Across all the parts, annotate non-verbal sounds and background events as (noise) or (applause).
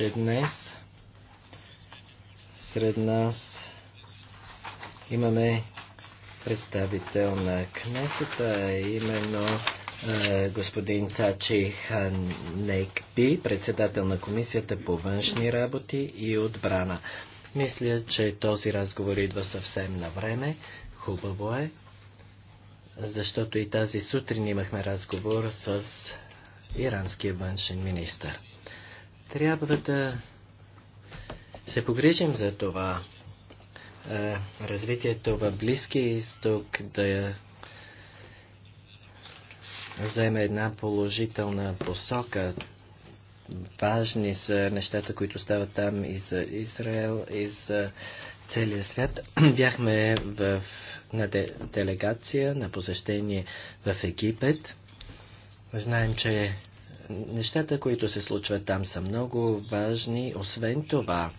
че днес сред нас имаме представител на кнесата, именно е, господин Цачи Ханекди, председател на Комисията по външни работи и отбрана. Мисля, че този разговор идва съвсем на време. Хубаво е, защото и тази сутрин имахме разговор с иранския външен министр. Трябва да се погрижим за това е, развитието в Близкия изток да вземе една положителна посока. Важни са нещата, които стават там и за Израел, и за целия свят. (clears throat) Бяхме в, на де, делегация на посещение в Египет. Знаем, че нещата, които се случват там, са много важни. Освен това,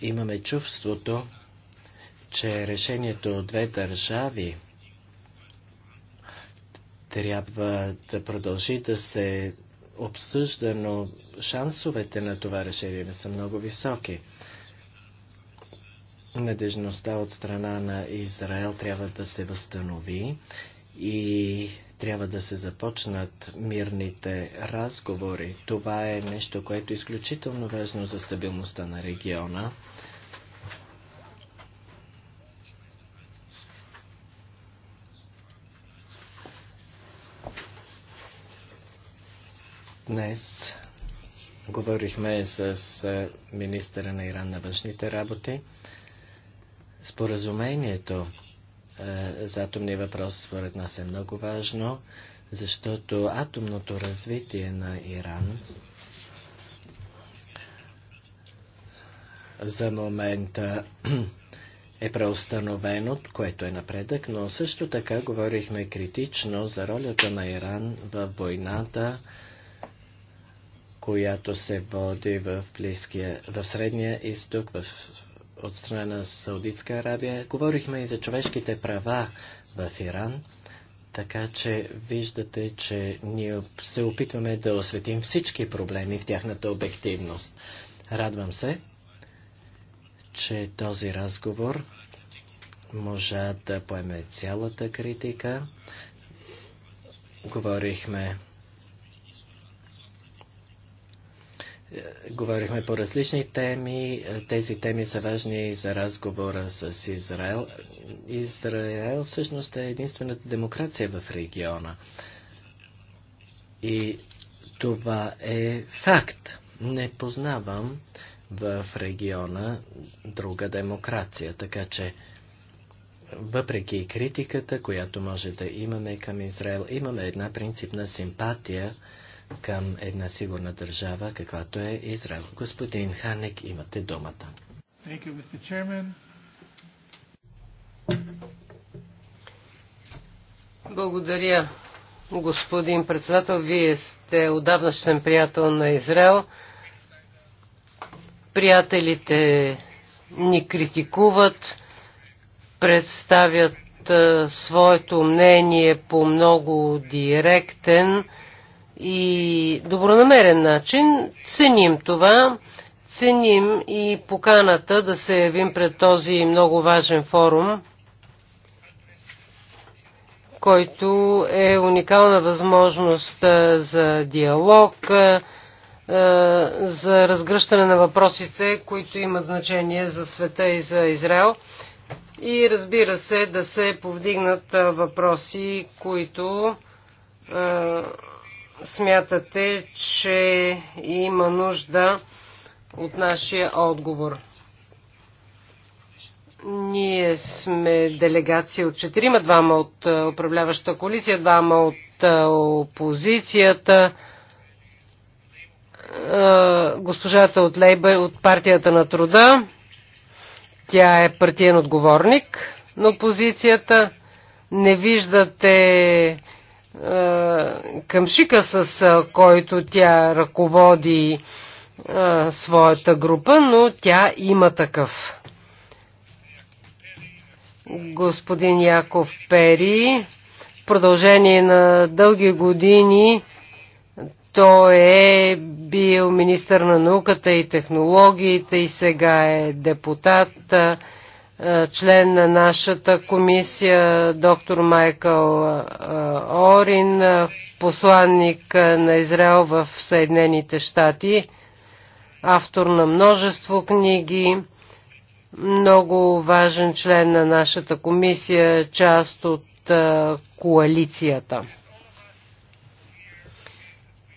имаме чувството, че решението от две държави трябва да продължи да се обсъжда, но шансовете на това решение не са много високи. Надежността от страна на Израел трябва да се възстанови и трябва да се започнат мирните разговори. Това е нещо, което е изключително важно за стабилността на региона. Днес говорихме с министъра на Иран на външните работи. Споразумението е, за атомния въпрос според нас е много важно, защото атомното развитие на Иран за момента е преустановено, което е напредък, но също така говорихме критично за ролята на Иран в войната, която се води в, близкия, в Средния изток, в от страна на Саудитска Арабия. Говорихме и за човешките права в Иран. Така че виждате, че ние се опитваме да осветим всички проблеми в тяхната обективност. Радвам се, че този разговор можа да поеме цялата критика. Говорихме Е, говорихме по различни теми. Е, тези теми са важни и за разговора с Израел. Израел всъщност е единствената демокрация в региона. И това е факт. Не познавам в региона друга демокрация, така че въпреки критиката, която може да имаме към Израел, имаме една принципна симпатия към една сигурна държава, каквато е Израел. Господин Ханек, имате думата. Благодаря, господин председател. Вие сте отдавнащен приятел на Израел. Приятелите ни критикуват, представят своето мнение по много директен и добронамерен начин. Ценим това. Ценим и поканата да се явим пред този много важен форум, който е уникална възможност за диалог, за разгръщане на въпросите, които имат значение за света и за Израел. И разбира се, да се повдигнат въпроси, които смятате, че има нужда от нашия отговор. Ние сме делегация от четирима, двама от е, управляваща коалиция, двама от е, опозицията, е, госпожата от Лейба от партията на труда. Тя е партиен отговорник на опозицията. Не виждате е, къмшика, с е, който тя ръководи е, своята група, но тя има такъв. Господин Яков Пери, в продължение на дълги години той е бил министър на науката и технологиите и сега е депутат. Е, член на нашата комисия, доктор Майкъл е, Орин, е, посланник на Израел в Съединените щати, автор на множество книги, много важен член на нашата комисия, част от коалицията.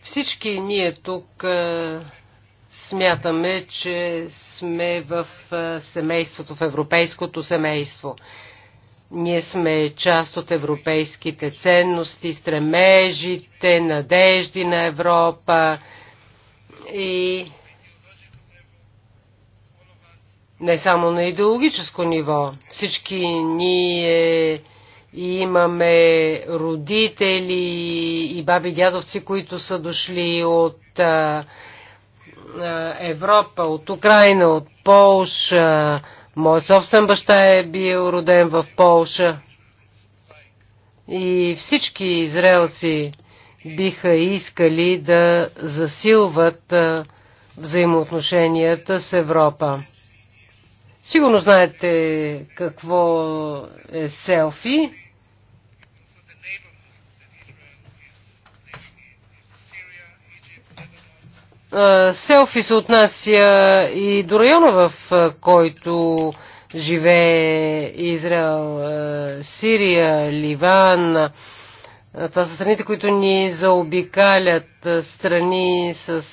Всички ние тук Смятаме, че сме в семейството, в европейското семейство. Ние сме част от европейските ценности, стремежите, надежди на Европа и не само на идеологическо ниво. Всички ние имаме родители и баби дядовци, които са дошли от е, Европа, от Украина, от Полша. Моят собствен баща е бил роден в Полша. И всички израелци биха искали да засилват е, взаимоотношенията с Европа. Сигурно знаете какво е селфи. Е, селфи се отнася и до района, в е, който живее Израел, е, Сирия, Ливан. Това са страните, които ни заобикалят, страни с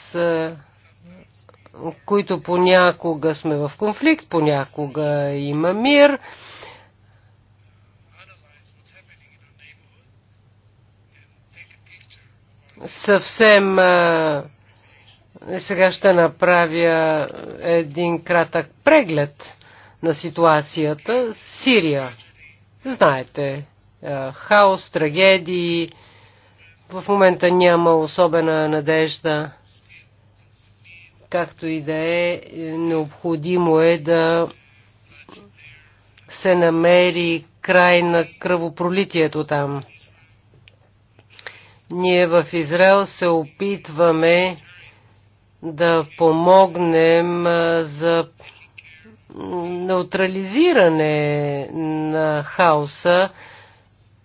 които понякога сме в конфликт, понякога има мир. Съвсем сега ще направя един кратък преглед на ситуацията. Сирия. Знаете, хаос, трагедии. В момента няма особена надежда. Както и да е, необходимо е да се намери край на кръвопролитието там. Ние в Израел се опитваме да помогнем за неутрализиране на хаоса,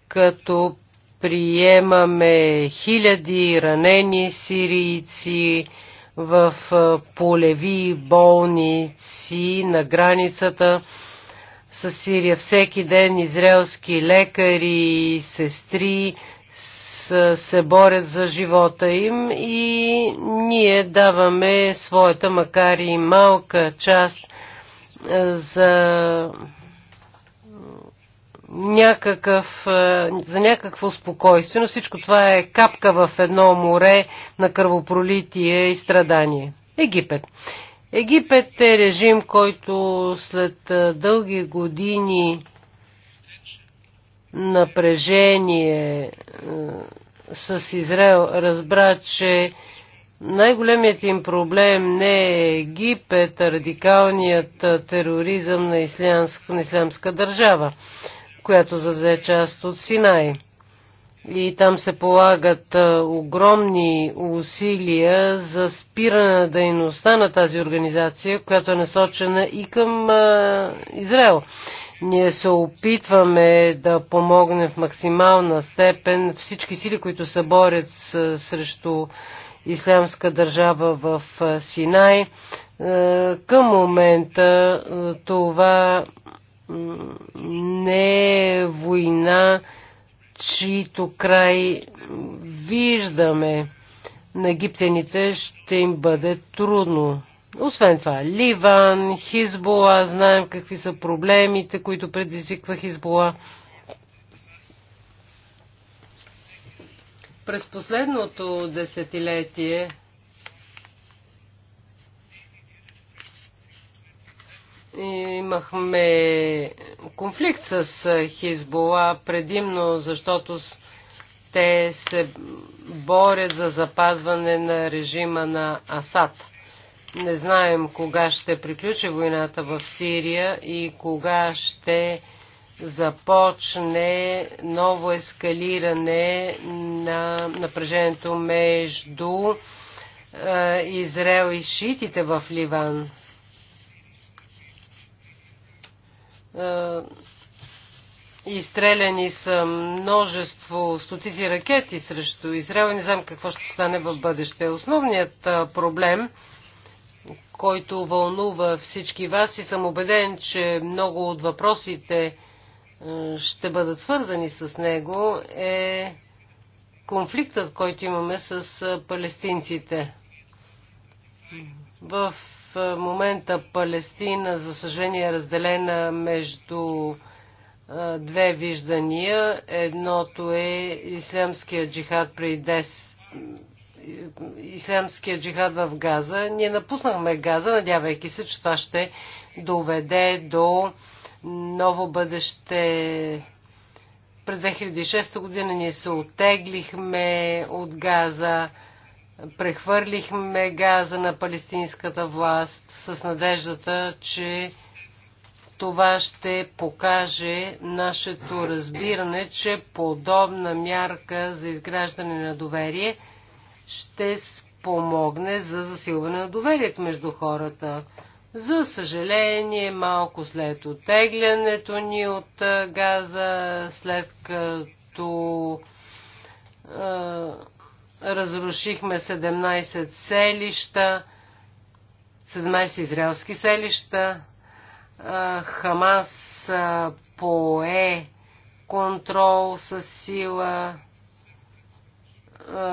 като приемаме хиляди ранени сирийци в полеви болници на границата с Сирия. Всеки ден израелски лекари, и сестри се борят за живота им и ние даваме своята, макар и малка част за някакъв, за някакво спокойствие, но всичко това е капка в едно море на кръвопролитие и страдание. Египет. Египет е режим, който след дълги години напрежение е, е, с Израел, разбра, че най-големият им проблем не е Египет, а радикалният тероризъм на, ислямск, на ислямска държава, която завзе част от Синай. И там се полагат огромни усилия за спиране на дейността на тази организация, която е насочена и към Израел. Ние се опитваме да помогнем в максимална степен всички сили, които се борят с, срещу Ислямска държава в Синай. Е, към момента е, това не е война, чието край виждаме на египтяните ще им бъде трудно. Освен това, Ливан, Хизбола, знаем какви са проблемите, които предизвиква Хизбола. През последното десетилетие имахме конфликт с Хизбола, предимно защото те се борят за запазване на режима на Асад. Не знаем кога ще приключи войната в Сирия и кога ще започне ново ескалиране на напрежението между е, Израел и шиитите в Ливан. Е, изстреляни са множество, стотици ракети срещу Израел. Не знам какво ще стане в бъдеще. Основният е, проблем е, който вълнува всички вас и съм убеден, че много от въпросите е, ще бъдат свързани с него, е конфликтът, който имаме с е, палестинците. В е, момента Палестина, за съжаление, е разделена между две виждания. Едното е ислямския джихад преди ислямския джихад в Газа. Ние напуснахме Газа, надявайки се, че това ще доведе до ново бъдеще. През 2006 година ние се отеглихме от Газа, прехвърлихме Газа на палестинската власт с надеждата, че това ще покаже нашето разбиране, че подобна мярка за изграждане на доверие – ще спомогне за засилване на доверието между хората. За съжаление, малко след отеглянето ни от газа, след като е, разрушихме 17 селища, 17 израелски селища, е, Хамас е, пое контрол с сила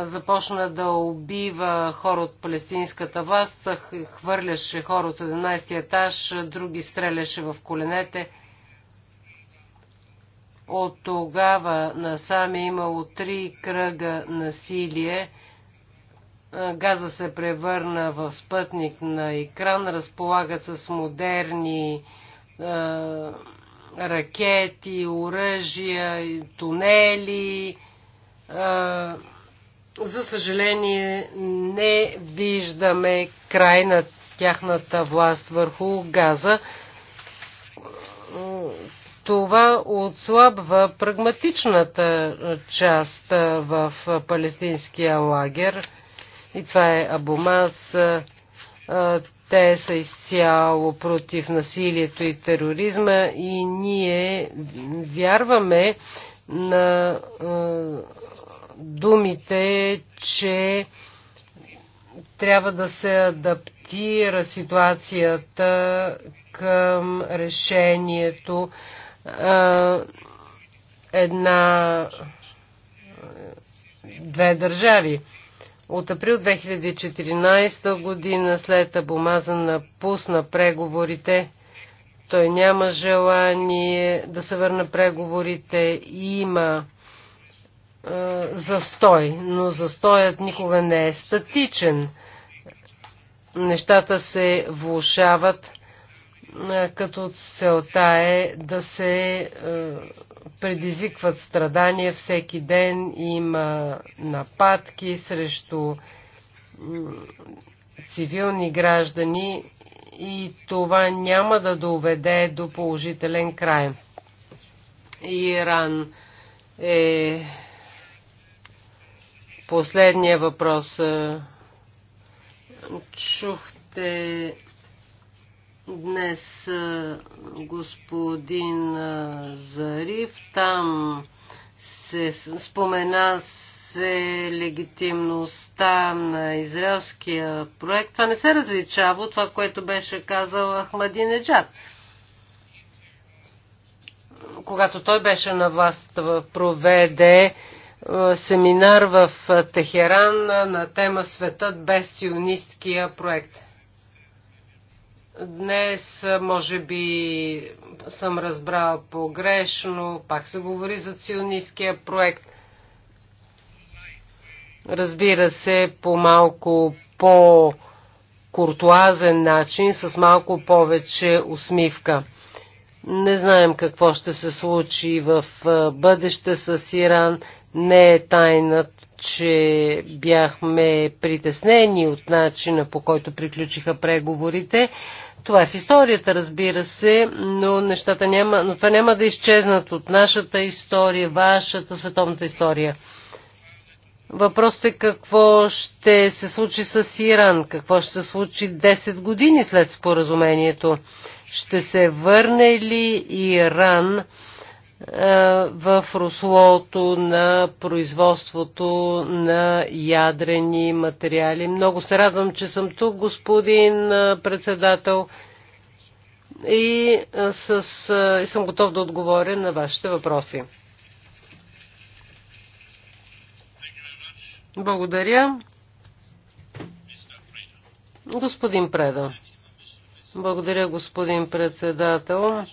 започна да убива хора от палестинската власт, хвърляше хора от 17 етаж, други стреляше в коленете. От тогава насам е имало три кръга насилие. Газа се превърна в спътник на екран, разполагат с модерни е, ракети, оръжия, тунели. Е, за съжаление, не виждаме край на тяхната власт върху газа. Това отслабва прагматичната част в палестинския лагер. И това е Абумас. Те са изцяло против насилието и тероризма и ние вярваме на думите, че трябва да се адаптира ситуацията към решението една две държави. От април 2014 година след Абомазан напусна преговорите. Той няма желание да се върне преговорите. Има е, застой, но застоят никога не е статичен. Нещата се влушават, е, като целта е да се е, предизвикват страдания всеки ден. Има нападки срещу цивилни граждани и това няма да доведе до положителен край. Иран е Последния въпрос. Чухте днес господин Зарив. Там се спомена се легитимността на израелския проект. Това не се различава от това, което беше казал Ахмадинеджад. Когато той беше на власт, проведе е, семинар в е, Техеран на тема Светът без сионисткия проект. Днес, е, може би, съм разбрала погрешно, пак се говори за ционисткия проект. Разбира се, по малко по-куртуазен начин, с малко повече усмивка. Не знаем какво ще се случи в бъдеще с Иран. Не е тайна, че бяхме притеснени от начина по който приключиха преговорите. Това е в историята, разбира се, но, нещата няма, но това няма да изчезнат от нашата история, вашата, световната история. Въпросът е какво ще се случи с Иран, какво ще се случи 10 години след споразумението. Ще се върне ли Иран? Е, в руслото на производството на ядрени материали. Много се радвам, че съм тук, господин е, председател, и, е, с, и съм готов да отговоря на вашите въпроси. Благодаря. Господин Преда. Благодаря, господин председател.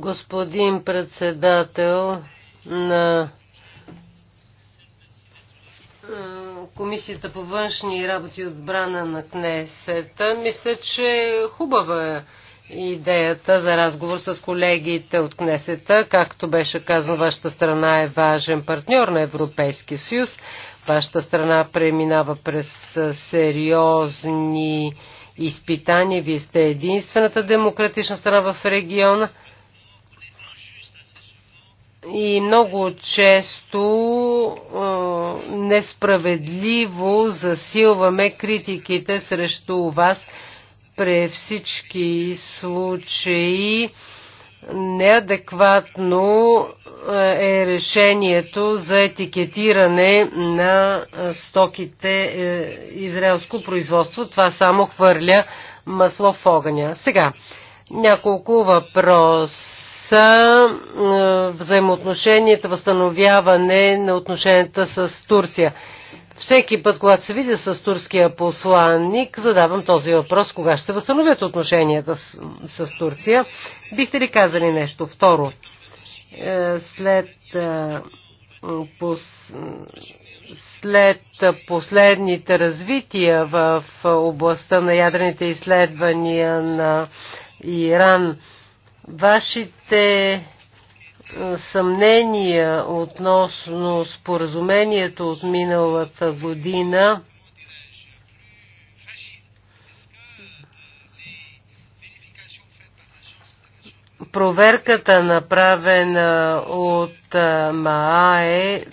Господин председател на Комисията по външни работи и отбрана на Кнесета. Мисля, че хубава е идеята за разговор с колегите от Кнесета. Както беше казано, вашата страна е важен партньор на Европейския съюз. Вашата страна преминава през сериозни изпитания. Вие сте единствената демократична страна в региона и много често е, несправедливо засилваме критиките срещу вас. При всички случаи неадекватно е решението за етикетиране на стоките е, израелско производство. Това само хвърля масло в огъня. Сега, няколко въпрос са взаимоотношенията, възстановяване на отношенията с Турция. Всеки път, когато се видя с турския посланник, задавам този въпрос, кога ще се възстановят отношенията с, с Турция. Бихте ли казали нещо? Второ, е, след, е, пос, след последните развития в областта на ядрените изследвания на Иран, вашите имате съмнения относно споразумението от миналата година, проверката направена от МААЕ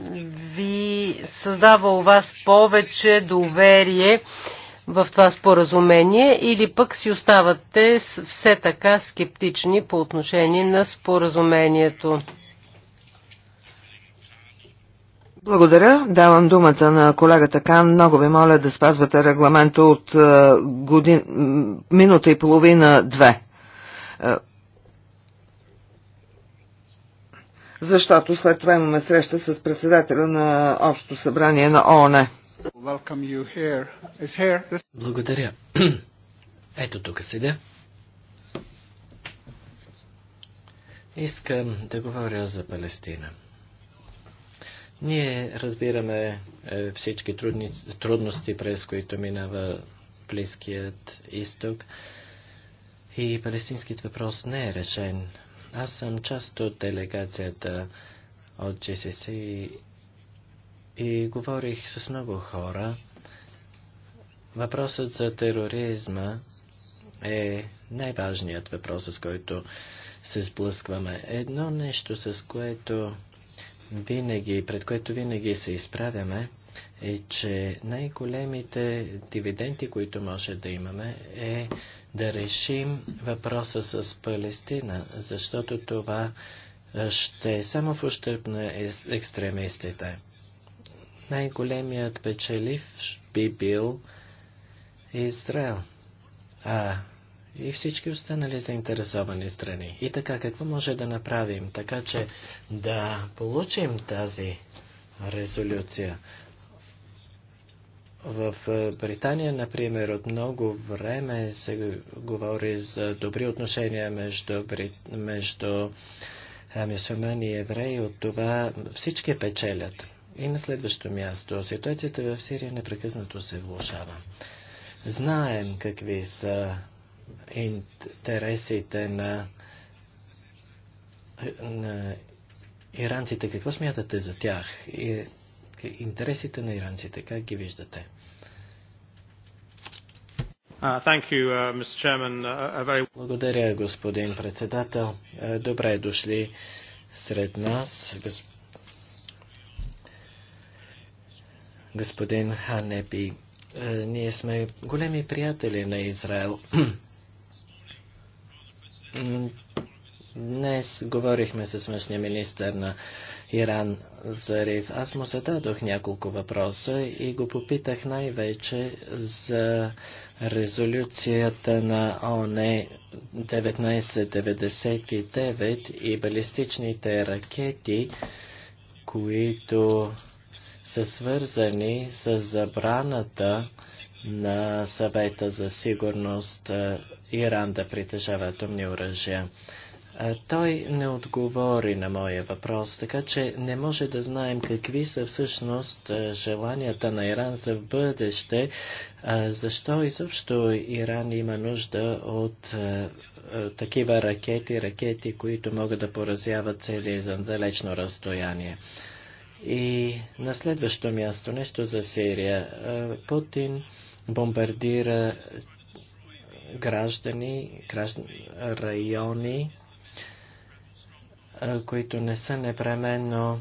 ви създава у вас повече доверие в това споразумение или пък си оставате все така скептични по отношение на споразумението? Благодаря. Давам думата на колегата Кан. Много ви моля да спазвате регламента от е, годин... минута и половина-две. Е, защото след това имаме среща с председателя на Общото събрание на ООН. Благодаря. (clears throat) Ето тук седя. Искам да говоря за Палестина. Ние разбираме е, всички трудни, трудности, през които минава Близкият изток и палестинският въпрос не е решен. Аз съм част от делегацията от GCC и говорих с много хора. Въпросът за тероризма е най-важният въпрос, с който се сблъскваме. Едно нещо, с което винаги, пред което винаги се изправяме, е, че най-големите дивиденти, които може да имаме, е да решим въпроса с Палестина, защото това ще е само в ущърп на екстремистите най-големият печелив би бил Израел. А, и всички останали заинтересовани страни. И така, какво може да направим? Така че да получим тази резолюция. В е, Британия, например, от много време се говори за добри отношения между, между е, мюсюлмани и евреи. От това всички печелят. И на следващо място, ситуацията в Сирия непрекъснато се влушава. Знаем какви са интересите на, на иранците. Какво смятате за тях? И, интересите на иранците, как ги виждате? Uh, uh, uh, Благодаря, господин председател. Е, добре дошли сред нас, господин господин Ханеби. Е, ние сме големи приятели на Израел. Днес говорихме с външния министр на Иран Зариф. Аз му зададох няколко въпроса и го попитах най-вече за резолюцията на ООН 1999 и балистичните ракети, които са свързани с забраната на съвета за сигурност е, Иран да притежава атомни оръжия. Е, той не отговори на моя въпрос, така че не може да знаем какви са всъщност е, желанията на Иран за в бъдеще, защо изобщо Иран има нужда от такива ракети, ракети, които могат да поразяват цели за далечно разстояние. И на следващо място, нещо за Сирия. Е, Путин бомбардира граждани, граждан, райони, е, които не са непременно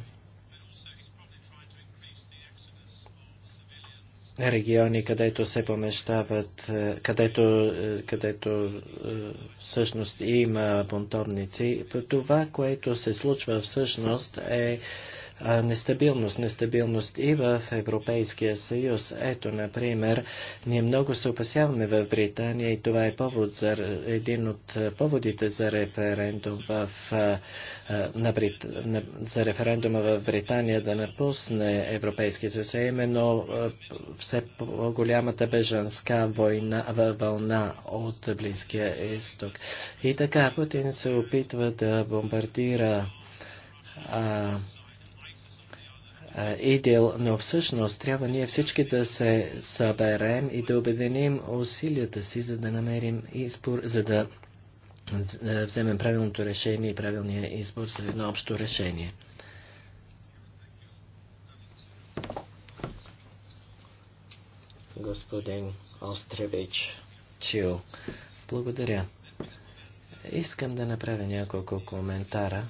региони, където се помещават, е, където, където всъщност има бунтовници. Това, което се случва всъщност е нестабилност, нестабилност и в Европейския съюз. Ето, например, ние много се опасяваме в Британия и това е повод за, един от поводите за референдум в, на Брит... на... за референдума в Британия да напусне Европейския съюз, а именно все по-голямата бежанска война, вълна от Близкия изток. И така Путин се опитва да бомбардира а, идил, но всъщност трябва ние всички да се съберем и да обединим усилията си, за да намерим избор, за да вземем правилното решение и правилния избор за едно общо решение. Господин Остревич Чил, благодаря. Искам да направя няколко коментара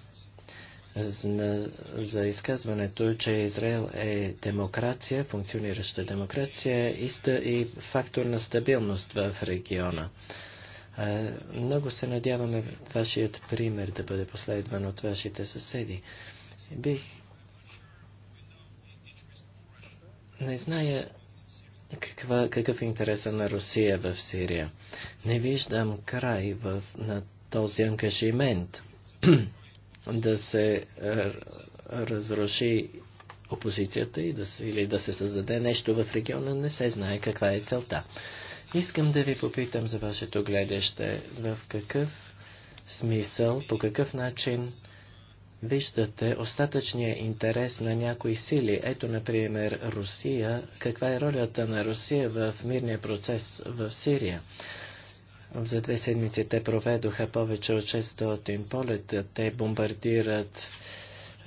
за изказването, че Израел е демокрация, функционираща демокрация и фактор на стабилност в региона. Много се надяваме вашият пример да бъде последван от вашите съседи. Бих... Не зная каква, какъв е интереса на Русия в Сирия. Не виждам край в, на този ангажимент. (clears throat) да се е, разруши опозицията и да се, или да се създаде нещо в региона, не се знае каква е целта. Искам да ви попитам за вашето гледаще. В какъв смисъл, по какъв начин виждате остатъчния интерес на някои сили? Ето, например, Русия. Каква е ролята на Русия в мирния процес в Сирия? За две седмици те проведоха повече от 600 полета. Те бомбардират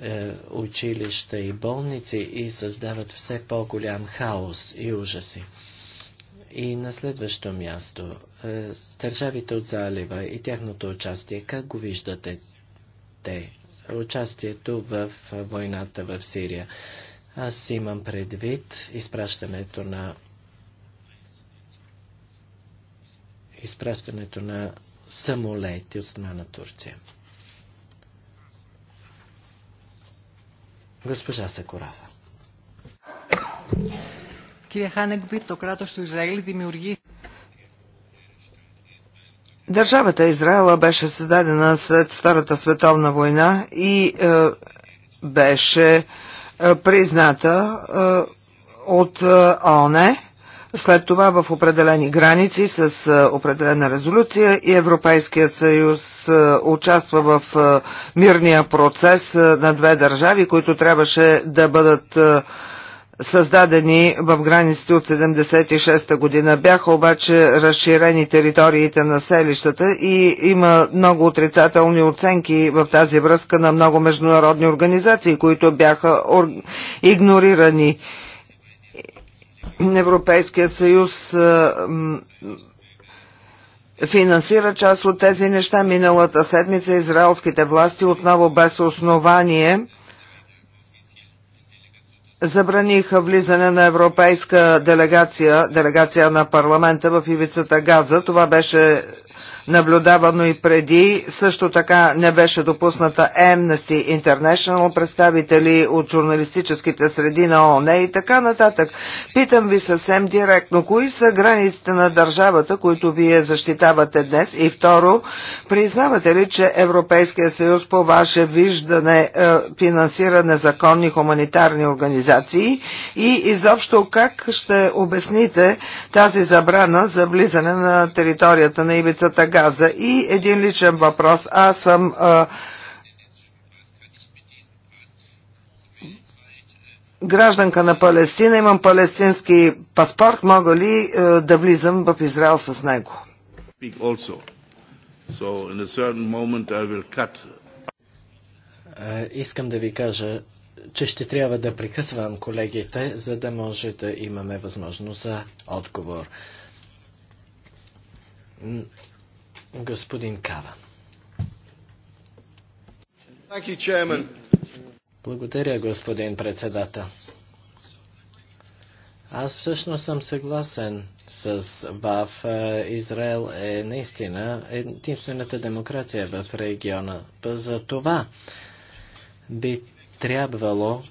е, училища и болници и създават все по-голям хаос и ужаси. И на следващо място, е, държавите от залива и тяхното участие, как го виждате те? Участието в войната в Сирия. Аз имам предвид изпращането на изпращането на самолети от страна на Турция. Госпожа Сакурава. Κύριε Χάνεκμπι, το κράτος του Ισραήλ Държавата Израела беше създадена след Втората световна война и е, беше е, призната е, от е, ОНЕ след това в определени граници с определена резолюция и Европейският съюз участва в мирния процес на две държави, които трябваше да бъдат създадени в границите от 76-та година. Бяха обаче разширени териториите на селищата и има много отрицателни оценки в тази връзка на много международни организации, които бяха игнорирани. Европейският съюз финансира част от тези неща. Миналата седмица израелските власти отново без основание забраниха влизане на европейска делегация, делегация на парламента в ивицата Газа. Това беше наблюдавано и преди. Също така не беше допусната Amnesty International, представители от журналистическите среди на ООН и така нататък. Питам ви съвсем директно, кои са границите на държавата, които вие защитавате днес? И второ, признавате ли, че Европейския съюз по ваше виждане е, финансира незаконни хуманитарни организации? И изобщо как ще обясните тази забрана за влизане на територията на ивицата газа. И един личен въпрос. Аз съм гражданка на Палестина, имам палестински паспорт, мога ли да влизам в Израел с него? Искам да ви кажа, че ще трябва да прекъсвам колегите, за да може да имаме възможност за отговор господин Кава. Благодаря, господин председател. Аз всъщност съм съгласен с ВАВ. Е, Израел е наистина единствената демокрация в региона. За това би трябвало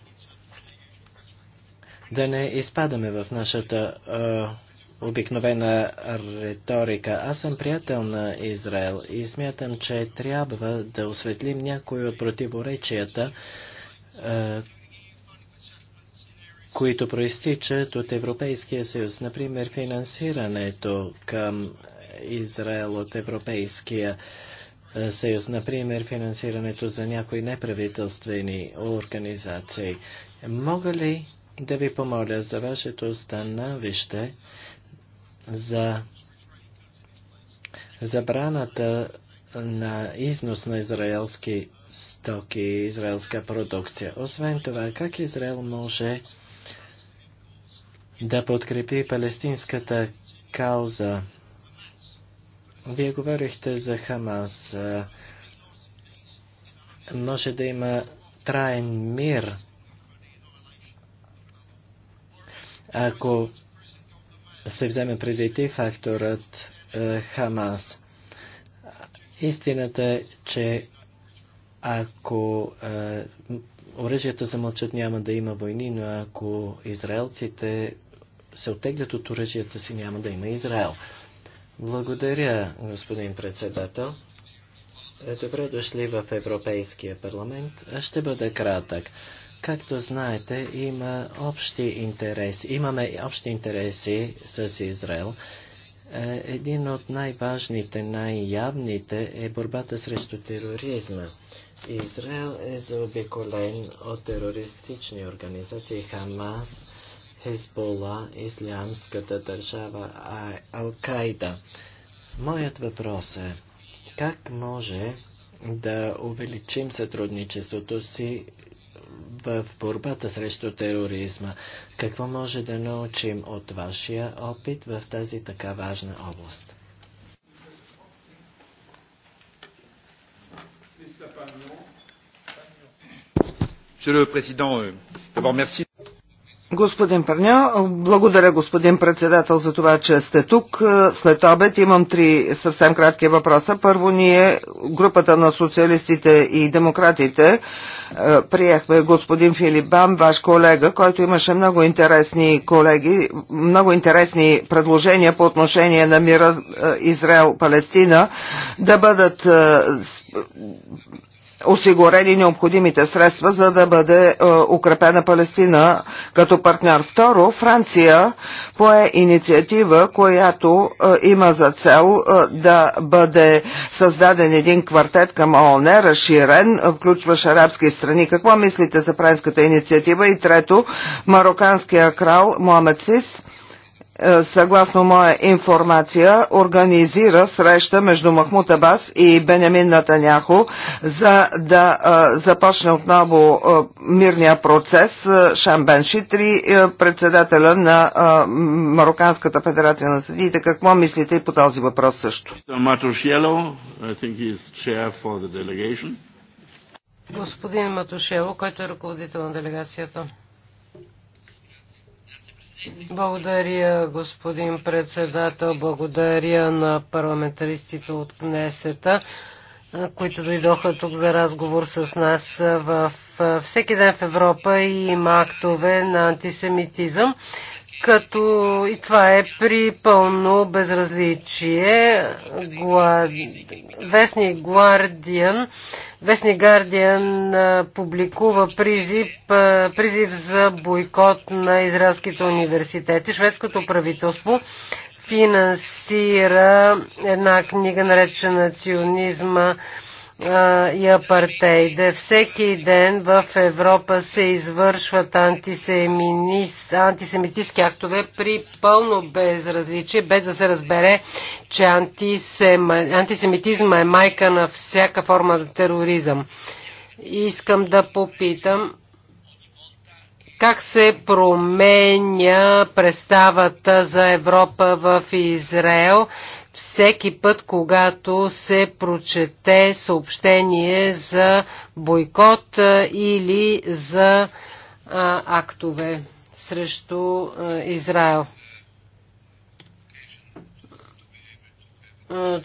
да не изпадаме в нашата е, обикновена риторика. Аз съм приятел на Израел и смятам, че трябва да осветлим някои от противоречията, е, които проистичат от Европейския съюз. Например, финансирането към Израел от Европейския е, съюз. Например, финансирането за някои неправителствени организации. Мога ли да ви помоля за вашето становище за забраната на износ на израелски стоки, и израелска продукция. Освен това, как Израел може да подкрепи палестинската кауза? Вие говорихте за Хамас. Може да има траен мир, ако се вземе преди и факторът е, Хамас. Истината е, че ако е, оръжията замълчат, няма да има войни, но ако израелците се оттеглят от оръжията си, няма да има Израел. Благодаря, господин председател. Е, добре дошли в Европейския парламент. Ще бъда кратък. Както знаете, има общи интереси. Имаме общи интереси с Израел. Е, един от най-важните, най-явните е борбата срещу тероризма. Израел е заобиколен от терористични организации Хамас, Хезбола, Ислямската държава, Ал-Кайда. Моят въпрос е, как може да увеличим сътрудничеството си в борбата срещу тероризма. Какво може да научим от вашия опит в тази така важна област? Monsieur le Président, euh, d'abord merci. Господин Пърня, благодаря господин председател за това, че сте тук. След обед имам три съвсем кратки въпроса. Първо ние, групата на социалистите и демократите, е, приехме господин Филип Бам, ваш колега, който имаше много интересни колеги, много интересни предложения по отношение на мира е, Израел-Палестина да бъдат е, осигурени необходимите средства, за да бъде е, укрепена Палестина като партньор. Второ, Франция пое инициатива, която е, има за цел е, да бъде създаден един квартет към ООН, разширен, е, включващ арабски страни. Какво мислите за френската инициатива? И трето, мароканския крал Муамед Сис е, съгласно моя информация, организира среща между Махмут Абас и Бенямин Натаняхо, за да е, започне отново е, мирния процес. Шамбен Шитри, председателя на Марокканската федерация на съдиите. Какво мислите и по този въпрос също? Господин Матушело, който е ръководител на делегацията. Благодаря, господин председател. Благодаря на парламентаристите от Кнесета, които дойдоха тук за разговор с нас. В всеки ден в Европа има актове на антисемитизъм като и това е при пълно безразличие. Гла... Вестник Гуардиан Вестник Гардиан публикува призив, призив за бойкот на израелските университети. Шведското правителство финансира една книга, наречена Ционизма и апартейда. Всеки ден в Европа се извършват антисемитистски актове при пълно безразличие, без да се разбере, че антисемитизма е майка на всяка форма на тероризъм. Искам да попитам как се променя представата за Европа в Израел – всеки път, когато се прочете съобщение за бойкот или за а, актове срещу а, Израел.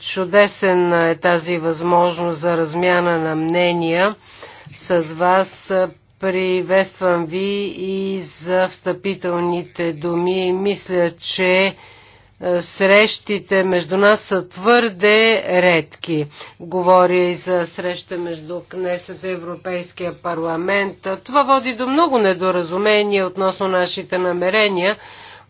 Чудесен е тази възможност за размяна на мнения с вас. Приветствам ви и за встъпителните думи. Мисля, че е, срещите между нас са твърде редки. Говоря и за среща между Кнесет и Европейския парламент. Това води до много недоразумения относно нашите намерения,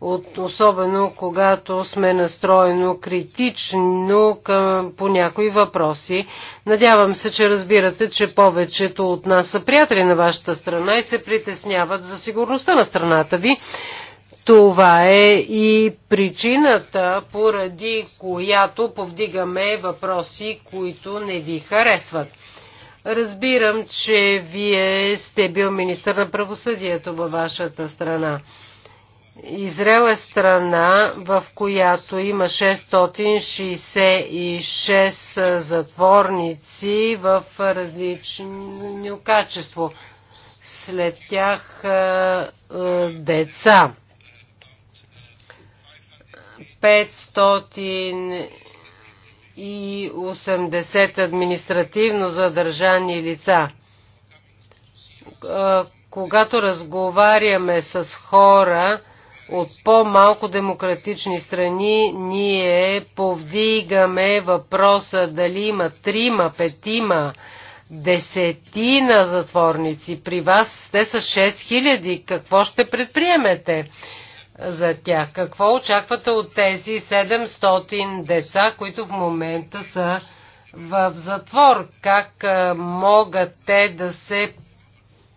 от, особено когато сме настроено критично към, по някои въпроси. Надявам се, че разбирате, че повечето от нас са приятели на вашата страна и се притесняват за сигурността на страната ви това е и причината, поради която повдигаме въпроси, които не ви харесват. Разбирам, че вие сте бил министър на правосъдието във вашата страна. Израел е страна, в която има 666 затворници в различно качество. След тях деца. 580 административно задържани лица. Когато разговаряме с хора от по-малко демократични страни, ние повдигаме въпроса дали има трима, петима, десетина затворници. При вас те са 6000. Какво ще предприемете? за тях. Какво очаквате от тези 700 деца, които в момента са в затвор? Как могат те да се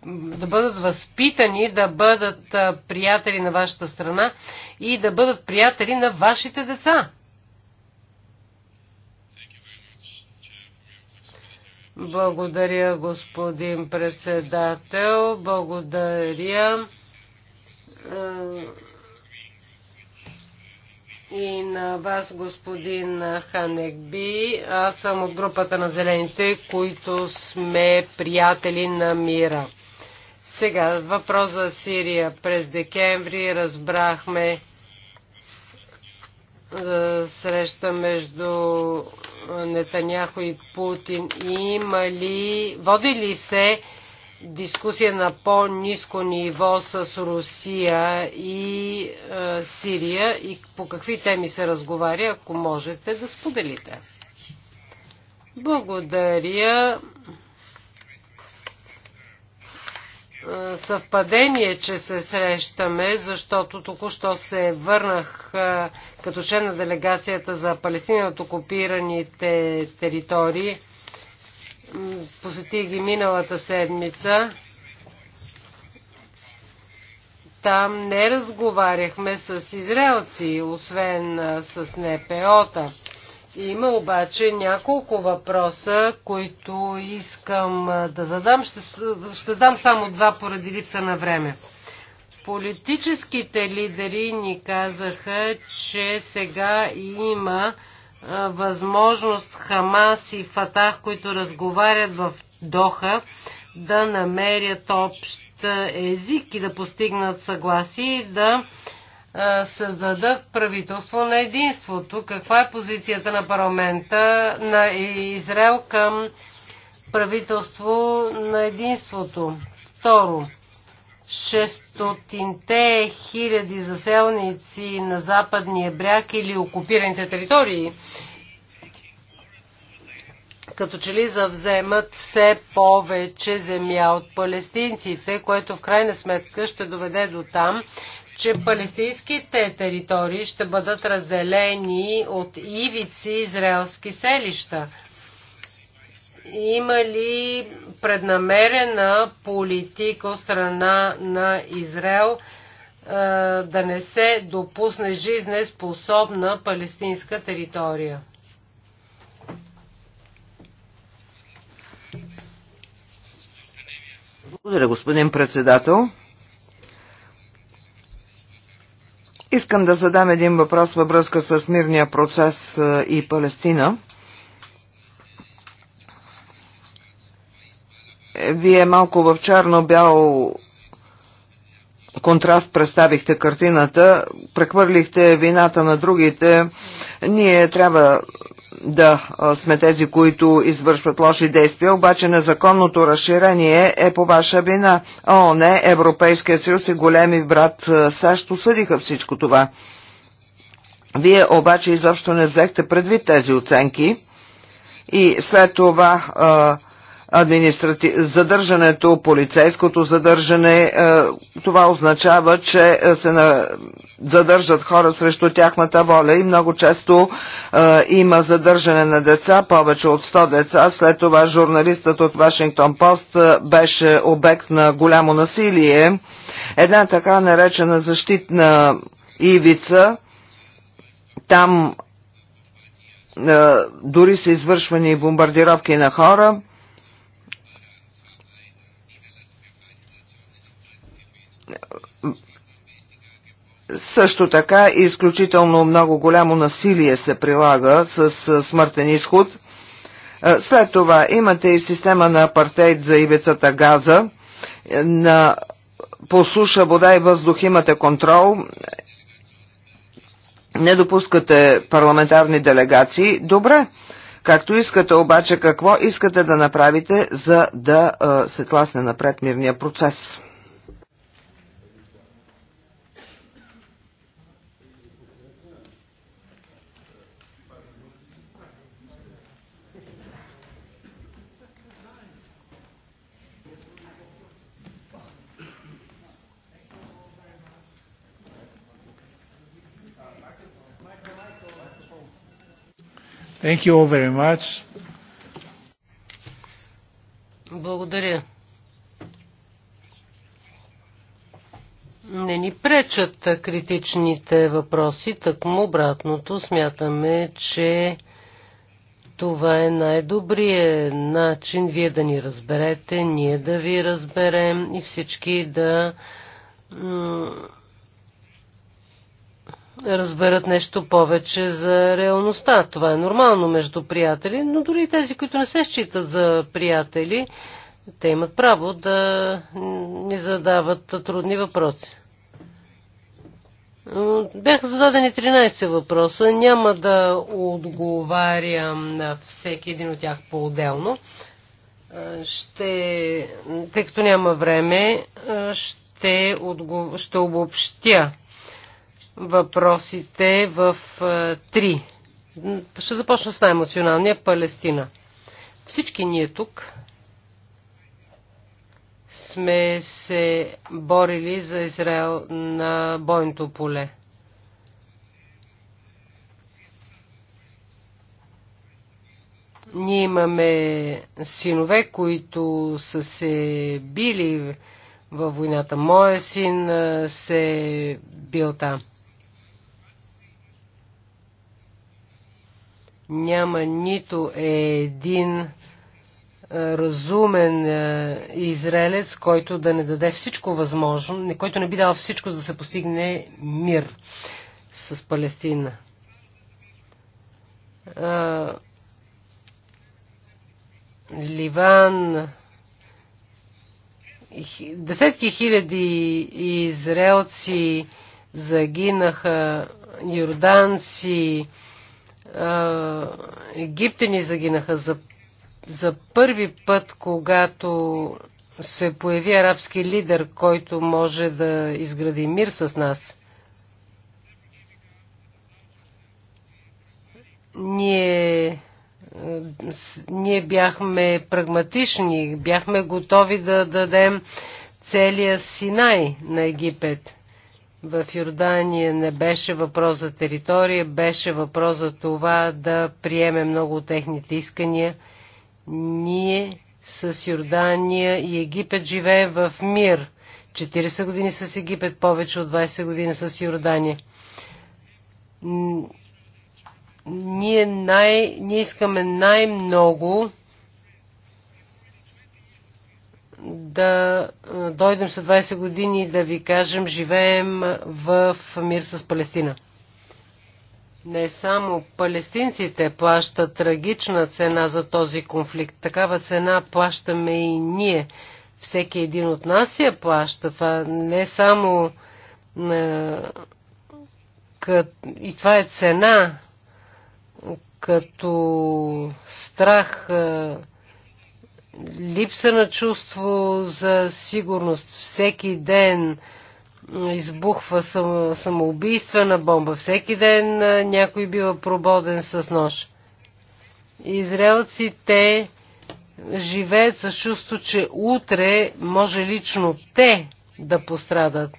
да бъдат възпитани, да бъдат приятели на вашата страна и да бъдат приятели на вашите деца? Благодаря, господин председател. Благодаря и на вас, господин Ханекби. Аз съм от групата на зелените, които сме приятели на мира. Сега, въпрос за Сирия. През декември разбрахме за среща между Нетаняхо и Путин. Има ли, води ли се дискусия на по-низко ниво с Русия и е, Сирия и по какви теми се разговаря, ако можете да споделите. Благодаря. Е, съвпадение, че се срещаме, защото току-що се върнах е, като член на делегацията за Палестина от окупираните територии Посетих ги миналата седмица. Там не разговаряхме с израелци, освен с НПО-та. Има обаче няколко въпроса, които искам да задам. Ще, ще дам само два поради липса на време. Политическите лидери ни казаха, че сега има възможност Хамас и Фатах, които разговарят в Доха, да намерят общ език и да постигнат съгласие и да създадат правителство на единството. Каква е позицията на парламента на Израел към правителство на единството? Второ, 600-те хиляди заселници на западния бряг или окупираните територии, като че ли завземат все повече земя от палестинците, което в крайна сметка ще доведе до там, че палестинските територии ще бъдат разделени от ивици израелски селища – има ли преднамерена политика от страна на Израел да не се допусне жизнеспособна палестинска територия? Благодаря, господин председател. Искам да задам един въпрос във връзка с мирния процес и Палестина. Вие малко в черно-бял контраст представихте картината, прехвърлихте вината на другите. Ние трябва да сме тези, които извършват лоши действия, обаче незаконното разширение е по ваша вина. О, не, Европейския съюз и големи брат САЩ осъдиха всичко това. Вие обаче изобщо не взехте предвид тези оценки и след това а, администрати... задържането, полицейското задържане, е, това означава, че е, се на... задържат хора срещу тяхната воля и много често е, има задържане на деца, повече от 100 деца. След това журналистът от Вашингтон Пост беше обект на голямо насилие. Една така наречена защитна ивица, там дори са извършвани бомбардировки на хора. Също така изключително много голямо насилие се прилага с смъртен изход. След това имате и система на апартейт за ивицата Газа. На посуша, вода и въздух имате контрол. Не допускате парламентарни делегации. Добре. Както искате обаче, какво искате да направите, за да се тласне напред мирния процес? Thank you all very much. Благодаря. Не ни пречат критичните въпроси, му обратното смятаме, че това е най-добрият начин вие да ни разберете, ние да ви разберем и всички да разберат нещо повече за реалността. Това е нормално между приятели, но дори тези, които не се считат за приятели, те имат право да ни задават трудни въпроси. Бяха зададени 13 въпроса. Няма да отговарям на всеки един от тях по-отделно. Ще, тъй като няма време, ще, отгов... ще обобщя въпросите в е, три. Ще започна с най-емоционалния Палестина. Всички ние тук сме се борили за Израел на бойното поле. Ние имаме синове, които са се били във войната. Моя син е, се бил там. Няма нито един е, разумен е, израелец, който да не даде всичко възможно, който не би дал всичко, за да се постигне мир с Палестина. Ливан, десетки хиляди израелци загинаха, йорданци, египтяни загинаха за, за първи път, когато се появи арабски лидер, който може да изгради мир с нас. Ние, ние бяхме прагматични, бяхме готови да дадем целия Синай на Египет – в Йордания не беше въпрос за територия, беше въпрос за това да приеме много от техните искания. Ние с Йордания и Египет живеем в мир. 40 години с Египет, повече от 20 години с Йордания. Ние, най, ние искаме най-много да е, дойдем след 20 години и да ви кажем, живеем в мир с Палестина. Не само палестинците плащат трагична цена за този конфликт. Такава цена плащаме и ние. Всеки един от нас я плаща. Това не само е, и това е цена като страх е, липса на чувство за сигурност. Всеки ден избухва самоубийствена бомба. Всеки ден някой бива прободен с нож. Израелците живеят с чувство, че утре може лично те да пострадат.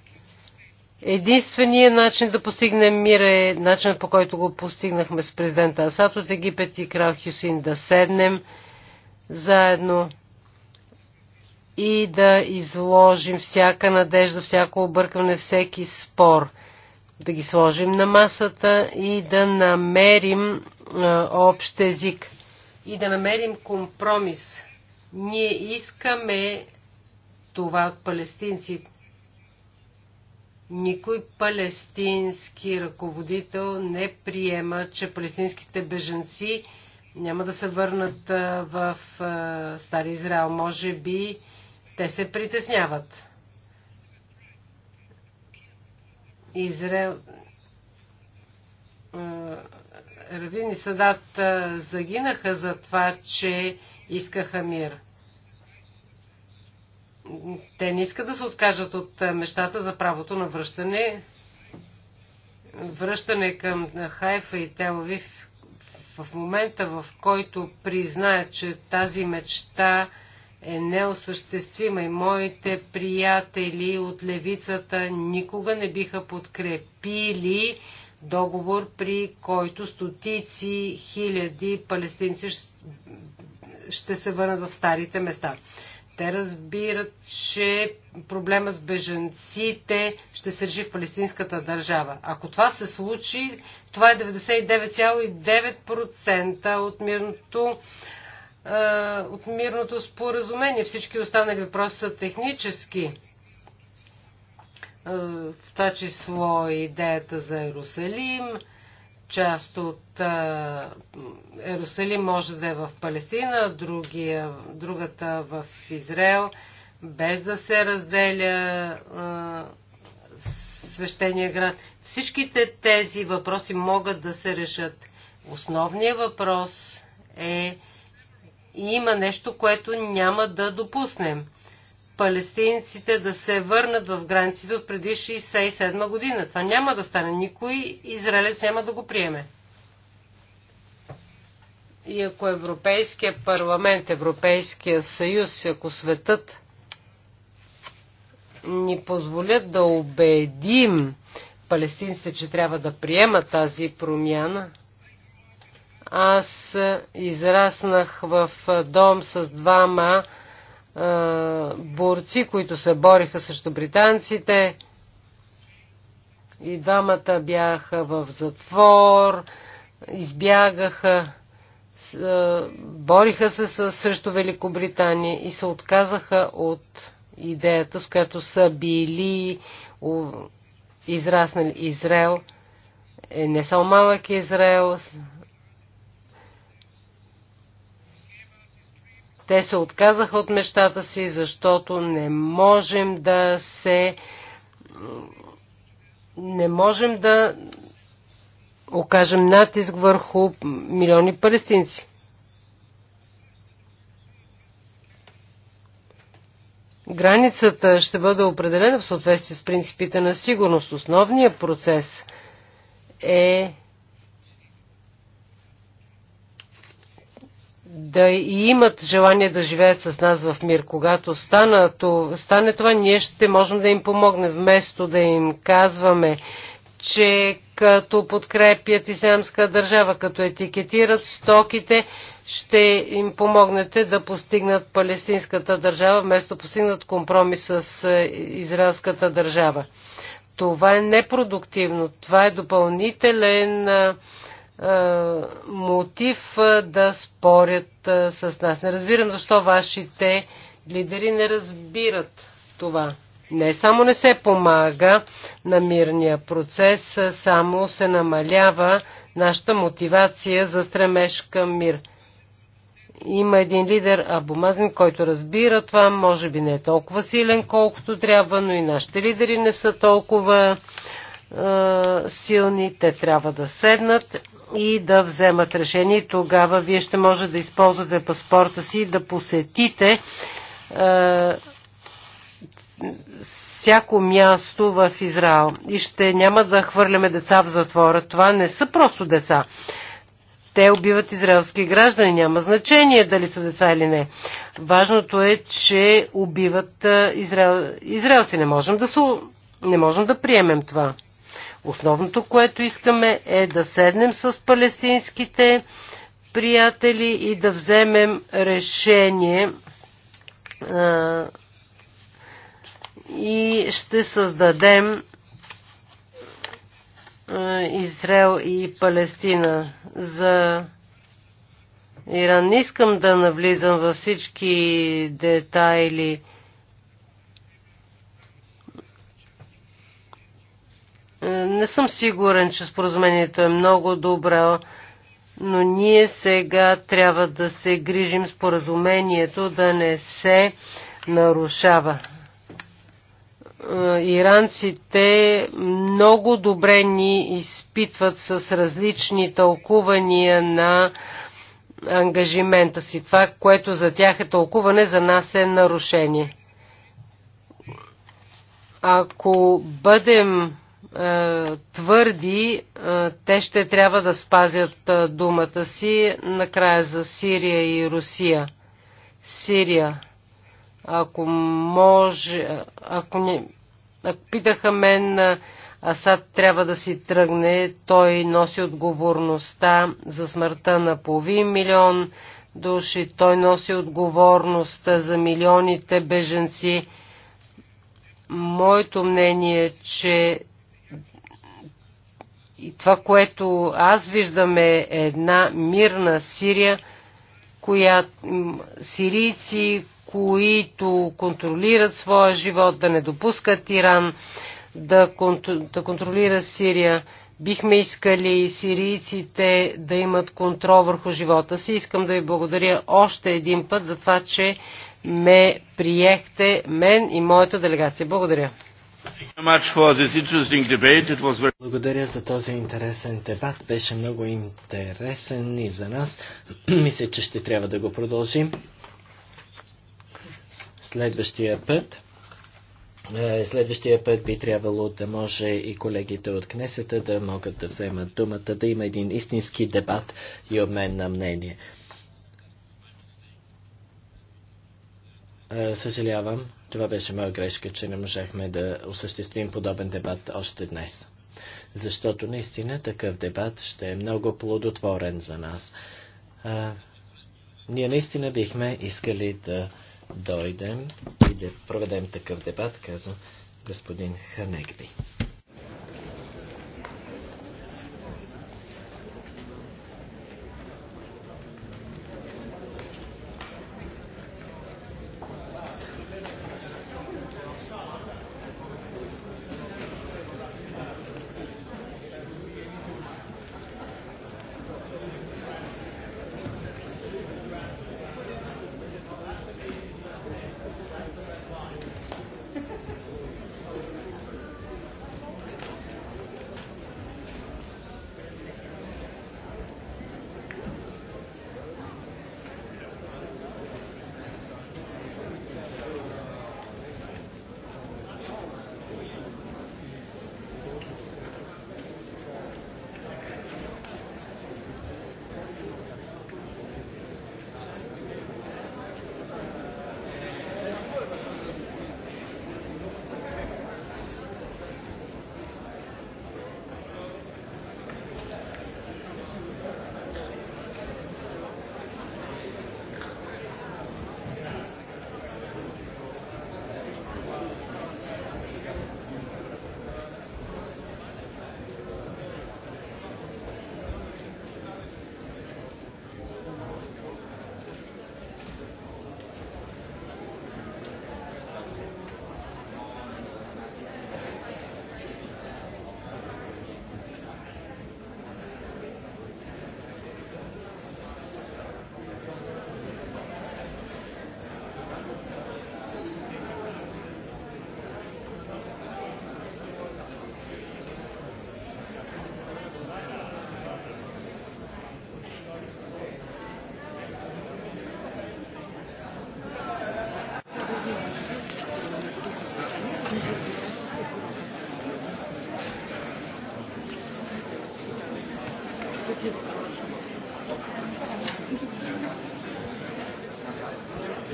Единственият начин да постигнем мир е начинът по който го постигнахме с президента Асад от Египет и крал Хюсин да седнем заедно и да изложим всяка надежда, всяко объркване, всеки спор, да ги сложим на масата и да намерим общ език и да намерим компромис. Ние искаме това от палестинци. Никой палестински ръководител не приема, че палестинските беженци няма да се върнат в Стари Израел. Може би те се притесняват. Израел... Равин и Садат загинаха за това, че искаха мир. Те не искат да се откажат от мечтата за правото на връщане. Връщане към Хайфа и Телавив, в момента, в който призная, че тази мечта е неосъществима и моите приятели от левицата никога не биха подкрепили договор, при който стотици хиляди палестинци ще се върнат в старите места. Те разбират, че проблема с беженците ще се реши в палестинската държава. Ако това се случи, това е 99,9% от мирното от мирното споразумение. Всички останали въпроси са технически. В това число идеята за Иерусалим, част от Ерусалим може да е в Палестина, другия, другата в Израел, без да се разделя свещения град. Всичките тези въпроси могат да се решат. Основният въпрос е има нещо, което няма да допуснем палестинците да се върнат в границите от преди 67 година. Това няма да стане. Никой израелец няма да го приеме. И ако Европейския парламент, Европейския съюз, ако светът ни позволят да убедим палестинците, че трябва да приемат тази промяна, аз израснах в дом с двама борци, които се бориха срещу британците. И двамата бяха в затвор, избягаха, бориха се срещу Великобритания и се отказаха от идеята, с която са били израснали Израел. Е не само малък Израел, Те се отказаха от мечтата си, защото не можем да се. Не можем да окажем натиск върху милиони палестинци. Границата ще бъде определена в съответствие с принципите на сигурност. Основният процес е да имат желание да живеят с нас в мир. Когато стана, то, стане това, ние ще можем да им помогнем, вместо да им казваме, че като подкрепят ислямска държава, като етикетират стоките, ще им помогнете да постигнат палестинската държава, вместо постигнат компромис с е, израелската държава. Това е непродуктивно. Това е допълнителен е, е, мотив е, да спорят е, с нас. Не разбирам защо вашите лидери не разбират това. Не само не се помага на мирния процес, само се намалява нашата мотивация за стремеж към мир. Има един лидер, абомазен, който разбира това, може би не е толкова силен, колкото трябва, но и нашите лидери не са толкова е, силни, те трябва да седнат и да вземат решение. И тогава вие ще може да използвате паспорта си и да посетите е, всяко място в Израел. И ще няма да хвърляме деца в затвора. Това не са просто деца. Те убиват израелски граждани. Няма значение дали са деца или не. Важното е, че убиват е, израел... израелци. Не можем да, се... не можем да приемем това. Основното, което искаме е да седнем с палестинските приятели и да вземем решение и ще създадем Израел и Палестина. За Иран не искам да навлизам във всички детайли Не съм сигурен, че споразумението е много добро, но ние сега трябва да се грижим споразумението да не се нарушава. Е, иранците много добре ни изпитват с различни тълкувания на ангажимента си. Това, което за тях е тълкуване, за нас е нарушение. Ако бъдем е, твърди, е, те ще трябва да спазят е, думата си накрая за Сирия и Русия. Сирия, ако може, ако не, ако питаха мен, Асад трябва да си тръгне, той носи отговорността за смъртта на половин милион души, той носи отговорността за милионите беженци. Моето мнение е, че и това, което аз виждам е една мирна Сирия, коя, сирийци, които контролират своя живот, да не допускат Иран да, контр... да контролира Сирия. Бихме искали сирийците да имат контрол върху живота си. Искам да ви благодаря още един път за това, че ме приехте мен и моята делегация. Благодаря. Благодаря за този интересен дебат. Беше много интересен и за нас. (clears throat) Мисля, че ще трябва да го продължим. Следващия път. Е, следващия път би трябвало да може и колегите от Кнесета да могат да вземат думата, да има един истински дебат и обмен на мнение. Е, съжалявам, това беше моя грешка, че не можахме да осъществим подобен дебат още днес. Защото наистина такъв дебат ще е много плодотворен за нас. А, ние наистина бихме искали да дойдем и да проведем такъв дебат, каза господин Ханегби.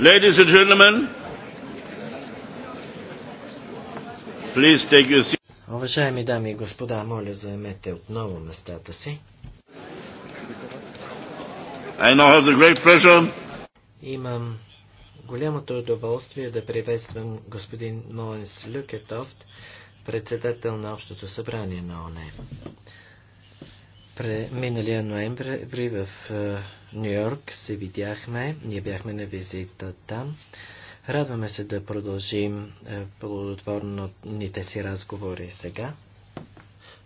Ladies and gentlemen, please take your seat. Уважаеми дами и господа, моля заемете отново местата си. I now have the great pleasure. Имам голямото удоволствие да приветствам господин Моенс Люкетофт, председател на Общото събрание на ОНЕ. Миналия ноември в е, Нью-Йорк се видяхме, ние бяхме на визита там. Радваме се да продължим е, плодотворните си разговори сега.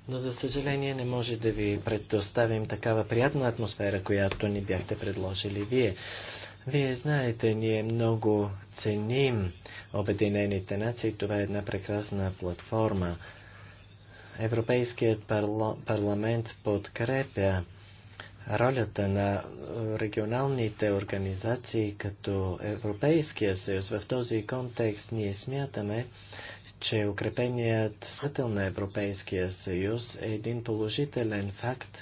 Но за съжаление не може да ви предоставим такава приятна атмосфера, която ни бяхте предложили вие. Вие знаете, ние много ценим Обединените нации. Това е една прекрасна платформа. Европейският парламент подкрепя ролята на е, регионалните организации като Европейския съюз. В този контекст ние смятаме, че укрепеният светъл на Европейския съюз е един положителен факт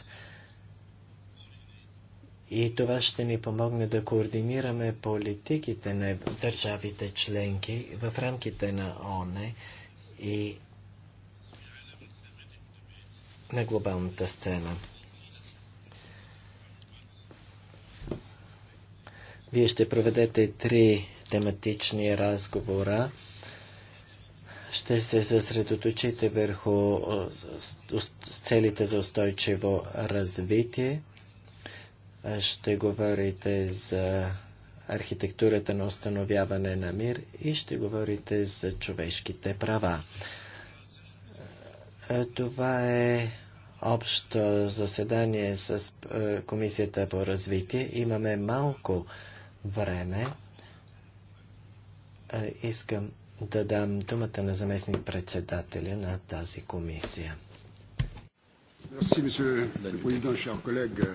и това ще ни помогне да координираме политиките на държавите членки в рамките на ОНЕ и на глобалната сцена. Вие ще проведете три тематични разговора. Ще се съсредоточите върху целите за устойчиво развитие. Ще говорите за архитектурата на установяване на мир и ще говорите за човешките права. Е, това е общо заседание с е, Комисията по развитие. Имаме малко време. Искам да дам думата на заместник председателя на тази комисия. Merci, monsieur le président, cher collègue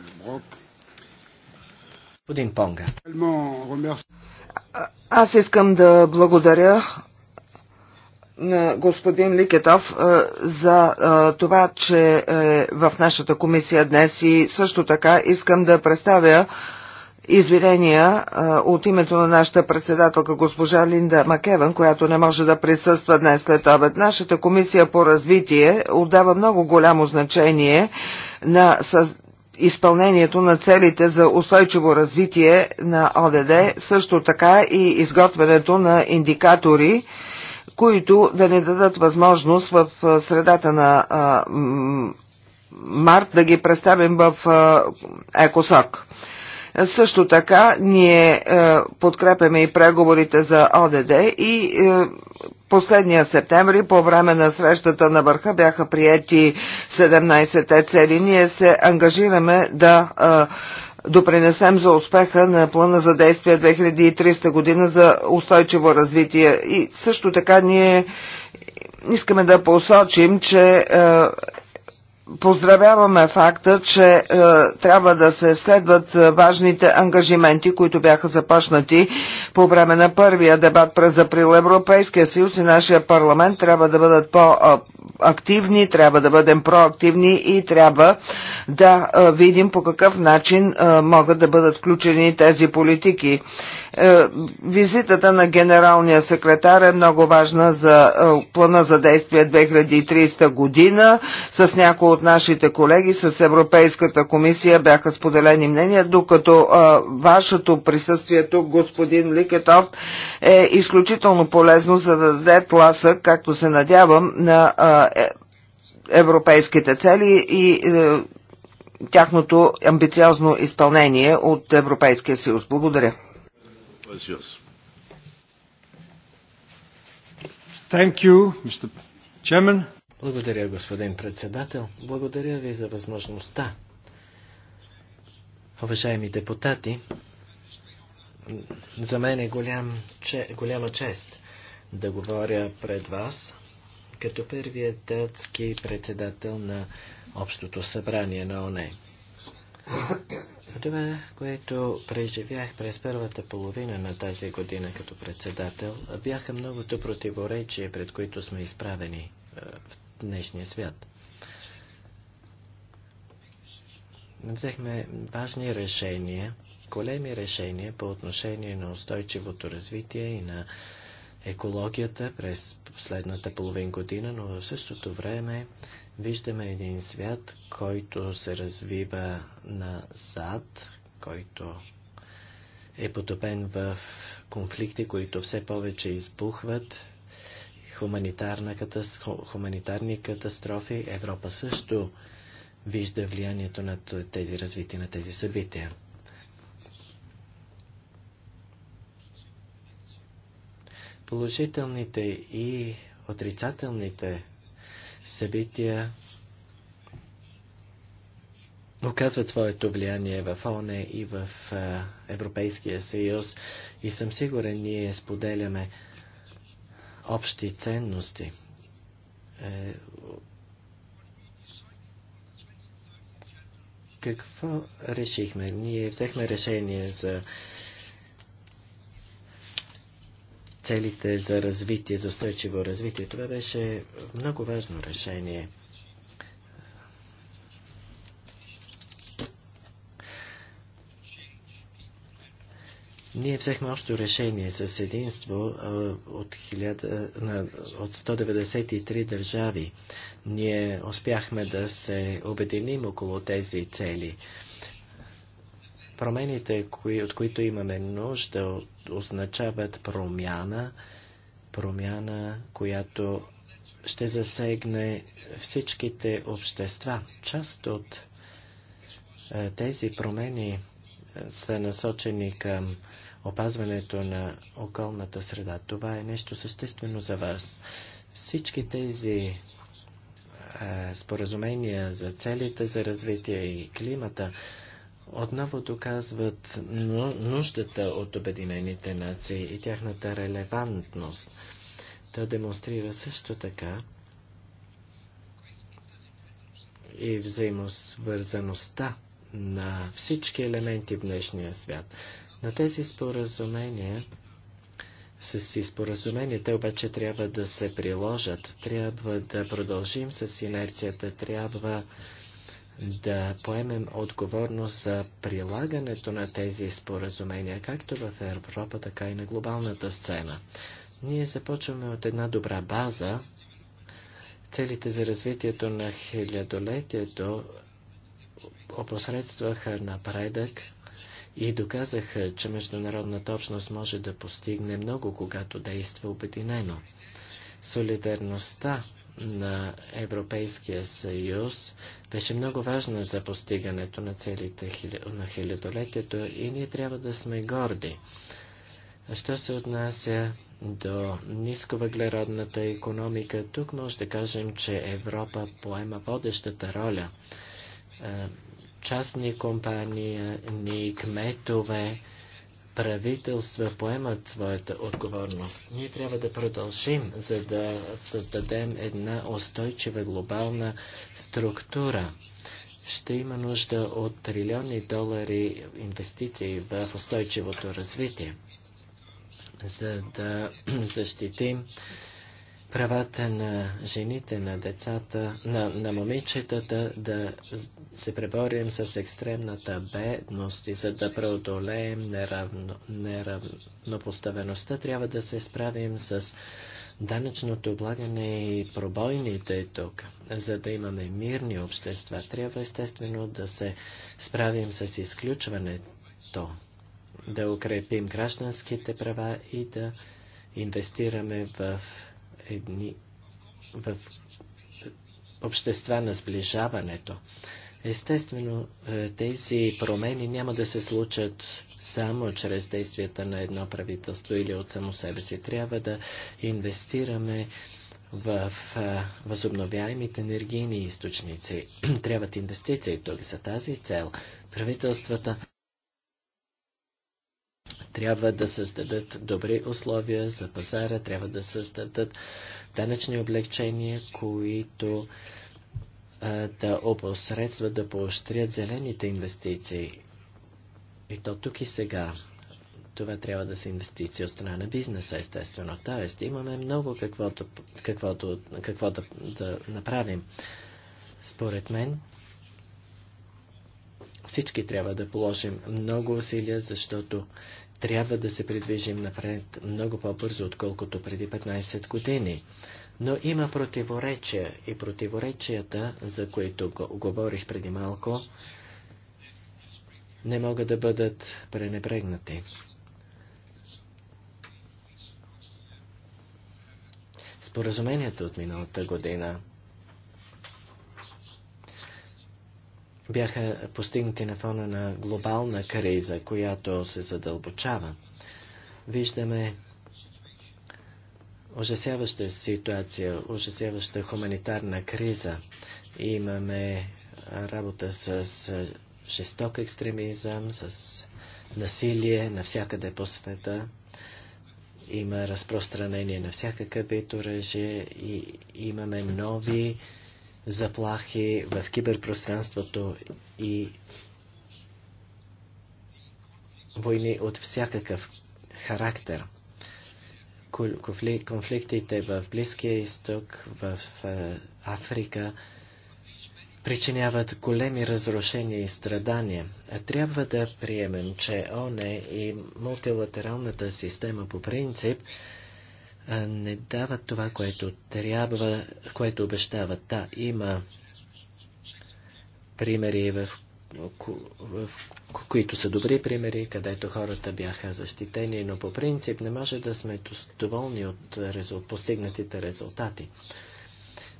Господин Понга. Аз искам да благодаря на господин Ликетов за това, че е в нашата комисия днес и също така искам да представя извинения от името на нашата председателка госпожа Линда Макеван, която не може да присъства днес след обед. Нашата комисия по развитие отдава много голямо значение на съз изпълнението на целите за устойчиво развитие на ОДД, също така и изготвянето на индикатори, които да ни дадат възможност в средата на а, март да ги представим в а, ЕКОСОК. Също така ние е, подкрепяме и преговорите за ОДД и е, последния септември по време на срещата на върха бяха приети 17-те цели. Ние се ангажираме да е, допринесем за успеха на плана за действие 2300 година за устойчиво развитие. И също така ние искаме да посочим, че поздравяваме факта, че е, трябва да се следват е, важните ангажименти, които бяха започнати по време на първия дебат през април. Европейския съюз и нашия парламент трябва да бъдат по- активни, трябва да бъдем проактивни и трябва да е, видим по какъв начин е, могат да бъдат включени тези политики. Е, визитата на генералния секретар е много важна за е, плана за действие 2030 година. С някои от нашите колеги, с Европейската комисия бяха споделени мнения, докато е, вашето присъствие тук, господин Ликетов, е изключително полезно, за да даде тласък, както се надявам, на европейските цели и тяхното амбициозно изпълнение от Европейския съюз. Благодаря. Thank you, Mr. Chairman. Благодаря, господин председател. Благодаря ви за възможността. Уважаеми депутати, за мен е голям, че, голяма чест да говоря пред вас като първият датски председател на Общото събрание на ОНЕ. Това, което преживях през първата половина на тази година като председател, бяха многото противоречия, пред които сме изправени е, в днешния свят. Взехме важни решения, големи решения по отношение на устойчивото развитие и на екологията през последната половин година, но в същото време Виждаме един свят, който се развива назад, който е потопен в конфликти, които все повече избухват, хуманитарна катас... хуманитарни катастрофи. Европа също вижда влиянието на тези развития, на тези събития. Положителните и отрицателните събития оказват своето влияние в ОНЕ и в Европейския съюз и съм сигурен, ние споделяме общи ценности. Е, какво решихме? Ние взехме решение за целите за развитие, за устойчиво развитие. Това беше много важно решение. Ние взехме още решение с единство от, 1000, от 193 държави. Ние успяхме да се обединим около тези цели. Промените, кои, от които имаме нужда, означават промяна, промяна, която ще засегне всичките общества. Част от е, тези промени е, са насочени към опазването на околната среда. Това е нещо съществено за вас. Всички тези е, споразумения за целите за развитие и климата отново доказват нуждата от Обединените нации и тяхната релевантност. Та демонстрира също така и взаимосвързаността на всички елементи в днешния свят. На тези споразумения с споразумение, те обаче трябва да се приложат, трябва да продължим с инерцията, трябва да поемем отговорност за прилагането на тези споразумения, както в Европа, така и на глобалната сцена. Ние започваме от една добра база. Целите за развитието на хилядолетието опосредстваха напредък и доказаха, че международната общност може да постигне много, когато действа обединено. Солидарността на Европейския съюз беше много важна за постигането на целите на хилядолетието и ние трябва да сме горди. Що се отнася до нисковъглеродната економика, тук може да кажем, че Европа поема водещата роля. Е, частни компании, ни кметове, правителства поемат своята отговорност. Ние трябва да продължим, за да създадем една устойчива глобална структура. Ще има нужда от трилиони долари инвестиции в устойчивото развитие, за да (clears throat) защитим правата на жените, на децата, на, на момичетата да се преборим с екстремната бедност и за да преодолеем неравно, неравнопоставеността, трябва да се справим с данъчното облагане и пробойните тук. За да имаме мирни общества, трябва естествено да се справим с изключването, да укрепим гражданските права и да инвестираме в едни в общества на сближаването. Естествено, е, тези промени няма да се случат само чрез действията на едно правителство или от само себе си. Трябва да инвестираме в е, възобновяемите енергийни източници. (clears throat) Трябват инвестиции тук за тази цел. Правителствата трябва да създадат добри условия за пазара, трябва да създадат данъчни облегчения, които а, да опосредстват, да поощрят зелените инвестиции. И то тук и сега. Това трябва да са инвестиции от страна на бизнеса, естествено. Тоест, имаме много какво да, какво да, какво да, да направим. Според мен, всички трябва да положим много усилия, защото трябва да се придвижим напред много по-бързо, отколкото преди 15 години. Но има противоречия и противоречията, за които говорих преди малко, не могат да бъдат пренебрегнати. Споразумението от миналата година – бяха постигнати на фона на глобална криза, която се задълбочава. Виждаме ужасяваща ситуация, ужасяваща хуманитарна криза. Имаме работа с жесток екстремизъм, с насилие навсякъде по света. Има разпространение на всякакъв вид оръжие и имаме нови заплахи в киберпространството и войни от всякакъв характер. Конфликтите в Близкия изток, в е, Африка причиняват големи разрушения и страдания. Трябва да приемем, че ОНЕ и мултилатералната система по принцип – не дават това, което трябва, което обещават. Да, има примери, в, в, които са добри примери, където хората бяха защитени, но по принцип не може да сме доволни от резул, постигнатите резултати.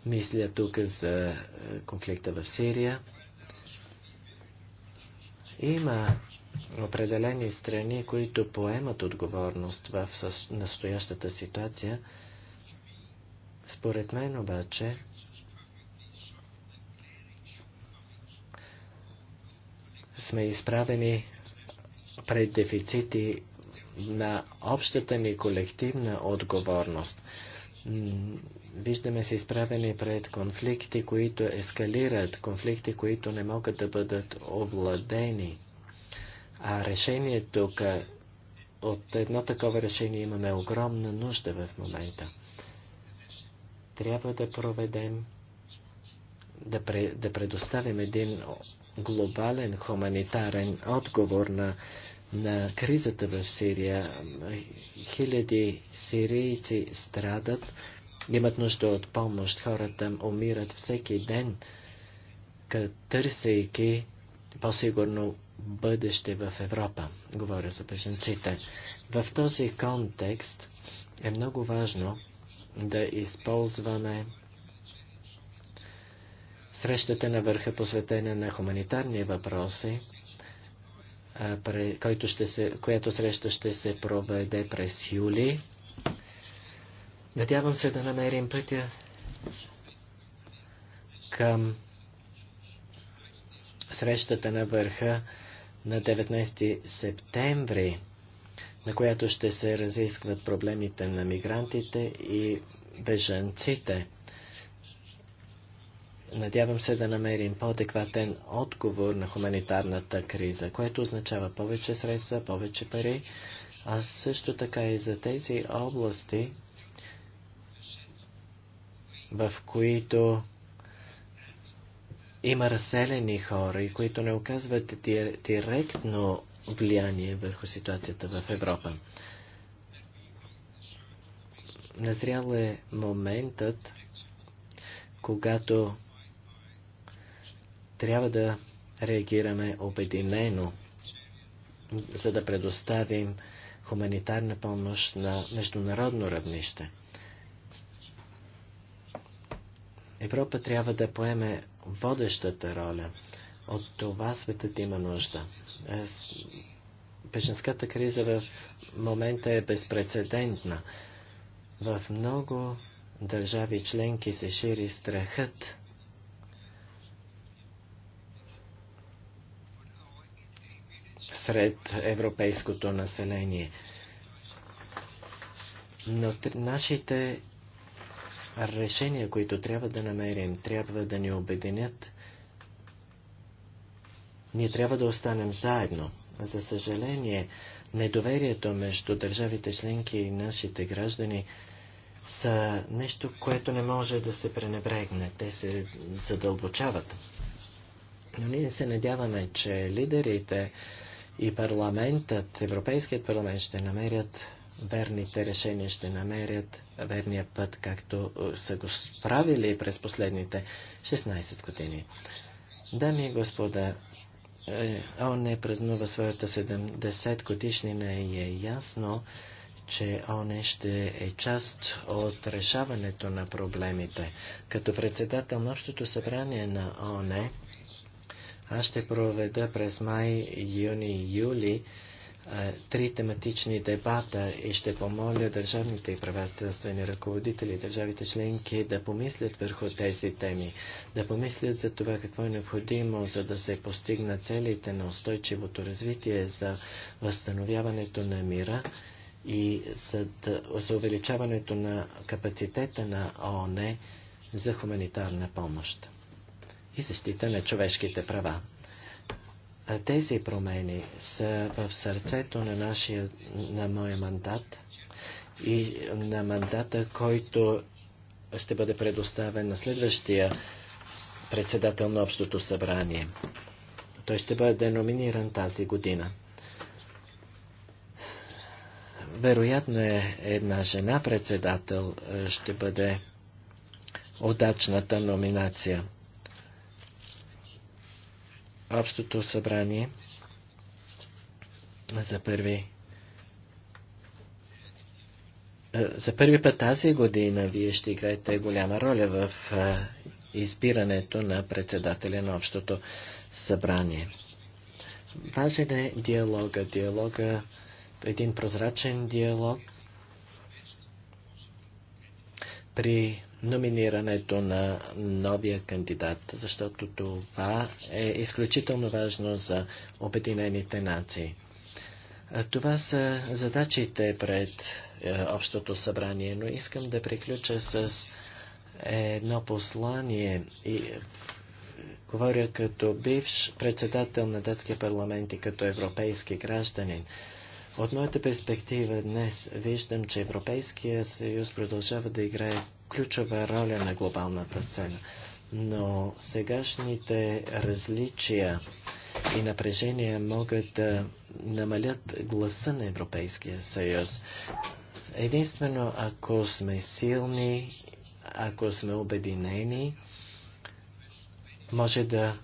Мисля тук за конфликта в Сирия. Има определени страни, които поемат отговорност в настоящата ситуация. Според мен обаче, сме изправени пред дефицити на общата ни колективна отговорност. Виждаме се изправени пред конфликти, които ескалират, конфликти, които не могат да бъдат овладени – а решението тук, от едно такова решение имаме огромна нужда в момента. Трябва да проведем, да, пре, да предоставим един глобален хуманитарен отговор на, на кризата в Сирия. Хиляди сирийци страдат, имат нужда от помощ, хората умират всеки ден, търсейки по-сигурно бъдеще в Европа. Говоря за беженците. В този контекст е много важно да използваме срещата на върха, посветена на хуманитарни въпроси, който ще се, която среща ще се проведе през юли. Надявам се да намерим пътя към срещата на върха на 19 септември, на която ще се разискват проблемите на мигрантите и бежанците. Надявам се да намерим по-адекватен отговор на хуманитарната криза, което означава повече средства, повече пари, а също така и за тези области, в които има разселени хора, които не оказват директно влияние върху ситуацията в Европа. Назрял е моментът, когато трябва да реагираме обединено, за да предоставим хуманитарна помощ на международно равнище – Европа трябва да поеме водещата роля. От това светът има нужда. Беженската криза в момента е безпредседентна. В много държави членки се шири страхът сред европейското население. Но нашите решения, които трябва да намерим, трябва да ни обединят. Ние трябва да останем заедно. За съжаление, недоверието между държавите членки и нашите граждани са нещо, което не може да се пренебрегне. Те се задълбочават. Но ние се надяваме, че лидерите и парламентът, Европейският парламент ще намерят верните решения, ще намерят верния път, както е, са го справили през последните 16 години. Дами и господа, е, ОНЕ празнува своята 70 годишнина и е ясно, че ОНЕ ще е част от решаването на проблемите. Като председател на Общото събрание на ОНЕ, аз ще проведа през май, юни и юли е, три тематични дебата и ще помоля държавните и правителствени ръководители, държавите членки да помислят върху тези теми, да помислят за това какво е необходимо, за да се постигнат целите на устойчивото развитие, за възстановяването на мира и за, да, за увеличаването на капацитета на ООН за хуманитарна помощ и защита на човешките права. Тези промени са в сърцето на, нашия, на моя мандат и на мандата, който ще бъде предоставен на следващия председател на Общото събрание. Той ще бъде номиниран тази година. Вероятно е една жена председател ще бъде удачната номинация общото събрание за първи е, за първи път тази година вие ще играете голяма роля в е, избирането на председателя на общото събрание. Важен е диалога. Диалога един прозрачен диалог при номинирането на новия кандидат, защото това е изключително важно за Обединените нации. Това са задачите пред е, Общото събрание, но искам да приключа с едно послание и е, говоря като бивш председател на детския парламент и като европейски гражданин. От моята перспектива днес виждам, че Европейския съюз продължава да играе ключова роля на глобалната сцена. Но сегашните различия и напрежения могат да намалят гласа на Европейския съюз. Единствено, ако сме силни, ако сме обединени, може да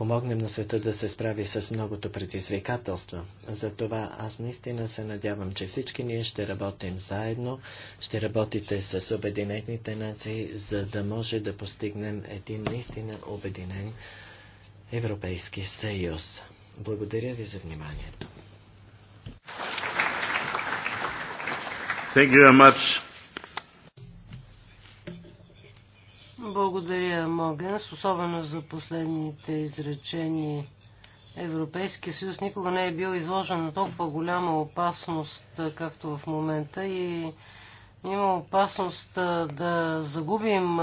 помогнем на света да се справи с многото предизвикателства. Затова аз наистина се надявам, че всички ние ще работим заедно, ще работите с Обединените нации, за да може да постигнем един наистина обединен Европейски съюз. Благодаря ви за вниманието. Thank you very much. Благодаря, Могенс, особено за последните изречения. Европейския съюз никога не е бил изложен на толкова голяма опасност, както в момента и има опасност да загубим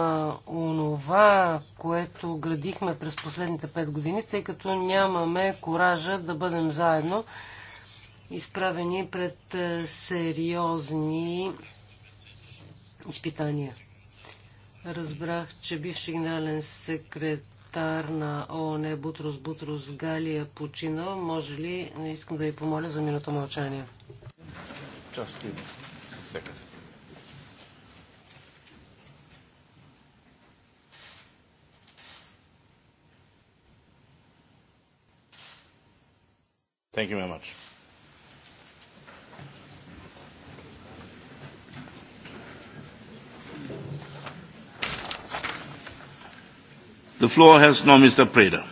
онова, което градихме през последните пет години, тъй като нямаме коража да бъдем заедно изправени пред сериозни изпитания. Разбрах, че бивши генерален секретар на ООН е Бутрос Бутрос Галия почина. Може ли, искам да ви помоля за минута мълчание. Just give Thank you very much. The floor has now Mr. Preda.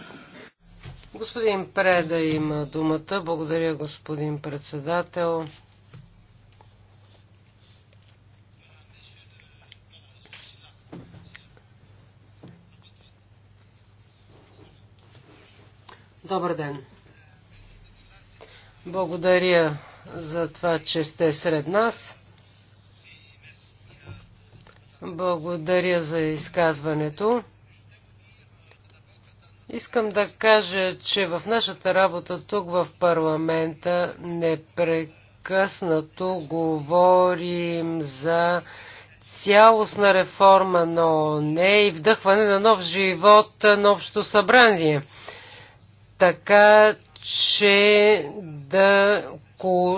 Господин Преда има думата. Благодаря, господин председател. Добър ден! Благодаря за това, че сте сред нас. Благодаря за изказването. Искам да кажа, че в нашата работа тук в парламента непрекъснато говорим за цялостна реформа на не и вдъхване на нов живот на общо събрание. Така, че да,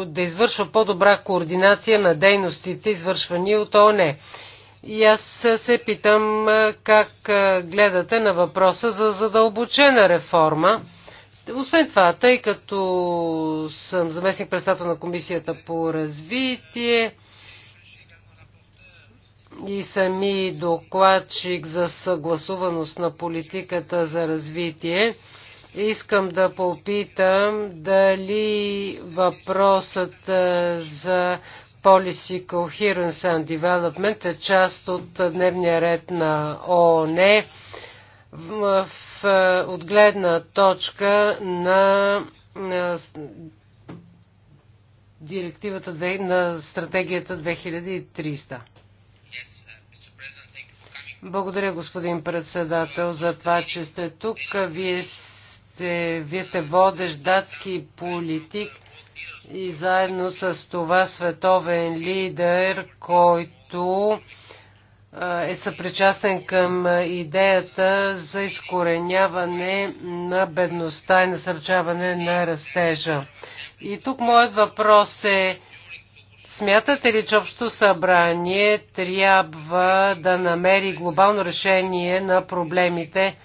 да извършва по-добра координация на дейностите, извършвани от ОНЕ. И аз се питам как гледате на въпроса за задълбочена реформа. Освен това, тъй като съм заместник председател на Комисията по развитие и сами докладчик за съгласуваност на политиката за развитие, искам да попитам дали въпросът за Policy Coherence and Development е част от дневния ред на ООН в, отгледна от гледна точка на, на директивата на стратегията 2300. Благодаря, господин председател, за това, че сте тук. Вие сте, вие сте водещ датски политик и заедно с това световен лидер, който е съпричастен към идеята за изкореняване на бедността и насърчаване на растежа. И тук моят въпрос е, смятате ли, че общото събрание трябва да намери глобално решение на проблемите,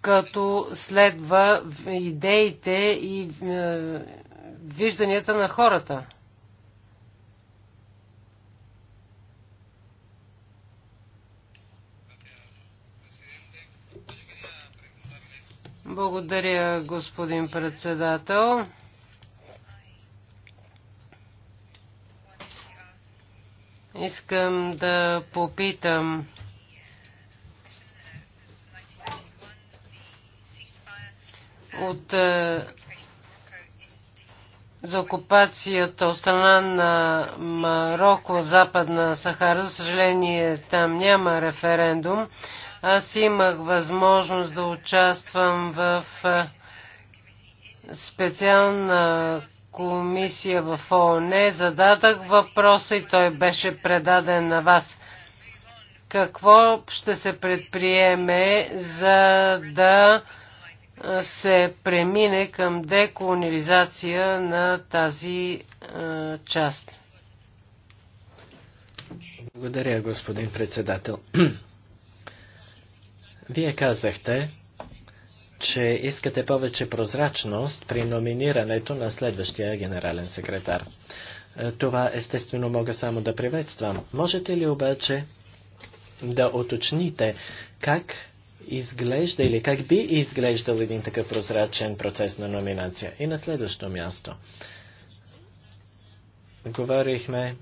като следва идеите и е, вижданията на хората. Благодаря, господин председател. Искам да попитам от е, за окупацията от страна на Марокко в Западна Сахара. За съжаление, там няма референдум. Аз имах възможност да участвам в специална комисия в ООН. Зададах въпроса и той беше предаден на вас. Какво ще се предприеме, за да се премине към деколонизация на тази а, част. Благодаря, господин председател. (clears throat) Вие казахте, че искате повече прозрачност при номинирането на следващия генерален секретар. Е, това естествено мога само да приветствам. Можете ли обаче да уточните как изглежда или как би изглеждал един такъв прозрачен процес на номинация. И на следващо място. Говорихме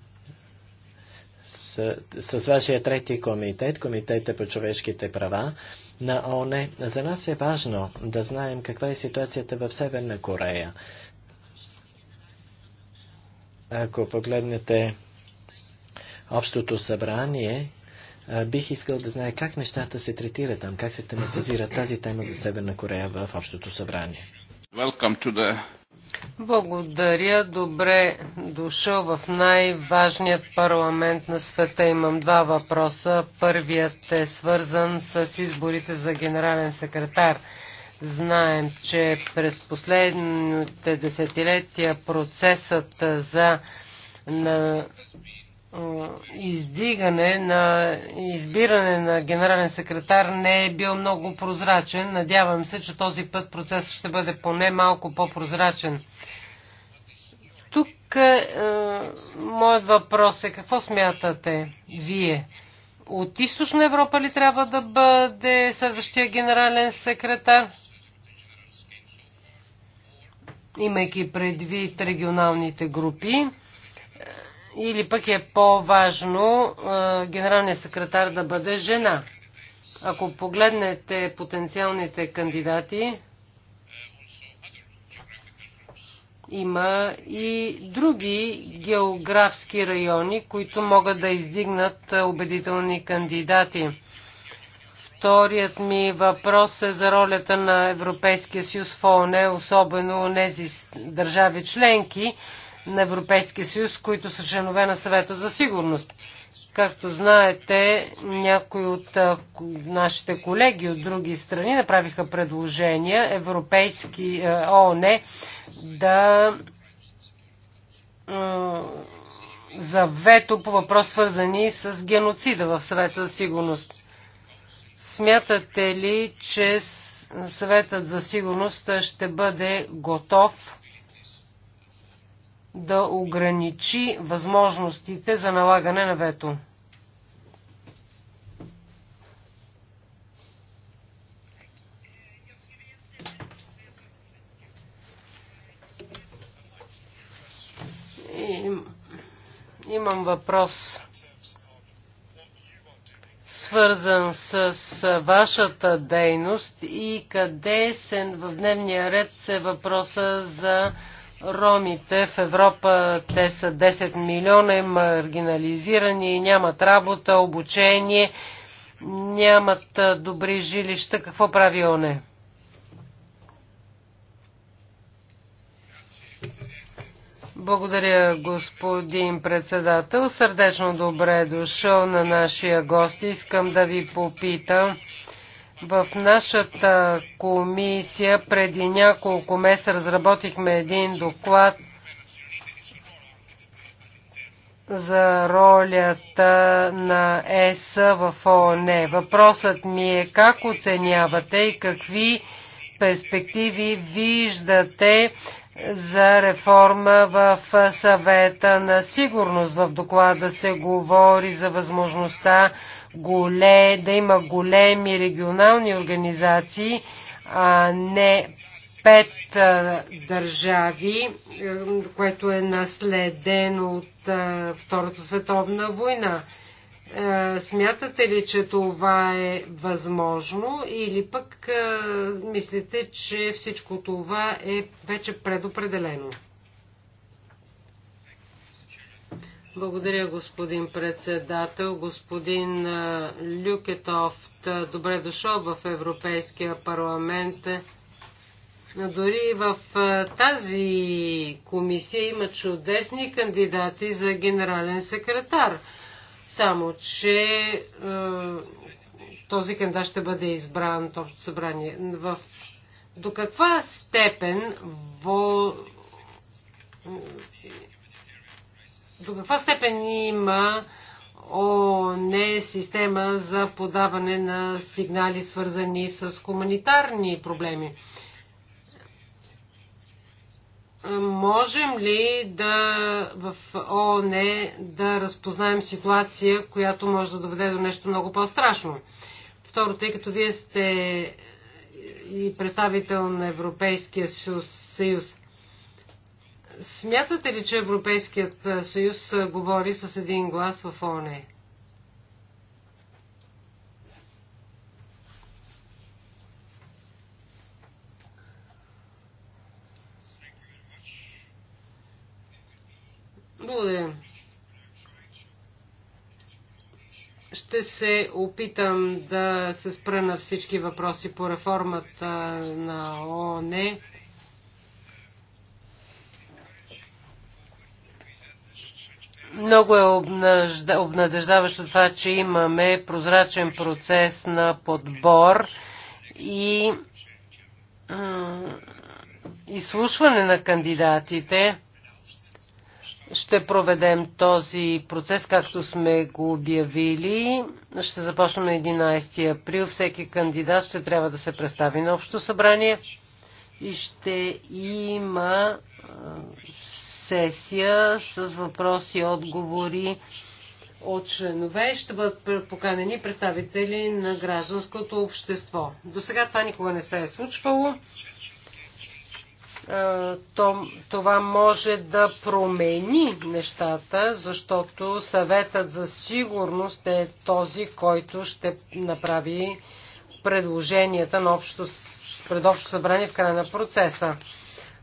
с, с вашия трети комитет, комитета по човешките права на ОНЕ. За нас е важно да знаем каква е ситуацията в Северна Корея. Ако погледнете Общото събрание Бих искал да знае как нещата се третират там, как се тематизира тази тема за Северна Корея в Общото събрание. The... Благодаря. Добре дошъл в най-важният парламент на света. Имам два въпроса. Първият е свързан с изборите за генерален секретар. Знаем, че през последните десетилетия процесът за на издигане на избиране на генерален секретар не е бил много прозрачен. Надявам се, че този път процес ще бъде поне малко по-прозрачен. Тук е, моят въпрос е какво смятате вие? От източна Европа ли трябва да бъде следващия генерален секретар? Имайки предвид регионалните групи или пък е по-важно е, генералният секретар да бъде жена. Ако погледнете потенциалните кандидати, има и други географски райони, които могат да издигнат е, убедителни кандидати. Вторият ми въпрос е за ролята на Европейския съюз в ООН, особено тези държави членки, на Европейския съюз, които са членове на съвета за сигурност. Както знаете, някои от нашите колеги от други страни направиха предложения Европейски ООН да за вето по въпрос свързани с геноцида в съвета за сигурност. Смятате ли, че съветът за сигурност ще бъде готов да ограничи възможностите за налагане на вето. имам въпрос, свързан с вашата дейност и къде се в дневния ред се въпроса за Ромите в Европа, те са 10 милиона, маргинализирани, нямат работа, обучение, нямат добри жилища. Какво прави ОНЕ? Благодаря, господин председател. Сърдечно добре дошъл на нашия гост. Искам да ви попитам в нашата комисия преди няколко месеца разработихме един доклад за ролята на ЕС в ООН. Въпросът ми е как оценявате и какви перспективи виждате за реформа в съвета на сигурност. В доклада се говори за възможността голе, да има големи регионални организации, а не пет а, държави, е, което е наследено от а, Втората световна война. А, е, смятате ли, че това е възможно или пък е, мислите, че всичко това е вече предопределено? Благодаря, господин председател. Господин Люкетофт, добре дошъл в Европейския парламент. Дори в тази комисия има чудесни кандидати за генерален секретар. Само, че този кандидат ще бъде избран в общото събрание. В, до каква степен во, до каква степен има не система за подаване на сигнали, свързани с хуманитарни проблеми. Можем ли да в ООН да разпознаем ситуация, която може да доведе до нещо много по-страшно? Второ, тъй като вие сте и представител на Европейския съюз, Смятате ли, че Европейският съюз говори с един глас в ООН? Благодаря. Ще се опитам да се спра на всички въпроси по реформата на ООН. Много е обнадеждаващо това, че имаме прозрачен процес на подбор и изслушване на кандидатите. Ще проведем този процес, както сме го обявили. Ще започнем на 11 април. Всеки кандидат ще трябва да се представи на общо събрание и ще има сесия с въпроси и отговори от членове. Ще бъдат поканени представители на гражданското общество. До сега това никога не се е случвало. това може да промени нещата, защото съветът за сигурност е този, който ще направи предложенията на общо, пред общо събрание в края на процеса.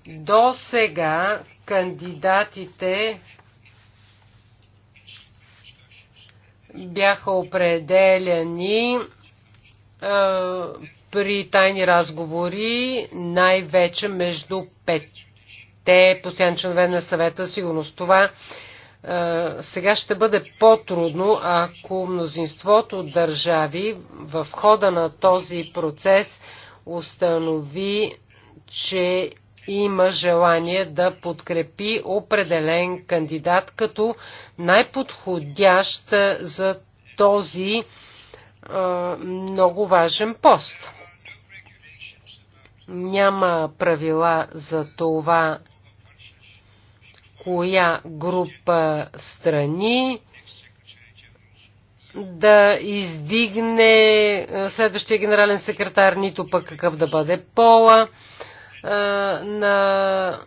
До сега кандидатите бяха определени при тайни разговори, най-вече между петте постоянни членове на съвета сигурност. Това а, сега ще бъде по-трудно, ако мнозинството от държави в хода на този процес установи, че има желание да подкрепи определен кандидат като най-подходящ за този а, много важен пост. Няма правила за това коя група страни да издигне следващия генерален секретар, нито пък какъв да бъде пола на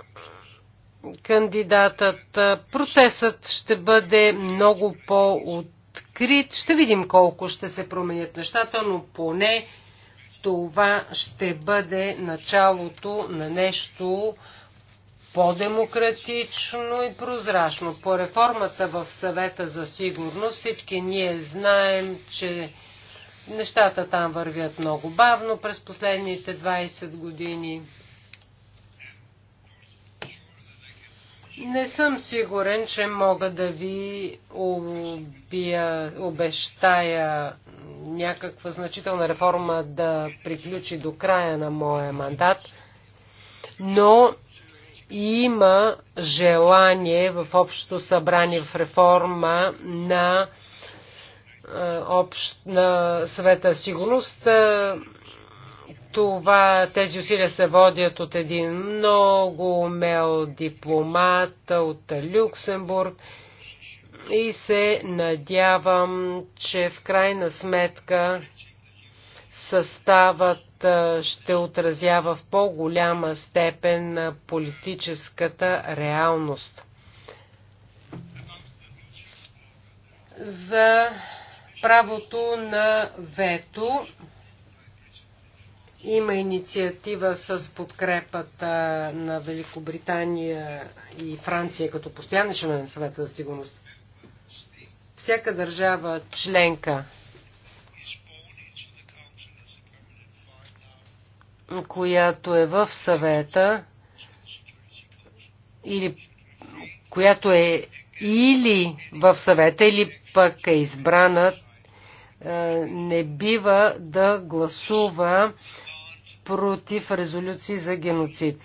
кандидатът. Процесът ще бъде много по-открит. Ще видим колко ще се променят нещата, но поне това ще бъде началото на нещо по-демократично и прозрачно. По реформата в съвета за сигурност всички ние знаем, че нещата там вървят много бавно през последните 20 години. Не съм сигурен, че мога да ви обия, обещая някаква значителна реформа да приключи до края на моя мандат, но има желание в общото събрание в реформа на, е, общ, на съвета сигурност е, това, тези усилия се водят от един много умел дипломат от Люксембург и се надявам, че в крайна сметка съставът ще отразява в по-голяма степен на политическата реалност. За правото на вето има инициатива с подкрепата на Великобритания и Франция като постоянни членове на съвета за сигурност. Всяка държава членка, която е в съвета или която е или в съвета, или пък е избрана, е, не бива да гласува против резолюции за геноцид.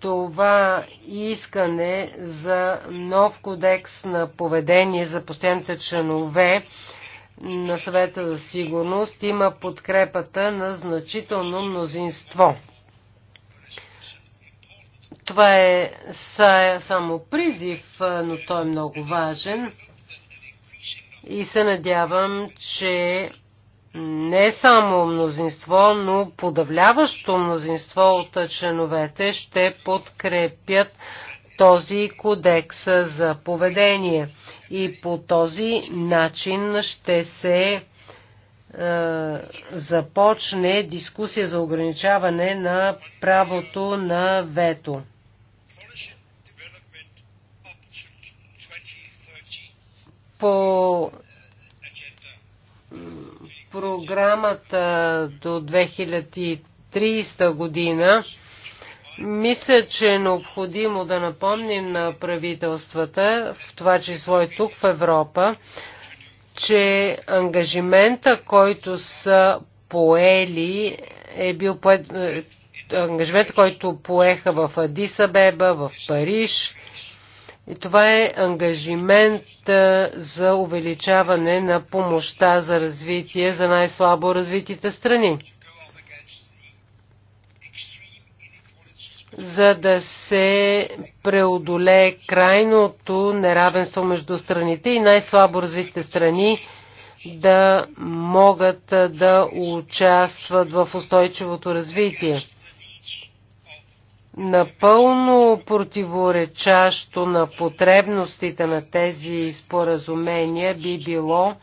Това искане за нов кодекс на поведение за постоянните членове на съвета за сигурност има подкрепата на значително мнозинство. Това е само призив, но той е много важен и се надявам, че не само мнозинство, но подавляващо мнозинство от членовете ще подкрепят този кодекс за поведение. И по този начин ще се е, започне дискусия за ограничаване на правото на вето. По програмата до 2030 година, мисля, че е необходимо да напомним на правителствата, в това число и тук в Европа, че ангажимента, който са поели, е бил поед... Е, ангажимент, който поеха в Адисабеба, в Париж, и това е ангажимент за увеличаване на помощта за развитие за най-слабо развитите страни. за да се преодолее крайното неравенство между страните и най-слабо развитите страни да могат да участват в устойчивото развитие напълно противоречащо на потребностите на тези споразумения би било,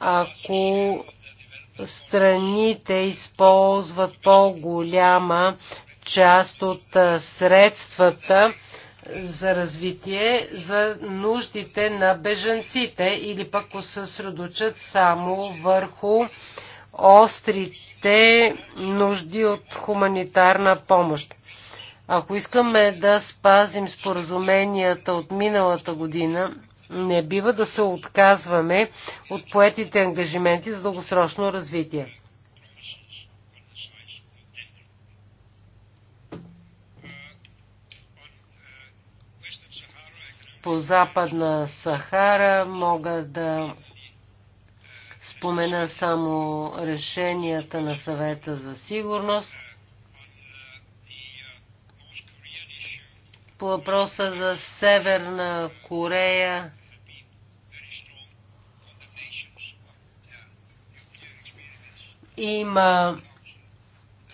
ако страните използват по-голяма част от средствата за развитие за нуждите на бежанците или пък се средочат само върху острите нужди от хуманитарна помощ. Ако искаме да спазим споразуменията от миналата година, не бива да се отказваме от поетите ангажименти за дългосрочно развитие. По Западна Сахара мога да спомена само решенията на съвета за сигурност. По въпроса за Северна Корея, има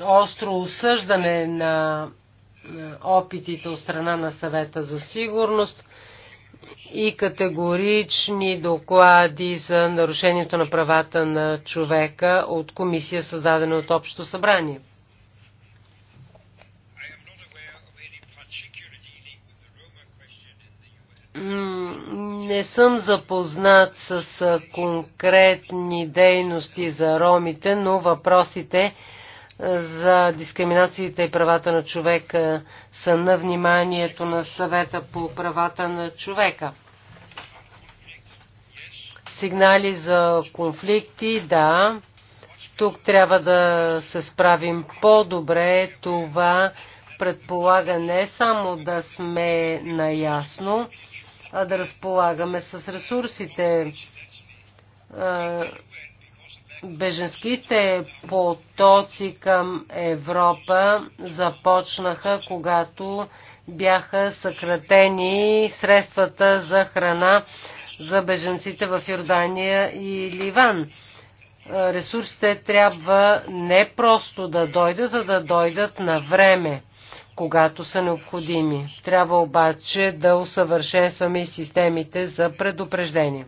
остро осъждане на опитите от страна на съвета за сигурност и категорични доклади за нарушението на правата на човека от комисия, създадена от Общо събрание. Не съм запознат с конкретни дейности за ромите, но въпросите за дискриминацията и правата на човека са на вниманието на съвета по правата на човека. Сигнали за конфликти, да. Тук трябва да се справим по-добре. Това предполага не само да сме наясно, а да разполагаме с ресурсите. Беженските потоци към Европа започнаха, когато бяха съкратени средствата за храна за беженците в Йордания и Ливан. Ресурсите трябва не просто да дойдат, а да дойдат на време когато са необходими. Трябва обаче да усъвършенстваме и системите за предупреждение.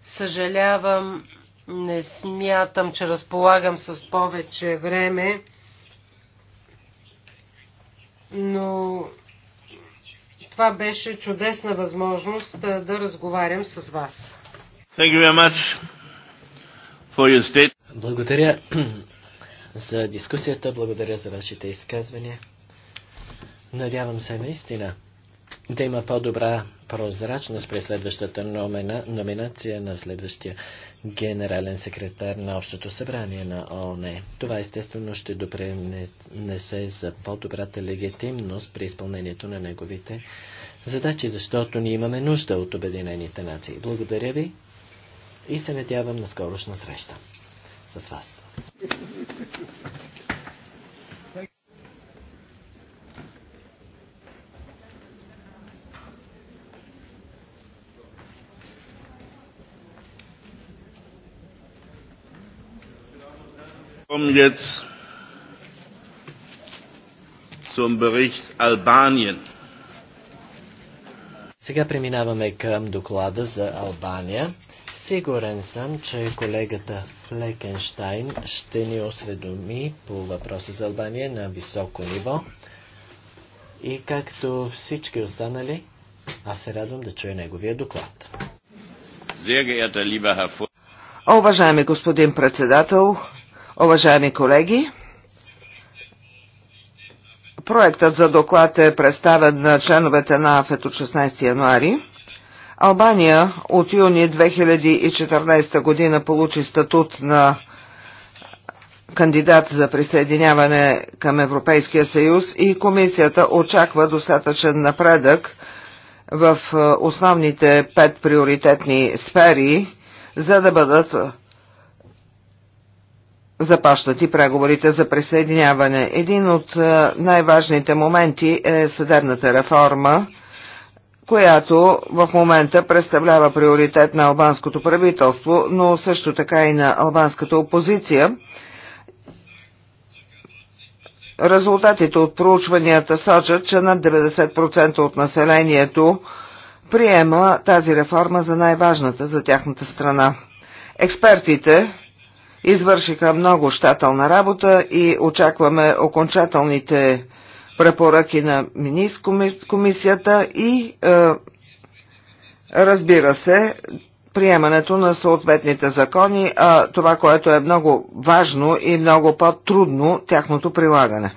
Съжалявам, не смятам, че разполагам с повече време, но това беше чудесна възможност да разговарям с вас. Благодаря за дискусията. Благодаря за вашите изказвания. Надявам се наистина да има по-добра прозрачност при следващата номена, номинация на следващия генерален секретар на Общото събрание на ООН. Това естествено ще допренесе за по-добрата легитимност при изпълнението на неговите задачи, защото ние имаме нужда от Обединените нации. Благодаря ви и се надявам на скорошна среща с вас. kommen jetzt zum Bericht Albanien. Сега преминаваме към доклада за Албания. Сигурен съм, че колегата Флекенштайн ще ни осведоми по въпроса за Албания на високо ниво. И както всички останали, аз се радвам да чуя неговия доклад. Уважаеми господин председател, уважаеми колеги, проектът за доклад е представен на членовете на АФЕТ от 16 януари. Албания от юни 2014 година получи статут на кандидат за присъединяване към Европейския съюз и комисията очаква достатъчен напредък в е, основните пет приоритетни сфери, за да бъдат е, започнати преговорите за присъединяване. Един от е, най-важните моменти е съдебната реформа – която в момента представлява приоритет на албанското правителство, но също така и на албанската опозиция. Резултатите от проучванията сочат, че над 90% от населението приема тази реформа за най-важната за тяхната страна. Експертите извършиха много щателна работа и очакваме окончателните препоръки на МИНИС комисията и е, разбира се, приемането на съответните закони, а това, което е много важно и много по-трудно, тяхното прилагане.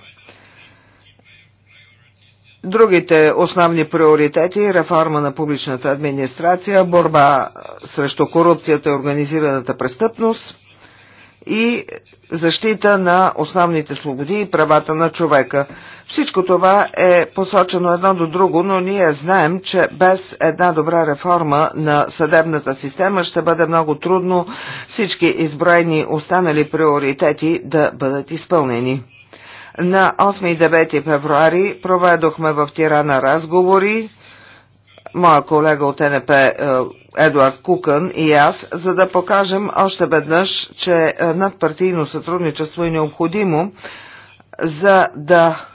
Другите основни приоритети – реформа на публичната администрация, борба срещу корупцията и организираната престъпност и защита на основните свободи и правата на човека. Всичко това е посочено едно до друго, но ние знаем, че без една добра реформа на съдебната система ще бъде много трудно всички изброени останали приоритети да бъдат изпълнени. На 8 и 9 февруари проведохме в Тирана разговори, моя колега от НП е, Едуард Кукън и аз, за да покажем още веднъж, че надпартийно сътрудничество е необходимо, за да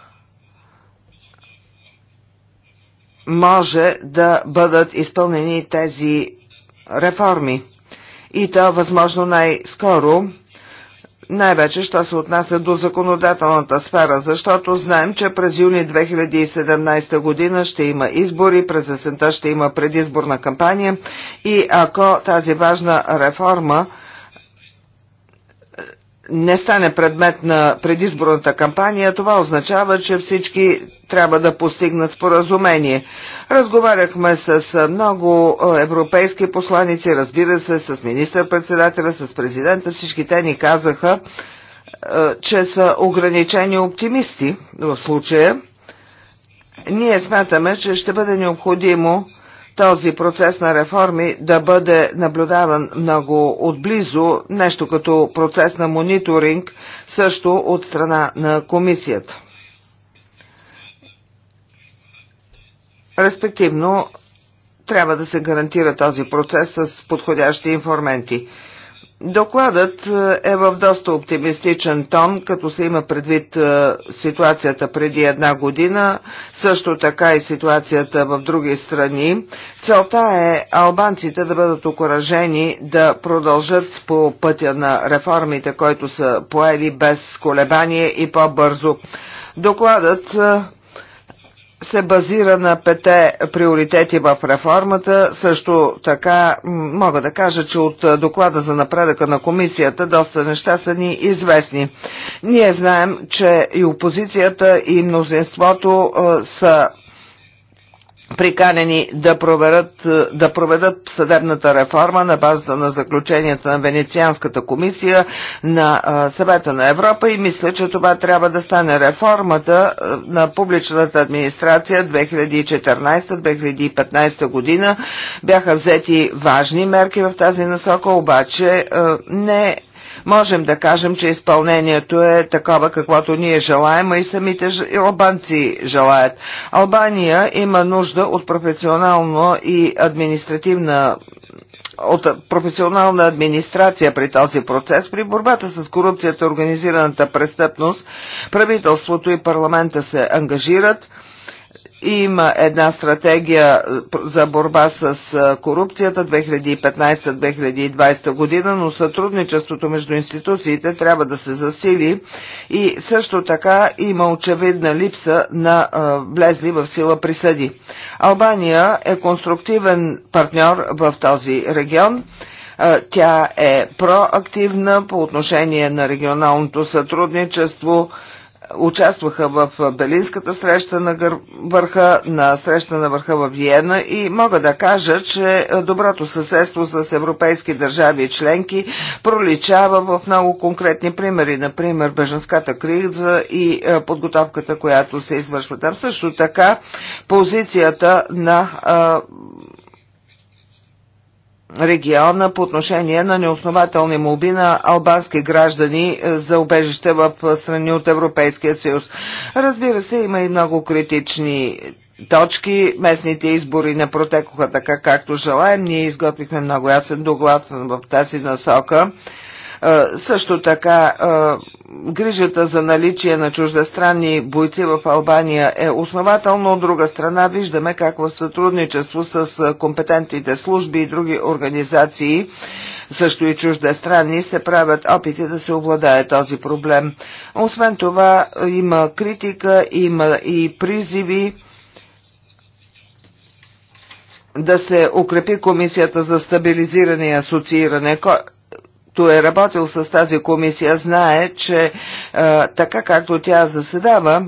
може да бъдат изпълнени тези реформи. И то възможно най-скоро, най-вече, що се отнася до законодателната сфера, защото знаем, че през юни 2017 година ще има избори, през есента ще има предизборна кампания и ако тази важна реформа не стане предмет на предизборната кампания, това означава, че всички трябва да постигнат споразумение. Разговаряхме с много европейски посланици, разбира се, с министър-председателя, с президента. Всички те ни казаха, че са ограничени оптимисти в случая. Ние смятаме, че ще бъде необходимо този процес на реформи да бъде наблюдаван много отблизо, нещо като процес на мониторинг също от страна на комисията. Респективно, трябва да се гарантира този процес с подходящи информенти. Докладът е, е в доста оптимистичен тон, като се има предвид е, ситуацията преди една година, също така и ситуацията в други страни. Целта е албанците да бъдат окоръжени да продължат по пътя на реформите, които са поели без колебание и по-бързо. Докладът е, се базира на пете приоритети в реформата. Също така мога да кажа, че от доклада за напредъка на комисията доста неща са ни известни. Ние знаем, че и опозицията и мнозинството са приканени да, проверят, е, да проведат съдебната реформа на базата на заключенията на Венецианската комисия на е, Съвета на Европа и мисля, че това трябва да стане реформата е, на публичната администрация 2014-2015 година. Бяха взети важни мерки в тази насока, обаче не можем да кажем, че изпълнението е такова, каквото ние желаем, а и самите албанци желаят. Албания има нужда от професионално и административна от професионална администрация при този процес, при борбата с корупцията организираната престъпност, правителството и парламента се ангажират има една стратегия е, за борба с е, корупцията 2015-2020 година, но сътрудничеството между институциите трябва да се засили и също така има очевидна липса на е, влезли в сила присъди. Албания е конструктивен партньор в този регион. Тя е проактивна по отношение на регионалното сътрудничество – участваха в Белинската среща на гър... върха, на среща на върха в Виена и мога да кажа, че доброто съседство с европейски държави и членки проличава в много конкретни примери, например беженската криза и е, подготовката, която се извършва там. Също така позицията на е, региона по отношение на неоснователни молби на албански граждани е, за убежище в е, страни от Европейския съюз. Разбира се, има и много критични точки. Местните избори не протекоха така, както желаем. Ние изготвихме много ясен доклад в тази насока. Също така грижата за наличие на чуждестранни бойци в Албания е основателно. От друга страна виждаме как в сътрудничество с компетентните служби и други организации, също и чуждестранни, се правят опити да се обладае този проблем. Освен това има критика, има и призиви да се укрепи Комисията за стабилизиране и асоцииране, който е работил с тази комисия, знае, че е, така както тя заседава,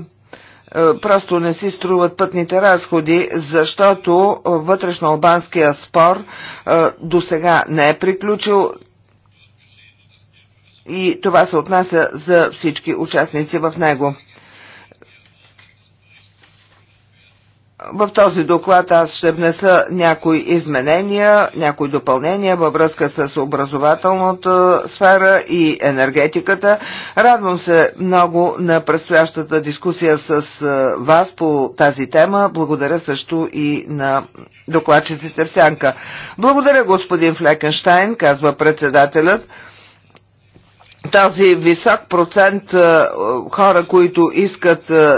е, просто не си струват пътните разходи, защото вътрешно-албанския спор е, до сега не е приключил и това се отнася за всички участници в него. В този доклад аз ще внеса някои изменения, някои допълнения във връзка с образователната сфера и енергетиката. Радвам се много на предстоящата дискусия с вас по тази тема. Благодаря също и на докладчиците в сянка. Благодаря господин Флекенштайн, казва председателят тази висок процент е, хора, които искат е,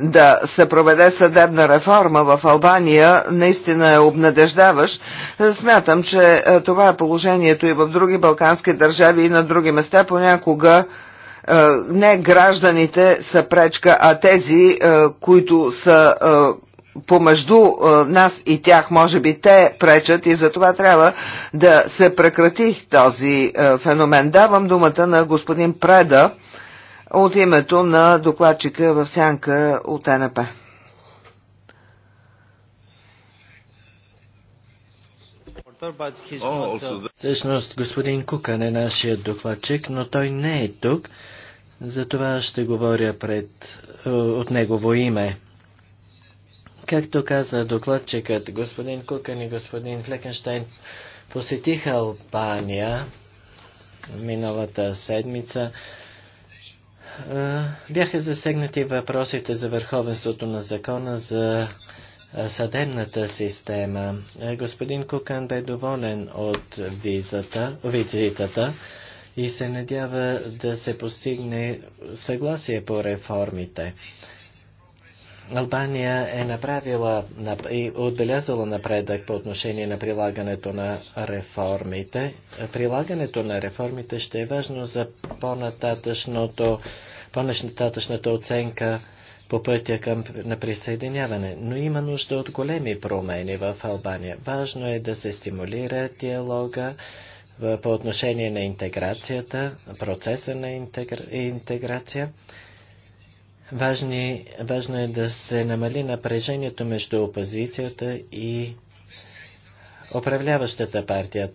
да се проведе съдебна реформа в Албания, наистина е обнадеждаващ. Е, смятам, че това е положението и в други балкански държави и на други места. Понякога не гражданите са пречка, а тези, които са помежду е, нас и тях, може би те пречат и за това трябва да се прекрати този е, феномен. Давам думата на господин Преда от името на докладчика в сянка от НП. Всъщност господин Кукан е нашия докладчик, но той не е тук, затова ще говоря пред, е, от негово име. Както каза докладчикът, господин Кукан и господин Флекенштайн посетиха Албания миналата седмица. Е, бяха засегнати въпросите за върховенството на закона, за е, съдебната система. Е, господин Кукан бе доволен от визата, визитата и се надява да се постигне съгласие по реформите. Албания е направила и отбелязала напредък по отношение на прилагането на реформите. Прилагането на реформите ще е важно за по-нататъчното по-нататъчната оценка по пътя към на присъединяване, но има нужда от големи промени в Албания. Важно е да се стимулира диалога по отношение на интеграцията, процеса на интегра... интеграция. Важни, важно е да се намали напрежението между опозицията и управляващата партия.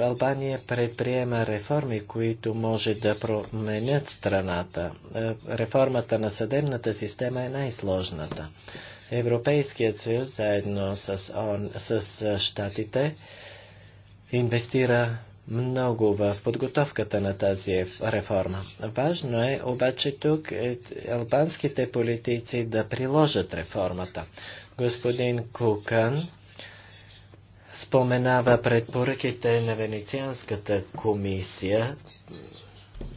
Албания предприема реформи, които може да променят страната. Е, реформата на съдебната система е най-сложната. Европейският съюз заедно с, он, с е, щатите инвестира много в подготовката на тази реформа. Важно е обаче тук е, албанските политици да приложат реформата. Господин Кукан споменава предпоръките на Венецианската комисия.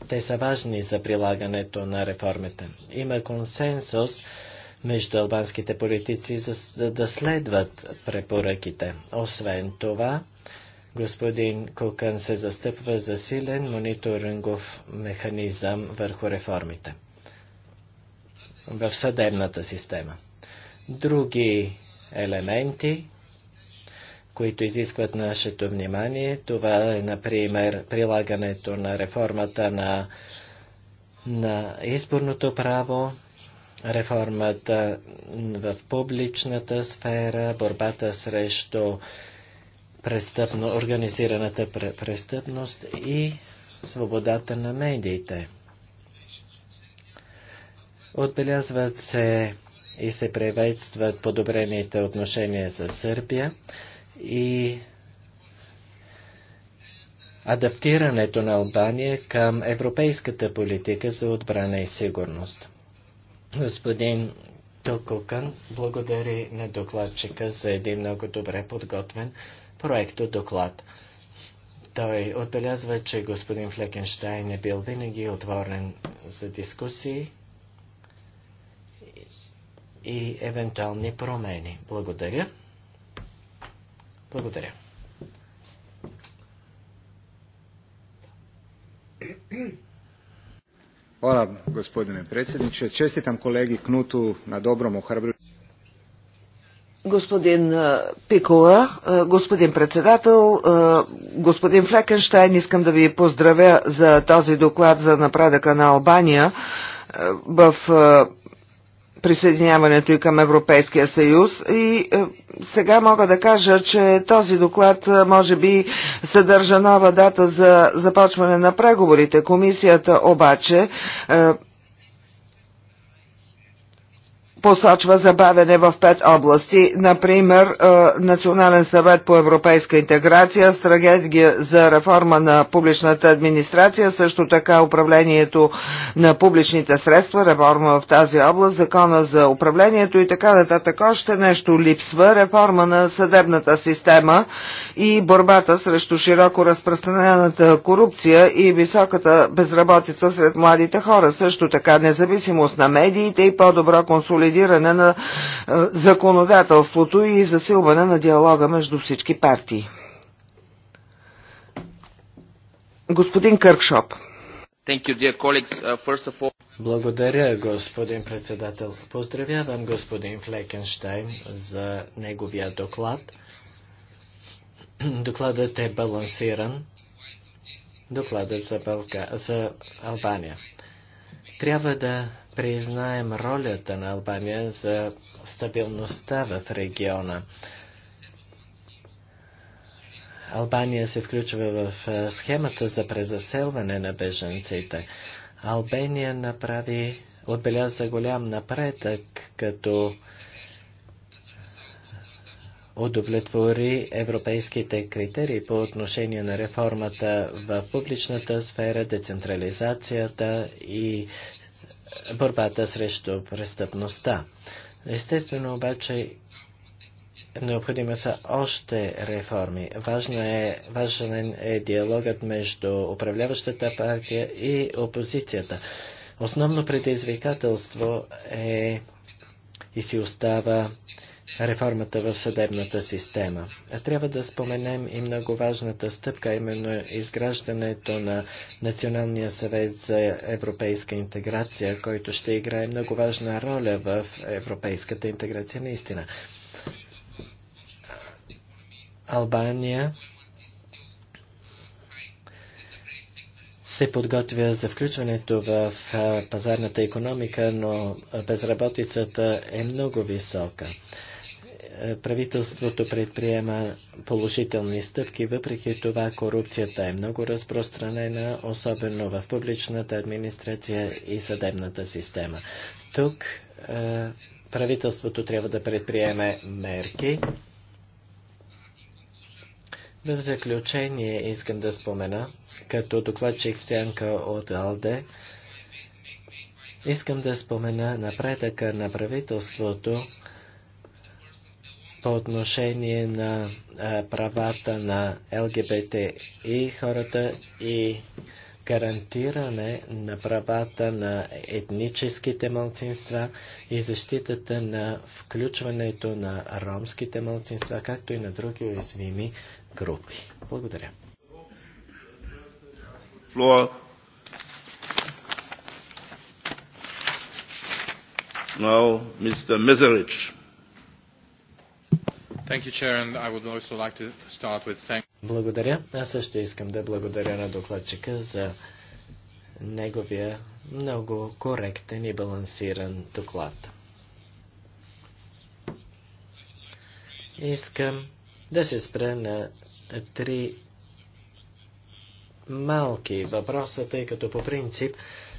Те са важни за прилагането на реформите. Има консенсус между албанските политици за да следват препоръките. Освен това, Господин Кукън се застъпва за силен мониторингов механизъм върху реформите в съдебната система. Други елементи, които изискват нашето внимание, това е, например, прилагането на реформата на, на изборното право, реформата в публичната сфера, борбата срещу престъпно, организираната престъпност и свободата на медиите. Отбелязват се и се приветстват подобрените отношения за Сърбия и адаптирането на Албания към европейската политика за отбрана и сигурност. Господин Токукан благодари на докладчика за един много добре подготвен проекто доклад. Той отбелязва, че господин Флекенштайн е бил винаги отворен за дискусии и евентуални промени. Благодаря. Благодаря. Hvala gospodine predsjedniče. Čestitam kolegi Knutu na dobrom ohrabrujućem Господин Пикола, господин председател, господин Флекенштайн, искам да ви поздравя за този доклад за напредъка на Албания в присъединяването и към Европейския съюз. И сега мога да кажа, че този доклад може би съдържа нова дата за започване на преговорите. Комисията обаче посочва забавяне в пет области, например е, Национален съвет по европейска интеграция, стратегия за реформа на публичната администрация, също така управлението на публичните средства, реформа в тази област, закона за управлението и така нататък. Още нещо липсва, реформа на съдебната система и борбата срещу широко разпространената корупция и високата безработица сред младите хора, също така независимост на медиите и по-добро консолидиране консолидиране на е, законодателството и засилване на диалога между всички партии. Господин Къркшоп. Uh, Благодаря, господин председател. Поздравявам господин Флекенштайн за неговия доклад. Докладът е балансиран. Докладът за, Балка... за Албания. Трябва да признаем ролята на Албания за стабилността в региона. Албания се включва в е, схемата за презаселване на беженците. Албания направи, отбеляза голям напредък, като удовлетвори европейските критерии по отношение на реформата в публичната сфера, децентрализацията и борбата срещу престъпността. Естествено обаче необходими са още реформи. Важно е, важен е диалогът между управляващата партия и опозицията. Основно предизвикателство е и си остава реформата в съдебната система. Трябва да споменем и много важната стъпка, именно изграждането на Националния съвет за европейска интеграция, който ще играе много важна роля в европейската интеграция наистина. Албания се подготвя за включването в пазарната економика, но безработицата е много висока правителството предприема положителни стъпки, въпреки това корупцията е много разпространена, особено в публичната администрация и съдебната система. Тук е, правителството трябва да предприеме мерки. В заключение искам да спомена, като докладчик в сянка от Алде, искам да спомена напредъка на правителството по отношение на правата на ЛГБТ и хората и гарантиране на правата на етническите малцинства и защитата на включването на ромските малцинства, както и на други уязвими групи. Благодаря. Now, Mr. Meserich. Благодаря. Аз също искам да благодаря на докладчика за неговия много коректен и балансиран доклад. Искам да се спра на три малки въпроса, тъй като по принцип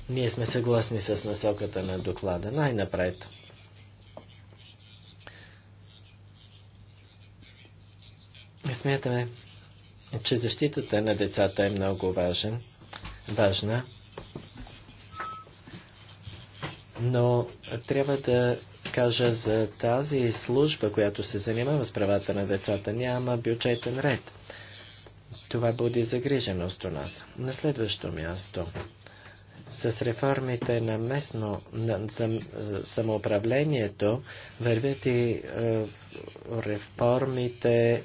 ние сме съгласни с насоката на доклада. Най-напред – Смятаме, че защитата на децата е много важен, важна, но трябва да кажа за тази служба, която се занимава с правата на децата, няма бюджетен ред. Това буди загриженост у нас. На следващо място. С реформите на местно на, за, самоуправлението вървят и е, реформите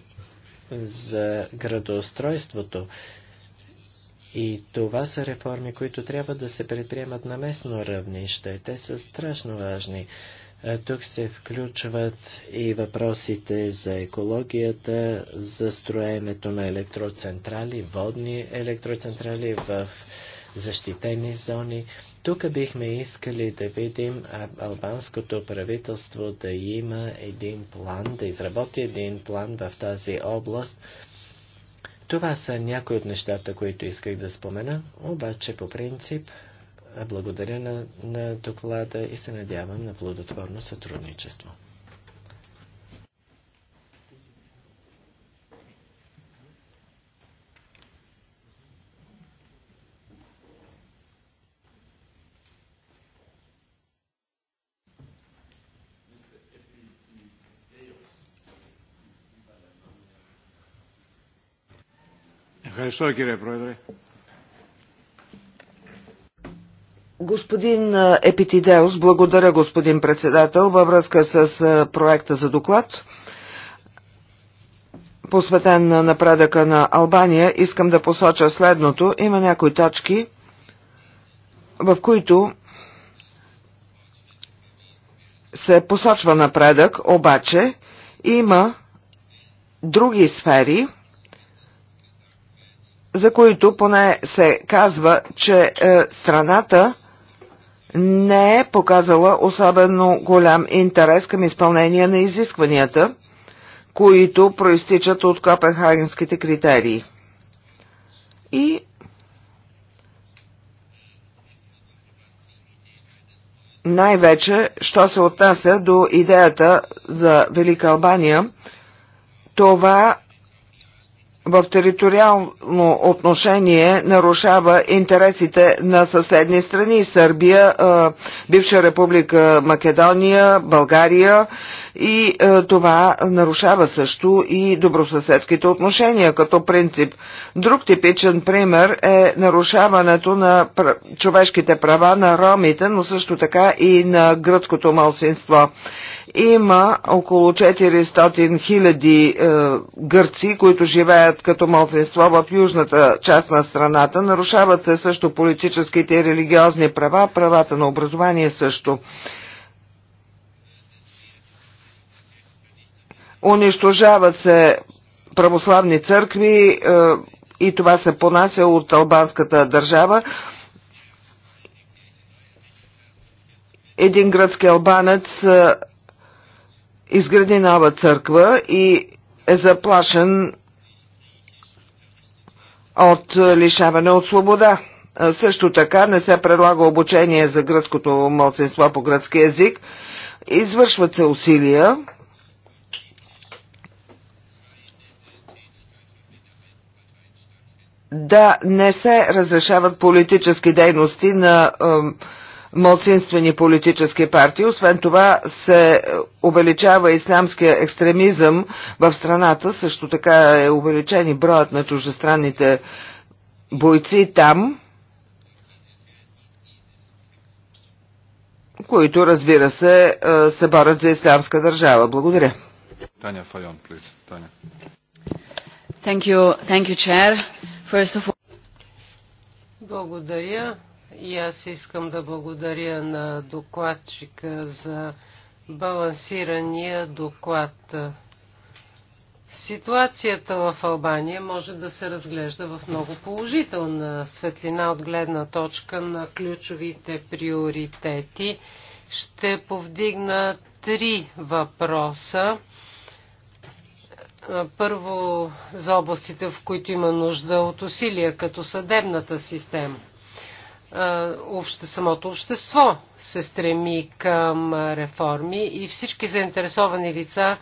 за градоустройството. И това са реформи, които трябва да се предприемат на местно равнище. Те са страшно важни. Тук се включват и въпросите за екологията, за строенето на електроцентрали, водни електроцентрали в защитени зони. Тук бихме искали да видим албанското правителство да има един план, да изработи един план в тази област. Това са някои от нещата, които исках да спомена, обаче по принцип благодаря на, на доклада и се надявам на плодотворно сътрудничество. Ευχαριστώ κύριε Πρόεδρε. Господин Епитидеус, благодаря господин председател във връзка с проекта за доклад посветен на напредъка на Албания, искам да посоча следното. Има някои точки, в които се посочва напредък, обаче има други сфери – за които поне се казва, че е, страната не е показала особено голям интерес към изпълнение на изискванията, които проистичат от копенхагенските критерии. И най-вече, що се отнася до идеята за Велика Албания, това в териториално отношение нарушава интересите на съседни страни Сърбия, бивша република Македония, България и това нарушава също и добросъседските отношения като принцип. Друг типичен пример е нарушаването на човешките права на ромите, но също така и на гръцкото малцинство. Има около 400 хиляди е, гърци, които живеят като малцинство в южната част на страната. Нарушават се също политическите и религиозни права, правата на образование също. Унищожават се православни църкви е, и това се понася от албанската държава. Един гръцки албанец е, изгради нова църква и е заплашен от лишаване от свобода. Също така не се предлага обучение за гръцкото младсинство по гръцки язик. Извършват се усилия да не се разрешават политически дейности на е, мълцинствени политически партии. Освен това се увеличава ислямския екстремизъм в страната. Също така е увеличен и броят на чужестранните бойци там, които, разбира се, е, се борят за ислямска държава. Благодаря. Таня Файон, please. Таня. Thank you, thank you, Chair. First of all... Благодаря. И аз искам да благодаря на докладчика за балансирания доклад. Ситуацията в Албания може да се разглежда в много положителна светлина от гледна точка на ключовите приоритети. Ще повдигна три въпроса. Първо за областите, в които има нужда от усилия, като съдебната система обще, самото общество се стреми към реформи и всички заинтересовани лица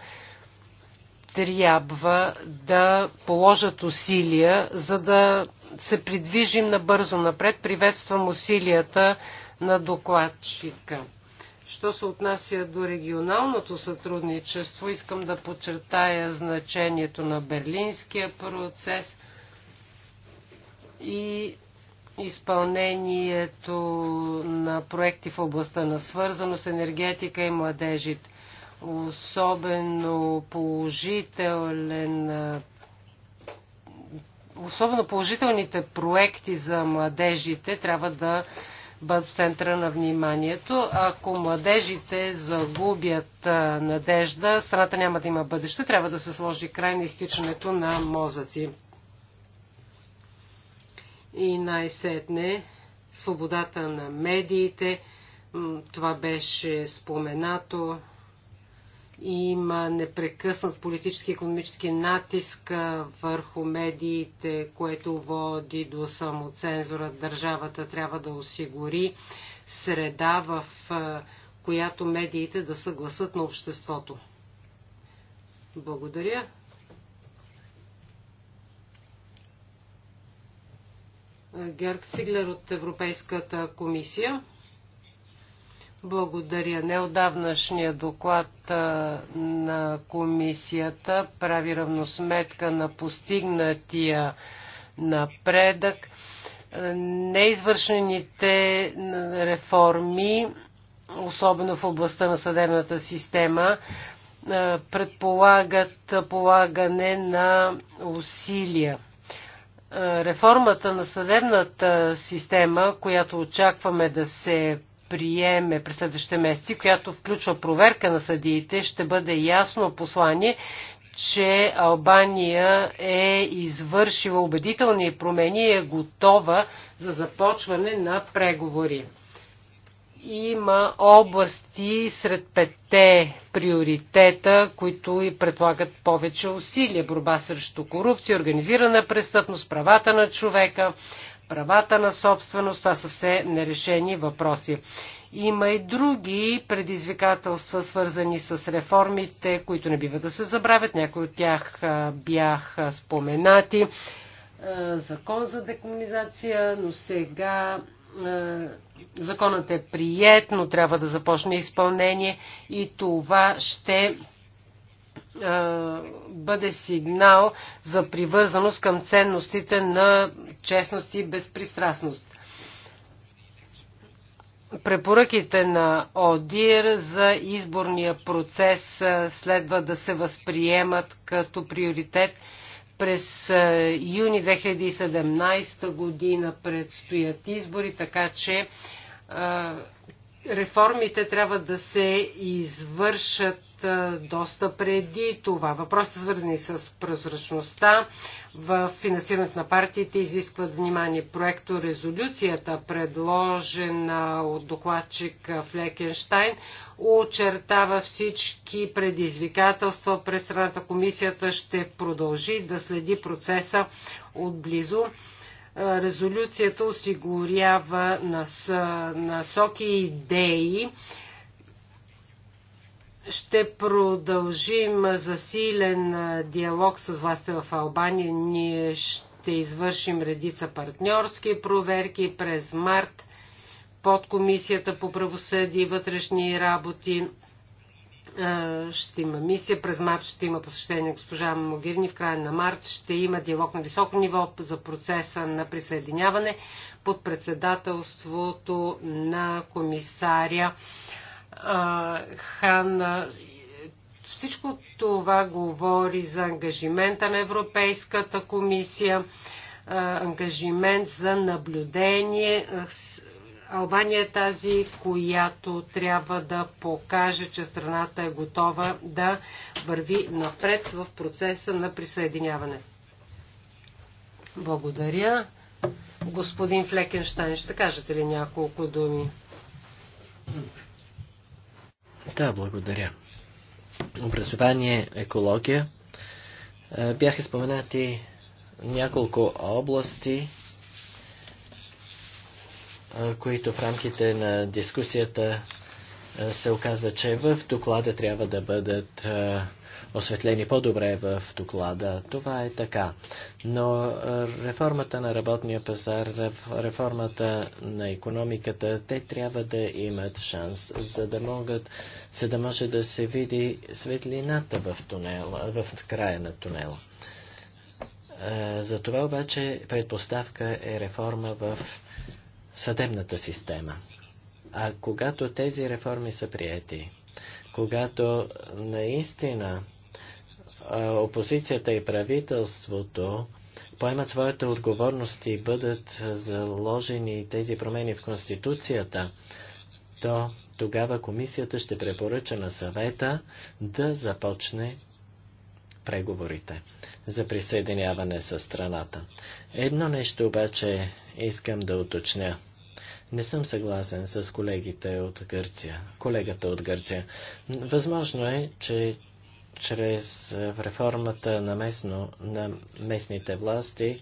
трябва да положат усилия, за да се придвижим набързо напред. Приветствам усилията на докладчика. Що се отнася до регионалното сътрудничество, искам да подчертая значението на берлинския процес и изпълнението на проекти в областта на свързаност, енергетика и младежит. Особено положителен особено положителните проекти за младежите трябва да бъдат в центъра на вниманието. Ако младежите загубят надежда, страната няма да има бъдеще, трябва да се сложи край на изтичането на мозъци. И най-сетне свободата на медиите. Това беше споменато. Има непрекъснат политически и економически натиск върху медиите, което води до самоцензура. Държавата трябва да осигури среда, в която медиите да съгласат на обществото. Благодаря. Герг Сиглер от Европейската комисия. Благодаря. Неодавнашния доклад на комисията прави равносметка на постигнатия напредък, неизвършените реформи, особено в областта на съдебната система, предполагат полагане на усилия. Е, реформата на съдебната система, която очакваме да се приеме през следващите месеци, която включва проверка на съдиите, ще бъде ясно послание, че Албания е извършила убедителни промени и е готова за започване на преговори има области сред петте приоритета, които и предлагат повече усилия. Борба срещу корупция, организирана престъпност, правата на човека, правата на собственост. Това са все нерешени въпроси. Има и други предизвикателства, свързани с реформите, които не бива да се забравят. Някои от тях бяха споменати. Закон за декомунизация, но сега е, законът е прият, но трябва да започне изпълнение и това ще е, бъде сигнал за привързаност към ценностите на честност и безпристрастност. Препоръките на ОДИР за изборния процес е, следва да се възприемат като приоритет – през е, юни 2017 година предстоят избори, така че е, реформите трябва да се извършат доста преди това. Въпросите, свързани с прозрачността в финансирането на партиите, изискват внимание. Проекто резолюцията, предложена от докладчик Флекенштайн, очертава всички предизвикателства през страната. Комисията ще продължи да следи процеса отблизо резолюцията осигурява насоки и идеи ще продължим засилен диалог с властта в Албания. Ние ще извършим редица партньорски проверки през март под Комисията по правосъдие и вътрешни работи. Ще има мисия през март, ще има посещение на госпожа Могирни в края на март, ще има диалог на високо ниво за процеса на присъединяване под председателството на комисаря Хана. Всичко това говори за ангажимента на Европейската комисия, ангажимент за наблюдение. Албания е тази, която трябва да покаже, че страната е готова да върви напред в процеса на присъединяване. Благодаря. Господин Флекенштайн, ще кажете ли няколко думи? Да, благодаря. Образование, екология. Е, бяха споменати няколко области, е, които в рамките на дискусията е, се оказва, че в доклада трябва да бъдат е, осветлени по-добре в доклада. Това е така. Но е, реформата на работния пазар, реформата на економиката, те трябва да имат шанс, за да, могат, за да може да се види светлината в, тунела, в края на тунела. За това обаче предпоставка е реформа в съдебната система. А когато тези реформи са приети, когато наистина опозицията и правителството поемат своята отговорност и бъдат заложени тези промени в Конституцията, то тогава комисията ще препоръча на съвета да започне преговорите за присъединяване с страната. Едно нещо обаче искам да уточня – не съм съгласен с колегите от Гърция, колегата от Гърция. Възможно е, че чрез реформата на, местно, на местните власти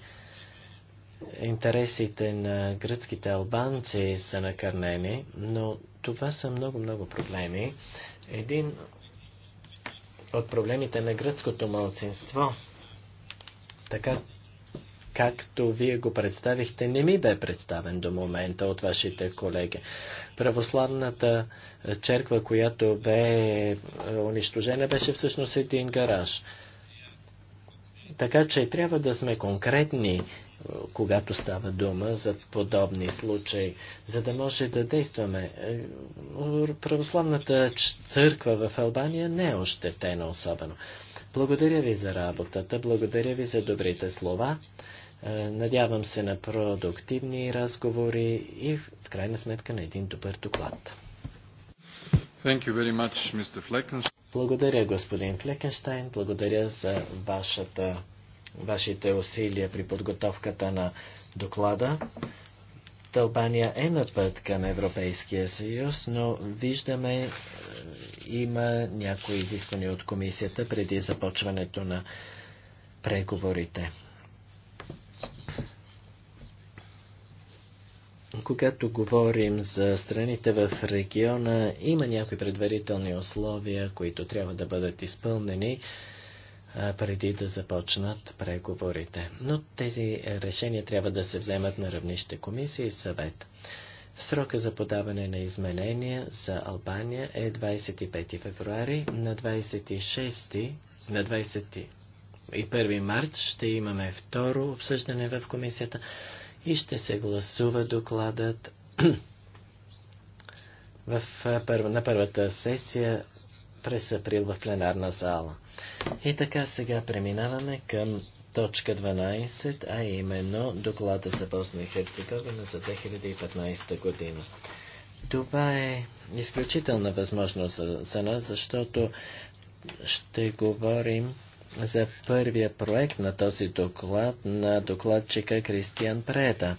интересите на гръцките албанци са накърнени, но това са много-много проблеми. Един от проблемите на гръцкото малцинство, така както вие го представихте, не ми бе представен до момента от вашите колеги. Православната черква, която бе е, унищожена, беше всъщност един гараж. Така че трябва да сме конкретни, е, когато става дума за подобни случаи, за да може да действаме. Е, православната църква в Албания не е ощетена особено. Благодаря ви за работата, благодаря ви за добрите слова. Е, надявам се на продуктивни разговори и в крайна сметка на един добър доклад. Thank you very much, Mr. Благодаря, господин Флекенштайн. Благодаря за вашата, вашите усилия при подготовката на доклада. Тълбания е на път към Европейския съюз, но виждаме, е, има някои изисквания от комисията преди започването на преговорите. когато говорим за страните в региона, има някои предварителни условия, които трябва да бъдат изпълнени преди да започнат преговорите. Но тези е, решения трябва да се вземат на равнище комисия и съвет. Срока за подаване на изменения за Албания е 25 февруари. На 26 на 20 и 1 март ще имаме второ обсъждане в комисията и ще се гласува докладът (clears throat) в, на първата сесия през април в пленарна зала. И така сега преминаваме към точка 12, а именно доклада за Босна и Херцеговина за 2015 година. Това е изключителна възможност за, за нас, защото ще говорим за първия проект на този доклад на докладчика Кристиан Преда.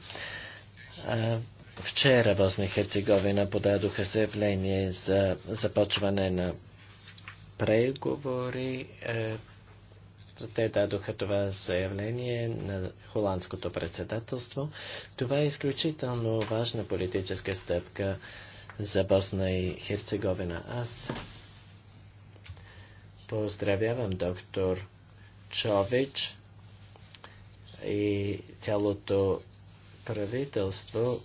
Вчера Босна и Херцеговина подадоха заявление за започване на преговори. Е, те дадоха това заявление на холандското председателство. Това е изключително важна политическа стъпка за Босна и Херцеговина. Аз Поздравявам доктор Чович и цялото правителство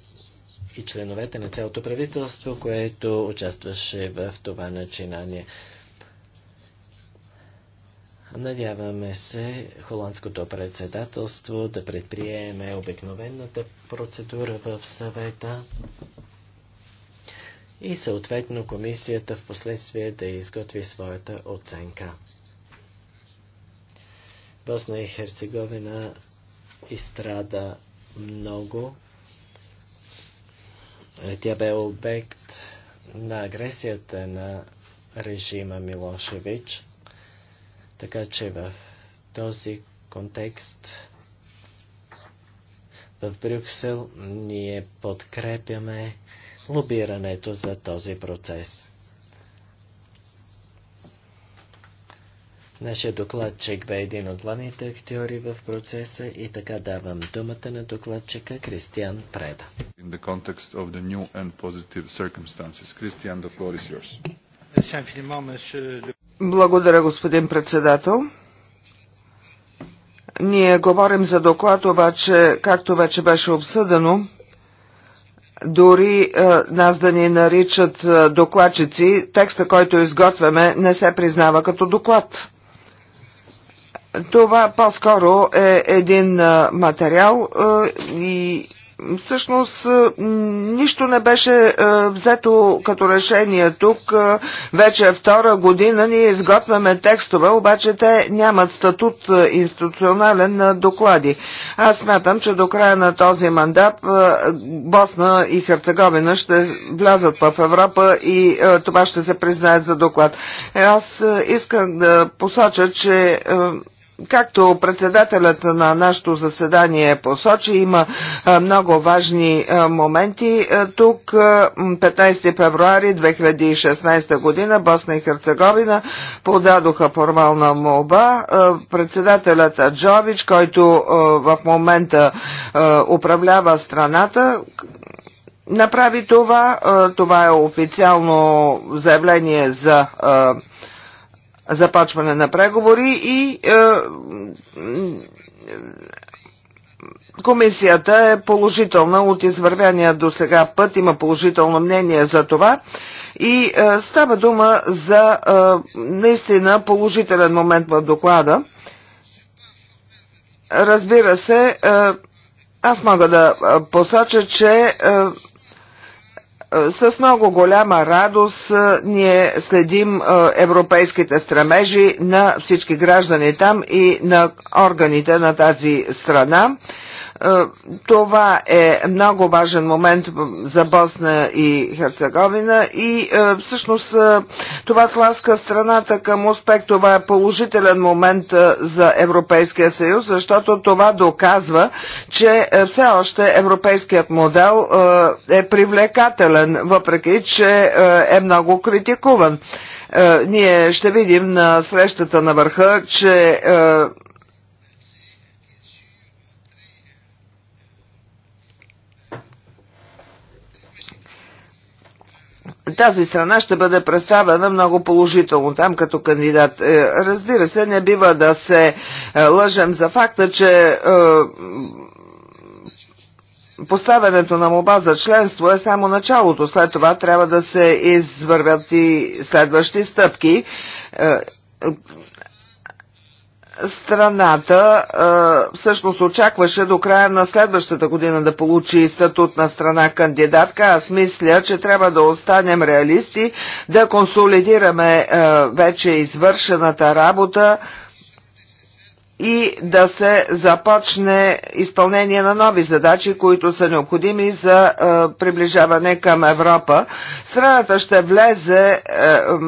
и членовете на цялото правителство, което участваше в това начинание. Надяваме се холандското председателство да предприеме обикновената процедура в съвета и съответно комисията в последствие да изготви своята оценка. Босна и Херцеговина изстрада много. Тя бе обект на агресията на режима Милошевич, така че в този контекст в Брюксел ние подкрепяме лобирането за този процес. Нашия докладчик бе един от главните актьори в процеса и така давам думата на докладчика Кристиан Преда. In the context of the new and positive circumstances. the floor is yours. Благодаря, господин председател. Ние говорим за доклад, обаче, както вече беше обсъдено, дори е, нас да ни наричат е, докладчици, текста, който изготвяме, не се признава като доклад. Това по-скоро е един е, материал е, и всъщност е, нищо не беше е, взето като решение тук. Е, вече втора година ние изготвяме текстове, обаче те нямат статут институционален на доклади. Аз смятам, че до края на този мандат Босна и Херцеговина ще влязат в Европа и това ще се признае за доклад. Аз искам да посоча, че Както председателят на нашето заседание посочи, има много важни моменти. Тук 15 февруари 2016 година Босна и Херцеговина подадоха формална молба. Председателят Джович, който в момента управлява страната, направи това. Това е официално заявление за започване на преговори и е, комисията е положителна от извървяния до сега път, има положително мнение за това. И е, става дума за е, наистина положителен момент в доклада. Разбира се, е, аз мога да е, посоча, че е, с много голяма радост ние следим европейските стремежи на всички граждани там и на органите на тази страна. Е, това е много важен момент за Босна и Херцеговина и е, всъщност е, това тласка страната към успех. Това е положителен момент за Европейския съюз, защото това доказва, че все още европейският модел е привлекателен, въпреки че е много критикуван. Ние ще видим на срещата на върха, че тази страна ще бъде представена много положително там като кандидат. Е, разбира се, не бива да се е, лъжем за факта, че е, Поставянето на моба за членство е само началото, след това трябва да се извървят и следващи стъпки страната а, всъщност очакваше до края на следващата година да получи статут на страна кандидатка. Аз мисля, че трябва да останем реалисти, да консолидираме а, вече извършената работа и да се започне изпълнение на нови задачи, които са необходими за а, приближаване към Европа. Страната ще влезе. А, а,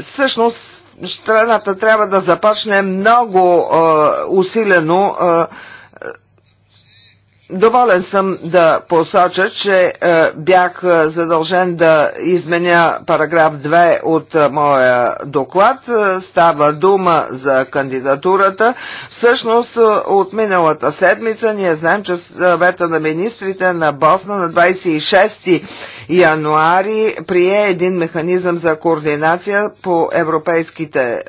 Същност, страната трябва да започне много е, усилено е, Доволен съм да посоча, че е, бях е, задължен да изменя параграф 2 от е, моя доклад. Става дума за кандидатурата. Всъщност от миналата седмица ние знаем, че съвета на министрите на Босна на 26 януари прие един механизъм за координация по европейските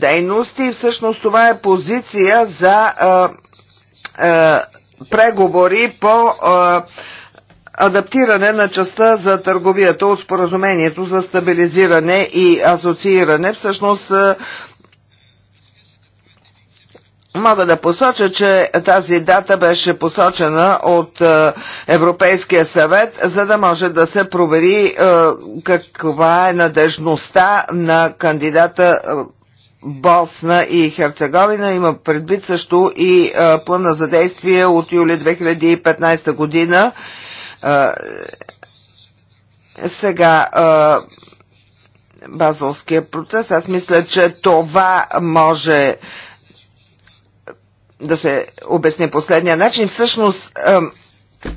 дейности. Всъщност това е позиция за е, преговори по е, адаптиране на частта за търговията от споразумението за стабилизиране и асоцииране. Всъщност е, Мога да посоча, че тази дата беше посочена от Европейския съвет, за да може да се провери каква е надежността на кандидата Босна и Херцеговина. Има предвид също и плана за действие от юли 2015 година. Сега базовския процес. Аз мисля, че това може да се обясни последния начин. Всъщност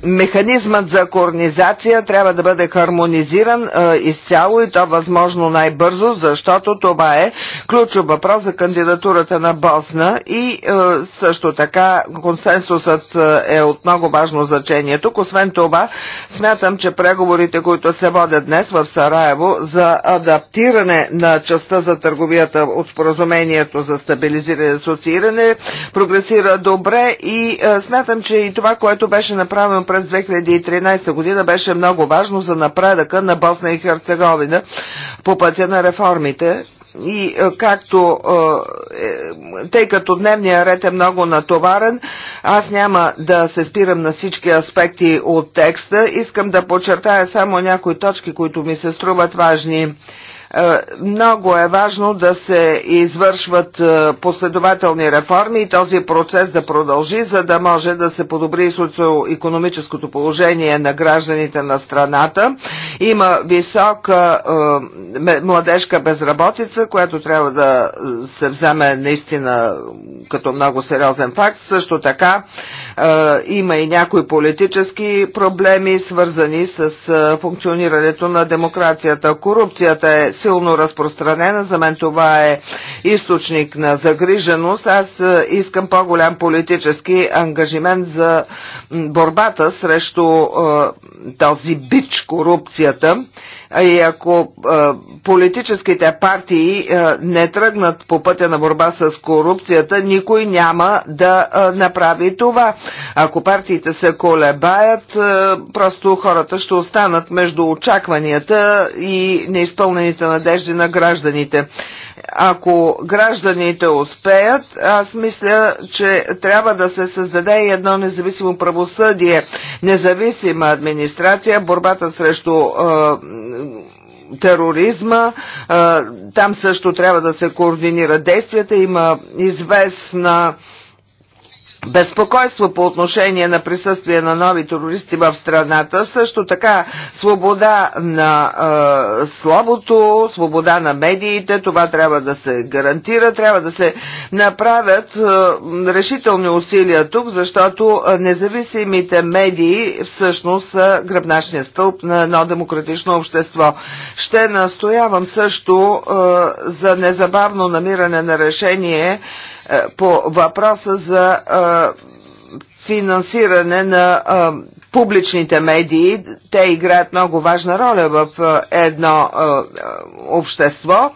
Механизмът за корнизация трябва да бъде хармонизиран е, изцяло и то възможно най-бързо, защото това е ключов въпрос за кандидатурата на Босна и е, също така консенсусът е, е от много важно значение. Тук освен това смятам, че преговорите, които се водят днес в Сараево за адаптиране на частта за търговията от споразумението за стабилизиране и асоцииране прогресира добре и е, смятам, че и това, което беше направено особено през 2013 година, беше много важно за напредъка на Босна и Херцеговина по пътя на реформите, и е, както е, е, тъй като дневния ред е много натоварен, аз няма да се спирам на всички аспекти от текста. Искам да подчертая само някои точки, които ми се струват важни. Е, много е важно да се извършват е, последователни реформи и този процес да продължи, за да може да се подобри социо-економическото положение на гражданите на страната. Има висока е, младежка безработица, която трябва да се вземе наистина като много сериозен факт. Също така има и някои политически проблеми, свързани с функционирането на демокрацията. Корупцията е силно разпространена. За мен това е източник на загриженост. Аз е, искам по-голям политически ангажимент за борбата срещу е, този бич корупцията. И ако политическите партии не тръгнат по пътя на борба с корупцията, никой няма да направи това. Ако партиите се колебаят, просто хората ще останат между очакванията и неизпълнените надежди на гражданите. Ако гражданите успеят, аз мисля, че трябва да се създаде и едно независимо правосъдие, независима администрация, борбата срещу тероризма. Там също трябва да се координира действията. Има известна безпокойство по отношение на присъствие на нови терористи в страната, също така свобода на е, слабото, свобода на медиите, това трябва да се гарантира, трябва да се направят е, решителни усилия тук, защото независимите медии всъщност са гръбначния стълб на едно демократично общество. Ще настоявам също е, за незабавно намиране на решение е, по въпроса за е, финансиране на е, публичните медии. Те играят много важна роля в едно общество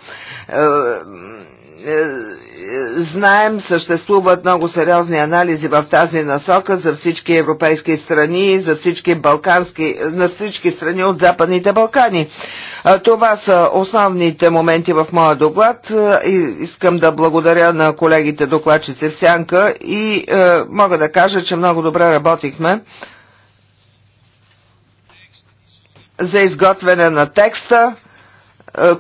знаем, съществуват много сериозни анализи в тази насока за всички европейски страни, за всички балкански, на всички страни от Западните Балкани. Това са основните моменти в моя доклад. Искам да благодаря на колегите докладчици в Сянка и мога да кажа, че много добре работихме за изготвяне на текста,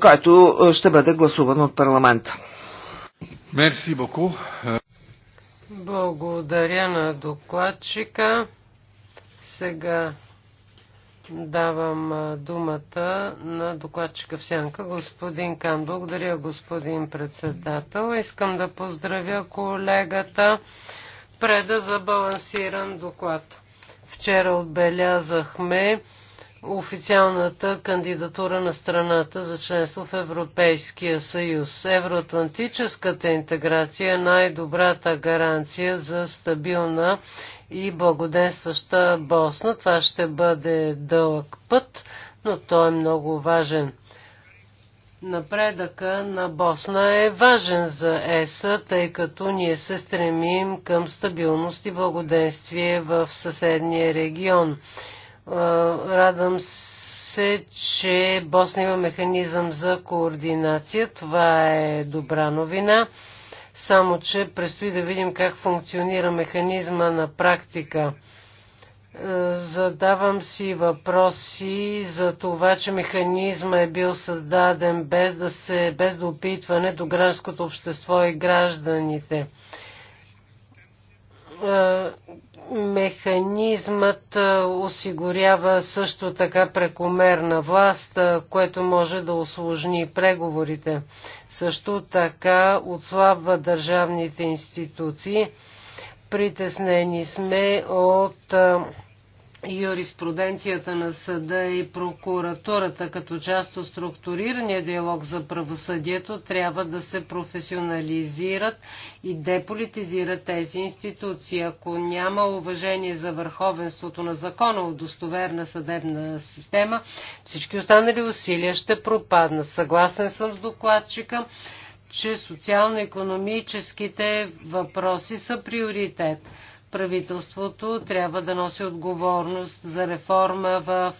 който ще бъде гласуван от парламента. Мерси Боку. Благодаря на докладчика. Сега давам думата на докладчика в сянка, господин Кан. Благодаря, господин председател. Искам да поздравя колегата преда за балансиран доклад. Вчера отбелязахме официалната кандидатура на страната за членство в Европейския съюз. Евроатлантическата интеграция е най-добрата гаранция за стабилна и благоденстваща Босна. Това ще бъде дълъг път, но той е много важен. Напредъка на Босна е важен за ЕСА, тъй като ние се стремим към стабилност и благоденствие в съседния регион. Е, радвам се, че Босна има механизъм за координация. Това е добра новина. Само, че предстои да видим как функционира механизма на практика. Е, задавам си въпроси за това, че механизма е бил създаден без да, се, без да опитване до гражданското общество и гражданите е, Механизмът осигурява също така прекомерна власт, което може да осложни преговорите. Също така отслабва държавните институции. Притеснени сме от юриспруденцията на съда и прокуратурата като част от структурирания диалог за правосъдието трябва да се професионализират и деполитизират тези институции. Ако няма уважение за върховенството на закона от достоверна съдебна система, всички останали усилия ще пропаднат. Съгласен съм с докладчика, че социално-економическите въпроси са приоритет правителството трябва да носи отговорност за реформа в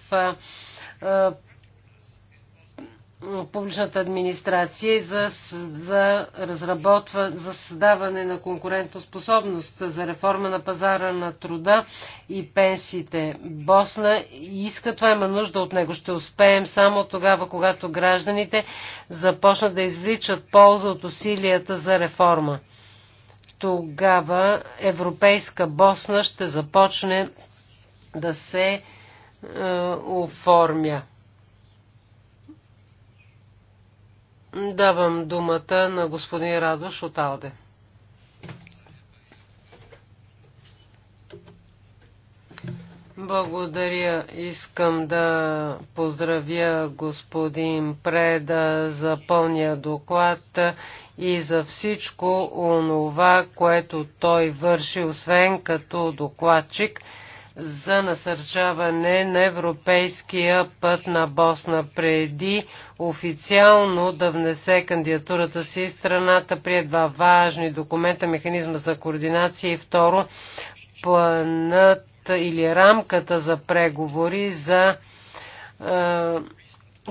публичната администрация и за, за, разработва, за създаване на конкурентоспособност, за реформа на пазара на труда и пенсиите. Босна иска това, има нужда от него. Ще успеем само тогава, когато гражданите започнат да извличат полза от усилията за реформа тогава Европейска Босна ще започне да се е, оформя. Давам думата на господин Радош от Алде. Благодаря. Искам да поздравя господин Преда за пълния доклад и за всичко онова, което той върши, освен като докладчик за насърчаване на европейския път на Босна преди официално да внесе кандидатурата си. Страната при два важни документа, механизма за координация и второ планът или рамката за преговори за е,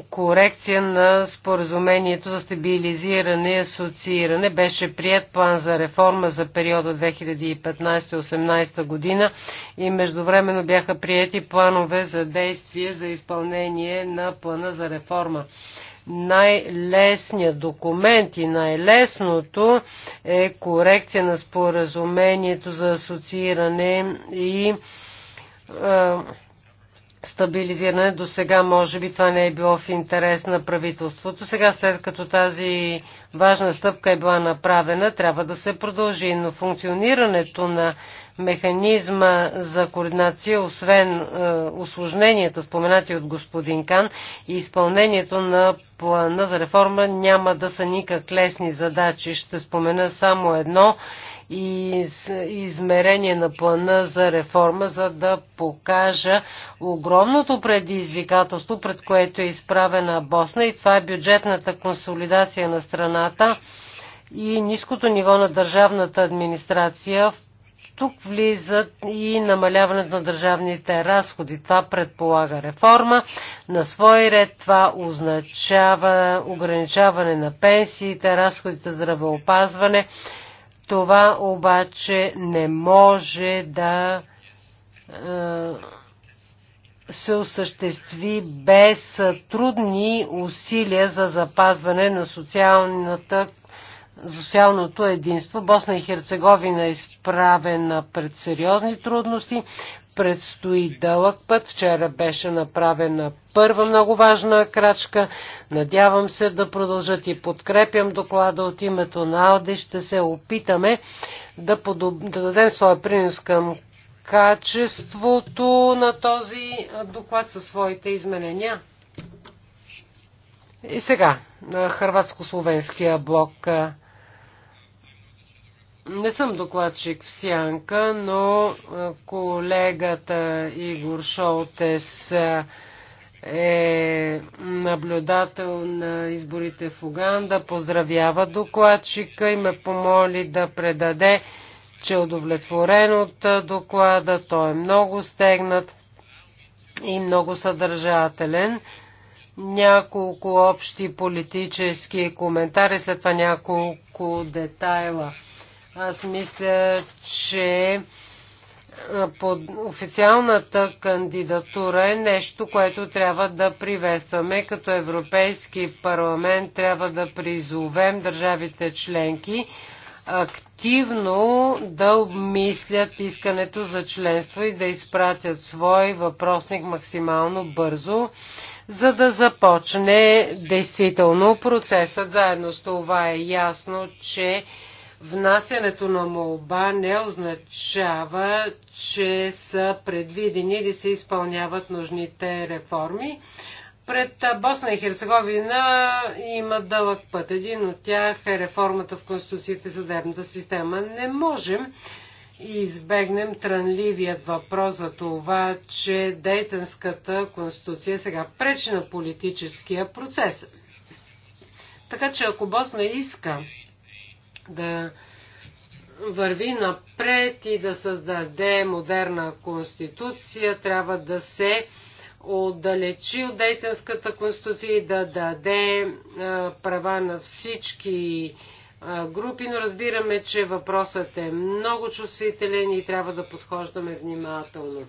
корекция на споразумението за стабилизиране и асоцииране. Беше прият план за реформа за периода 2015-18 година и междувременно бяха прияти планове за действие за изпълнение на плана за реформа. Най-лесният документ и най-лесното е корекция на споразумението за асоцииране и стабилизиране. До сега може би това не е било в интерес на правителството. Сега след като тази важна стъпка е била направена, трябва да се продължи. Но функционирането на механизма за координация, освен е, осложненията, споменати от господин Кан, и изпълнението на плана за реформа няма да са никак лесни задачи. Ще спомена само едно – и измерение на плана за реформа, за да покажа огромното предизвикателство, пред което е изправена Босна и това е бюджетната консолидация на страната и ниското ниво на държавната администрация. Тук влизат и намаляването на държавните разходи. Това предполага реформа. На свой ред това означава ограничаване на пенсиите, разходите за здравеопазване, това обаче не може да е, се осъществи без трудни усилия за запазване на социалната, социалното единство. Босна и Херцеговина е изправена пред сериозни трудности. Предстои дълъг път. Вчера беше направена първа много важна крачка. Надявам се да продължат и подкрепям доклада от името на Ауди. Ще се опитаме да, подоб... да дадем своя принос към качеството на този доклад със своите изменения. И сега, хрватско-словенския блок. Не съм докладчик в Сянка, но колегата Игор Шолтес е наблюдател на изборите в Уганда, поздравява докладчика и ме помоли да предаде, че е удовлетворен от доклада. Той е много стегнат и много съдържателен. Няколко общи политически коментари, след това няколко детайла. Аз мисля, че под официалната кандидатура е нещо, което трябва да приветстваме. Като Европейски парламент трябва да призовем държавите членки активно да обмислят искането за членство и да изпратят свой въпросник максимално бързо, за да започне действително процесът. Заедно с това е ясно, че Внасянето на молба не означава, че са предвидени или се изпълняват нужните реформи. Пред Босна и Херцеговина има дълъг път. Един от тях е реформата в Конституцията и съдебната система. Не можем избегнем трънливият въпрос за това, че Дейтенската конституция сега пречи на политическия процес. Така че ако Босна иска да върви напред и да създаде модерна конституция, трябва да се отдалечи от Дейтенската конституция и да даде права на всички групи, но разбираме, че въпросът е много чувствителен и трябва да подхождаме внимателно.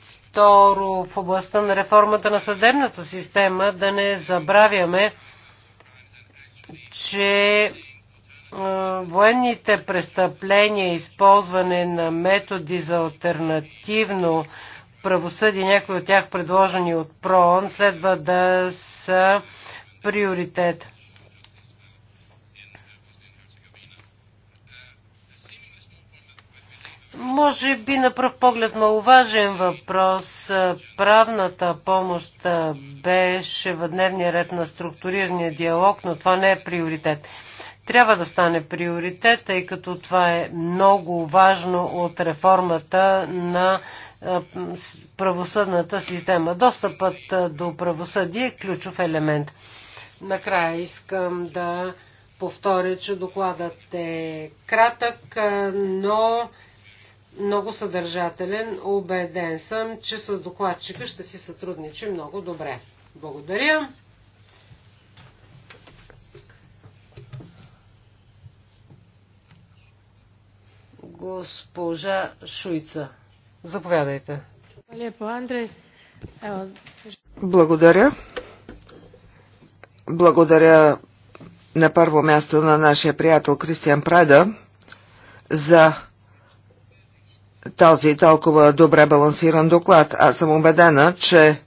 Второ, в областта на реформата на съдебната система да не забравяме, че е, военните престъпления, използване на методи за альтернативно правосъдие, някои от тях предложени от ПРООН, следва да са приоритет. Може би на пръв поглед маловажен въпрос. Е, правната помощ е, беше в дневния ред на структурирания диалог, но това не е приоритет трябва да стане приоритет, тъй като това е много важно от реформата на е, правосъдната система. Достъпът е, до правосъдие е ключов елемент. Накрая искам да повторя, че докладът е кратък, е, но много съдържателен. Обеден съм, че с докладчика ще си сътрудничи много добре. Благодаря. госпожа Шуйца. Заповядайте. Благодаря. Благодаря на първо място на нашия приятел Кристиан Прада за този толкова добре балансиран доклад. Аз съм убедена, че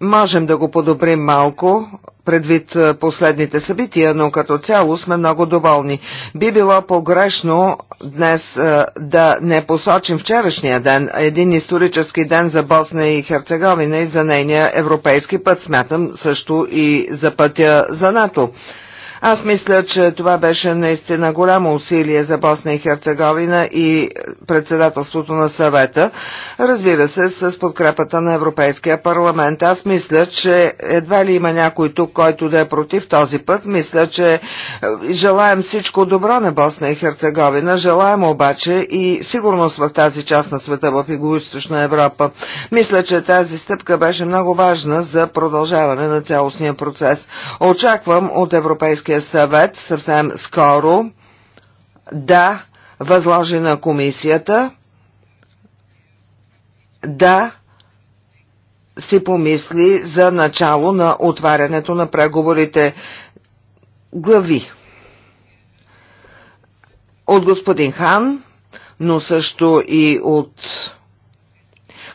можем да го подобрим малко, предвид последните събития, но като цяло сме много доволни. Би било погрешно днес да не посочим вчерашния ден, един исторически ден за Босна и Херцеговина и за нейния европейски път, смятам също и за пътя за НАТО. Аз мисля, че това беше наистина голямо усилие за Босна и Херцеговина и председателството на съвета, разбира се, с подкрепата на Европейския парламент. Аз мисля, че едва ли има някой тук, който да е против този път. Мисля, че е, желаем всичко добро на Босна и Херцеговина, желаем обаче и сигурност в тази част на света, в Игоисточна Европа. Мисля, че тази стъпка беше много важна за продължаване на цялостния процес. Очаквам от Европейския Европейския съвет съвсем скоро да възложи на комисията да си помисли за начало на отварянето на преговорите глави. От господин Хан, но също и от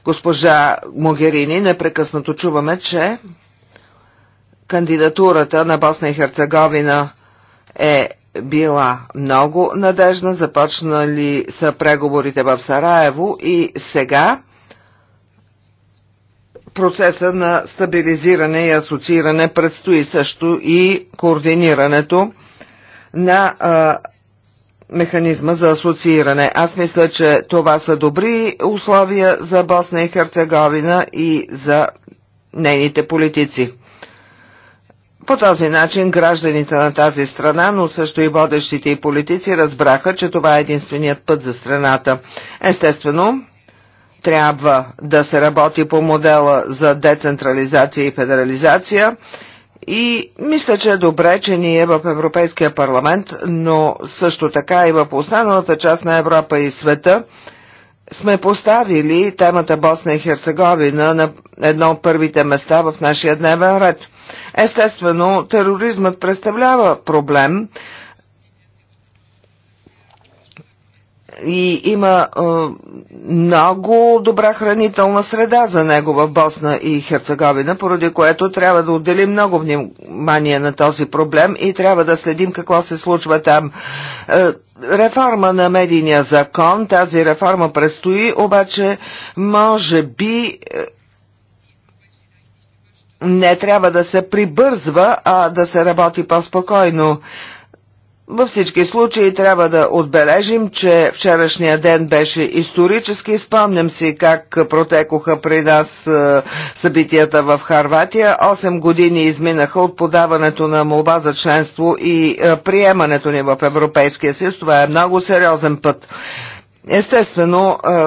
госпожа Могерини непрекъснато чуваме, че кандидатурата на Босна и Херцеговина е била много надежна, започнали са преговорите в Сараево и сега процеса на стабилизиране и асоцииране предстои също и координирането на а, механизма за асоцииране. Аз мисля, че това са добри условия за Босна и Херцеговина и за нейните политици. По този начин гражданите на тази страна, но също и водещите и политици разбраха, че това е единственият път за страната. Естествено, трябва да се работи по модела за децентрализация и федерализация. И мисля, че е добре, че ние в Европейския парламент, но също така и в останалата част на Европа и света сме поставили темата Босна и Херцеговина на едно от първите места в нашия дневен ред. Естествено, тероризмът представлява проблем и има е, много добра хранителна среда за него в Босна и Херцеговина, поради което трябва да отделим много внимание на този проблем и трябва да следим какво се случва там. Е, реформа на медийния закон, тази реформа предстои, обаче може би е, не трябва да се прибързва, а да се работи по-спокойно. Във всички случаи трябва да отбележим, че вчерашния ден беше исторически. Спомням си как протекоха при нас е, събитията в Харватия. Осем години изминаха от подаването на молба за членство и е, приемането ни в Европейския съюз. Това е много сериозен път. Естествено, е,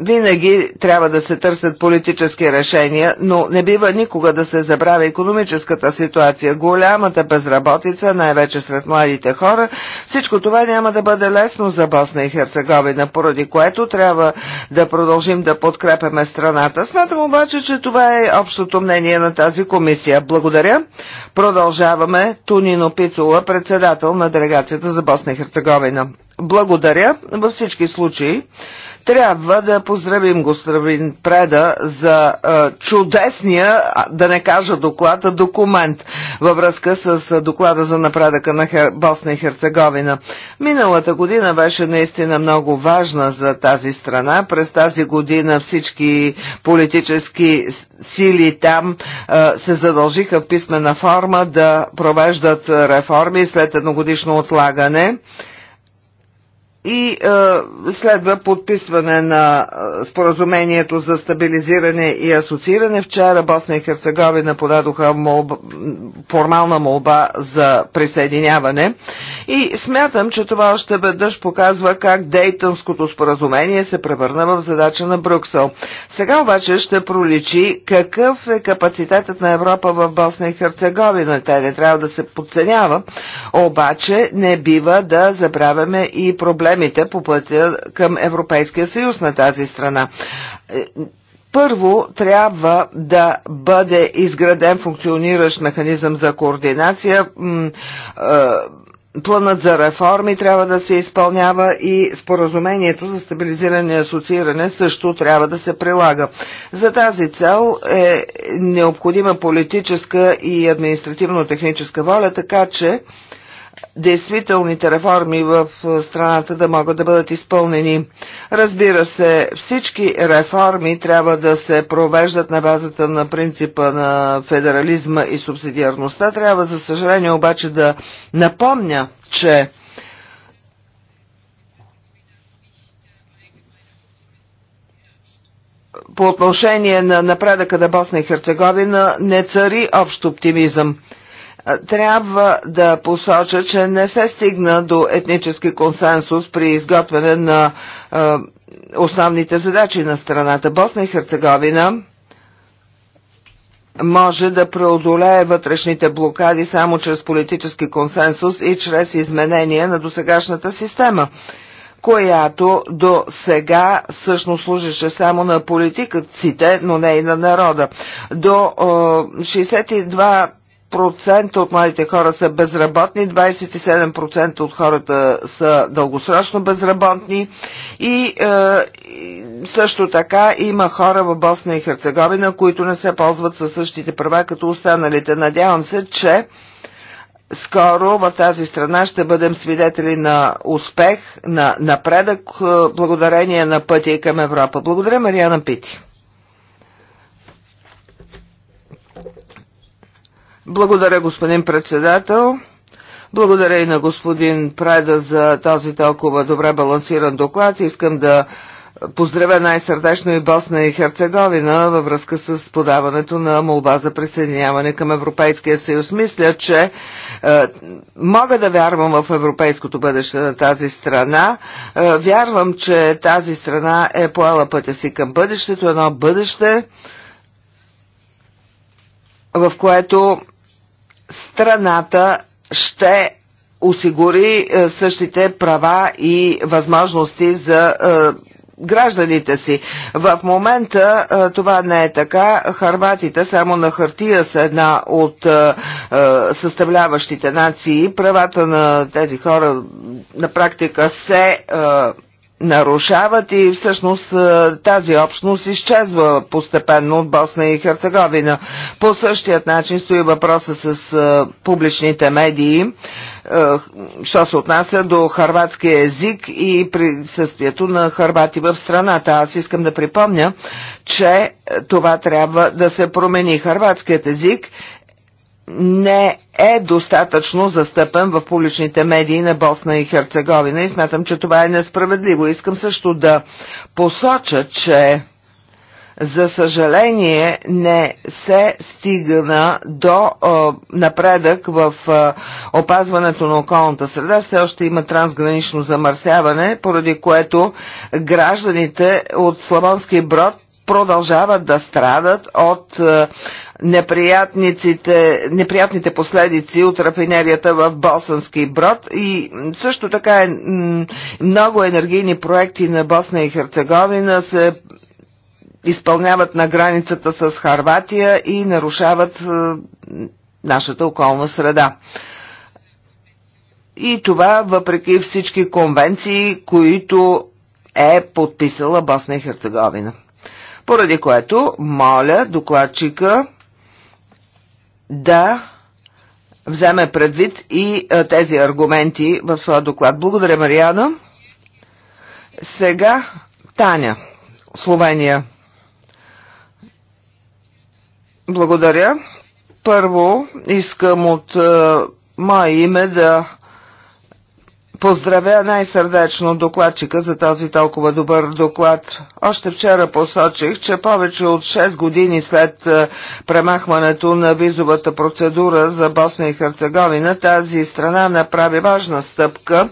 винаги трябва да се търсят политически решения, но не бива никога да се забравя економическата ситуация, голямата безработица, най-вече сред младите хора. Всичко това няма да бъде лесно за Босна и Херцеговина, поради което трябва да продължим да подкрепяме страната. Смятам обаче, че това е общото мнение на тази комисия. Благодаря. Продължаваме. Тунино Пицула, председател на делегацията за Босна и Херцеговина. Благодаря. Във всички случаи трябва да поздравим господин Преда за е, чудесния, да не кажа доклад, а документ във връзка с доклада за напредъка на Хер... Босна и Херцеговина. Миналата година беше наистина много важна за тази страна. През тази година всички политически сили там е, се задължиха в писмена форма да провеждат реформи след едногодишно отлагане и е, следва подписване на е, споразумението за стабилизиране и асоцииране. Вчера Босна и Херцеговина подадоха молба, формална молба за присъединяване и смятам, че това още веднъж показва как Дейтънското споразумение се превърна в задача на Брюксел. Сега обаче ще проличи какъв е капацитетът на Европа в Босна и Херцеговина. Тя не трябва да се подценява, обаче не бива да забравяме и проблем проблемите по пътя към Европейския съюз на тази страна е, първо трябва да бъде изграден функциониращ механизъм за координация. Е, планът за реформи трябва да се изпълнява и споразумението за стабилизиране и асоцииране също трябва да се прилага. За тази цел е необходима политическа и административно-техническа воля, така че действителните реформи в е, страната да могат да бъдат изпълнени. Разбира се, всички реформи трябва да се провеждат на базата на принципа на федерализма и субсидиарността. Трябва, за съжаление, обаче да напомня, че по отношение на напредъка на Босна и Херцеговина не цари общ оптимизъм – трябва да посоча, че не се стигна до етнически консенсус при изготвяне на основните задачи на страната. Босна и Херцеговина може да преодолее вътрешните блокади само чрез политически консенсус и чрез изменение на досегашната система, която до сега всъщност служеше само на политиците, но не и на народа. До 62 10% от младите хора са безработни, 27% от хората са дългосрочно безработни и е, също така има хора в Босна и Херцеговина, които не се ползват със същите права като останалите. Надявам се, че скоро в тази страна ще бъдем свидетели на успех, на напредък, е, благодарение на пътя към Европа. Благодаря, Мариана Пити. Благодаря, господин председател. Благодаря и на господин Прайда за този толкова добре балансиран доклад. Искам да поздравя най-сърдечно и Босна и Херцеговина във връзка с подаването на молба за присъединяване към Европейския съюз. Мисля, че е, мога да вярвам в европейското бъдеще на тази страна. Е, вярвам, че тази страна е поела пътя си към бъдещето, едно бъдеще, в което страната ще осигури е, същите права и възможности за е, гражданите си. В момента е, това не е така. Харватите само на хартия са една от съставляващите нации. Правата на тези хора на практика се нарушават и всъщност тази общност изчезва постепенно от Босна и Херцеговина. По същият начин стои въпроса с публичните медии, що се отнася до харватския език и присъствието на харвати в страната. Аз искам да припомня, че това трябва да се промени. Харватският език не е достатъчно застъпен в публичните медии на Босна и Херцеговина и смятам, че това е несправедливо. Искам също да посоча, че за съжаление не се стигна до е, напредък в е, опазването на околната среда. Все още има трансгранично замърсяване, поради което гражданите от Славонски брод продължават да страдат от е, неприятните последици от рафинерията в Босански брод и също така е, много енергийни проекти на Босна и Херцеговина се изпълняват на границата с Харватия и нарушават е, нашата околна среда. И това въпреки всички конвенции, които е подписала Босна и Херцеговина. Поради което моля докладчика да вземе предвид и тези аргументи в своя доклад. Благодаря, Мариана. Сега Таня, Словения. Благодаря. Първо искам от мое име да поздравя най-сърдечно докладчика за този толкова добър доклад. Още вчера посочих, че повече от 6 години след е, премахването на визовата процедура за Босна и Херцеговина, тази страна направи важна стъпка,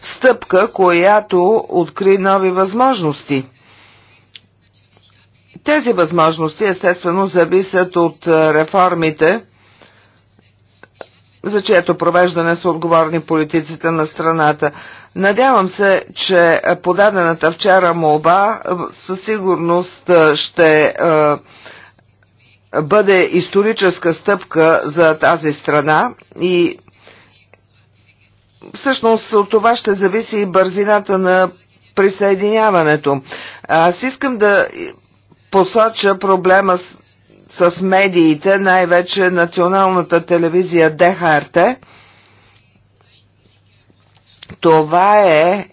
стъпка, която откри нови възможности. Тези възможности естествено зависят от е, реформите, за чието провеждане са отговорни политиците на страната. Надявам се, че подадената вчера молба е, със сигурност е, ще е, бъде историческа стъпка за тази страна и всъщност от това ще зависи и бързината на присъединяването. Аз искам да посоча проблема с с медиите, най-вече националната телевизия ДХРТ. Това е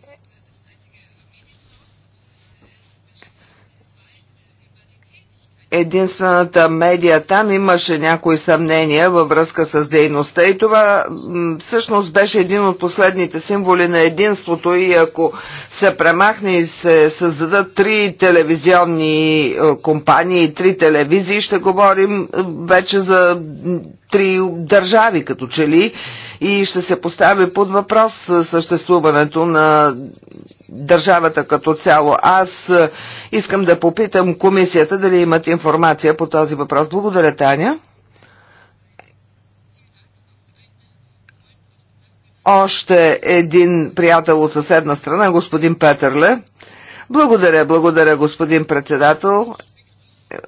единствената медия. Там имаше някои съмнения във връзка с дейността и това всъщност беше един от последните символи на единството и ако се премахне и се създадат три телевизионни е, компании и три телевизии, ще говорим е, вече за три държави като че ли и ще се постави под въпрос е, съществуването на държавата като цяло. Аз е, искам да попитам комисията дали имат информация по този въпрос. Благодаря, Таня. Още един приятел от съседна страна, господин Петърле. Благодаря, благодаря, господин председател.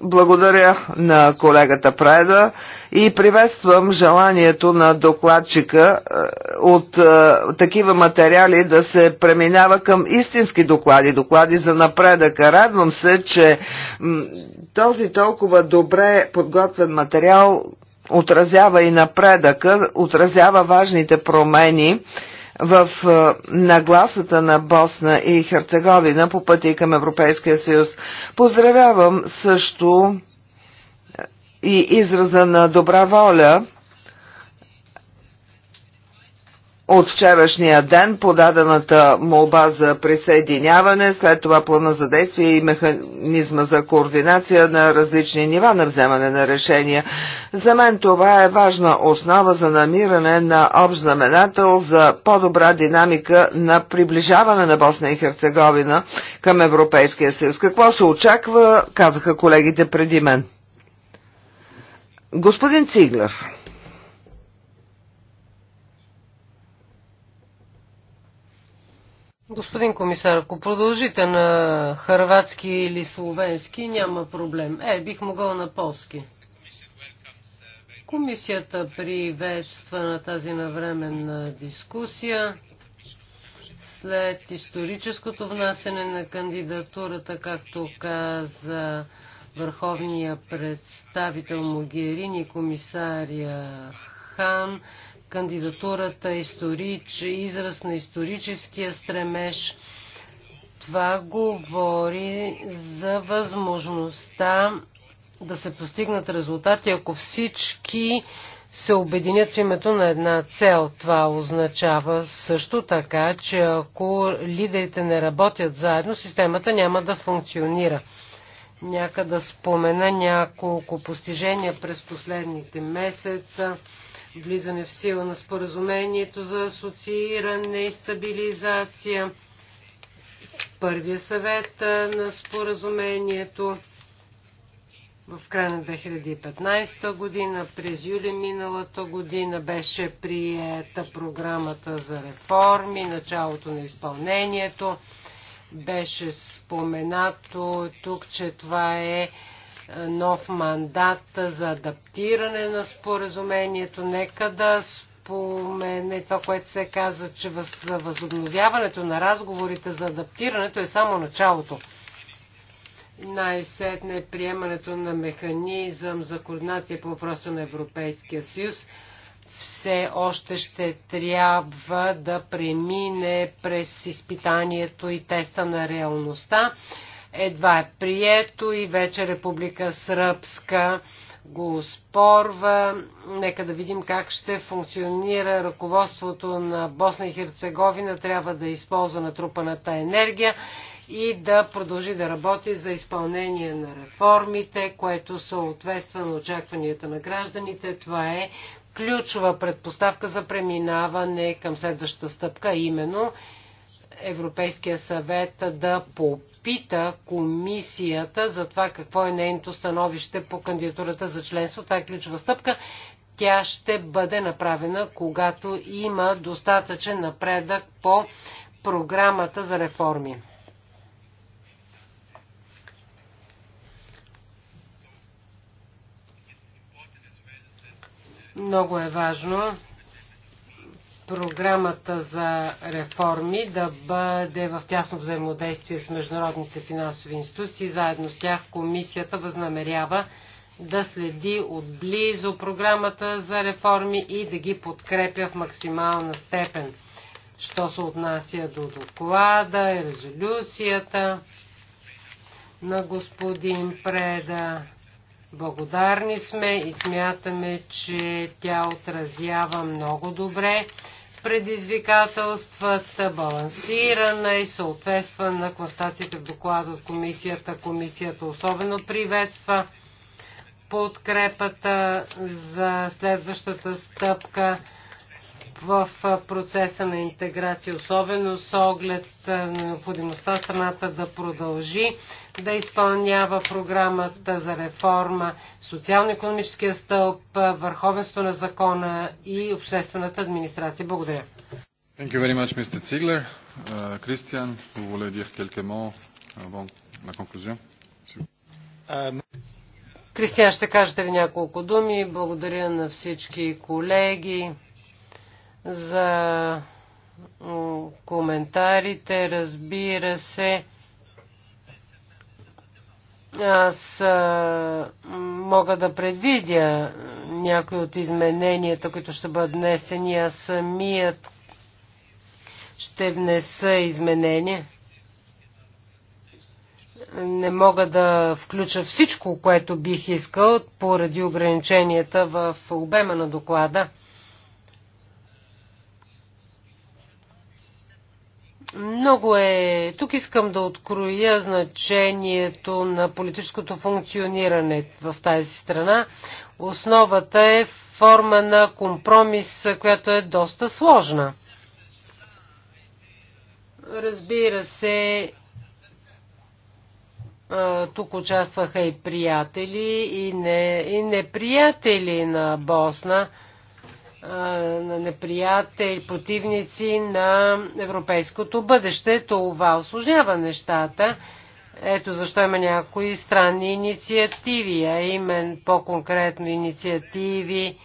Благодаря на колегата Преда и приветствам желанието на докладчика е, от е, такива материали да се преминава към истински доклади, доклади за напредъка. Радвам се, че този толкова добре подготвен материал отразява и напредъка, отразява важните промени в нагласата на Босна и Херцеговина по пъти към Европейския съюз. Поздравявам също и израза на добра воля от вчерашния ден подадената молба за присъединяване, след това плана за действие и механизма за координация на различни нива на вземане на решения. За мен това е важна основа за намиране на общ знаменател за по-добра динамика на приближаване на Босна и Херцеговина към Европейския съюз. Какво се очаква, казаха колегите преди мен. Господин Циглер. Господин комисар, ако продължите на хърватски или словенски, няма проблем. Е, бих могъл на полски. Комисията приветства на тази навременна дискусия. След историческото внасене на кандидатурата, както каза върховния представител Могерини, комисария Хан, кандидатурата историч, израз на историческия стремеж. Това говори за възможността да се постигнат резултати, ако всички се обединят в името на една цел. Това означава също така, че ако лидерите не работят заедно, системата няма да функционира. Някъде да спомена няколко постижения през последните месеца влизане в сила на споразумението за асоцииране и стабилизация, първия съвет на споразумението в края на 2015 година, през юли миналата година беше приета програмата за реформи, началото на изпълнението. Беше споменато тук, че това е нов мандат за адаптиране на споразумението. Нека да спомене това, което се каза, че за възобновяването на разговорите за адаптирането е само началото. Най-сетне приемането на механизъм за координация по въпроса на Европейския съюз все още ще трябва да премине през изпитанието и теста на реалността едва е прието и вече Република Сръбска го спорва. Нека да видим как ще функционира ръководството на Босна и Херцеговина. Трябва да използва натрупаната енергия и да продължи да работи за изпълнение на реформите, което съответства на очакванията на гражданите. Това е ключова предпоставка за преминаване към следващата стъпка, именно Европейския съвет да попита комисията за това какво е нейното становище по кандидатурата за членство. Това е ключова стъпка. Тя ще бъде направена, когато има достатъчен напредък по програмата за реформи. Много е важно програмата за реформи да бъде в тясно взаимодействие с международните финансови институции. Заедно с тях комисията възнамерява да следи отблизо програмата за реформи и да ги подкрепя в максимална степен. Що се отнася до доклада и резолюцията на господин Преда, Благодарни сме и смятаме, че тя отразява много добре предизвикателствата, балансирана и съответства на констатациите в доклада от комисията. Комисията особено приветства подкрепата за следващата стъпка в процеса на интеграция, особено с оглед на необходимостта страната да продължи да изпълнява програмата за реформа, социално-економическия стълб, върховенство на закона и обществената администрация. Благодаря. Thank you very much, Mr. Ziegler. Uh, Кристиан, um, ще кажете ли няколко думи? Благодаря на всички колеги за коментарите. Разбира се, аз а, мога да предвидя някои от измененията, които ще бъдат внесени. Аз самият ще внеса изменения. Не мога да включа всичко, което бих искал, поради ограниченията в обема на доклада. Много е. Тук искам да откроя значението на политическото функциониране в тази страна. Основата е форма на компромис, която е доста сложна. Разбира се, тук участваха и приятели, и, не, и неприятели на Босна на неприятели, противници на европейското бъдеще. Това осложнява нещата. Ето защо има някои странни инициативи, а имен по-конкретно инициативи,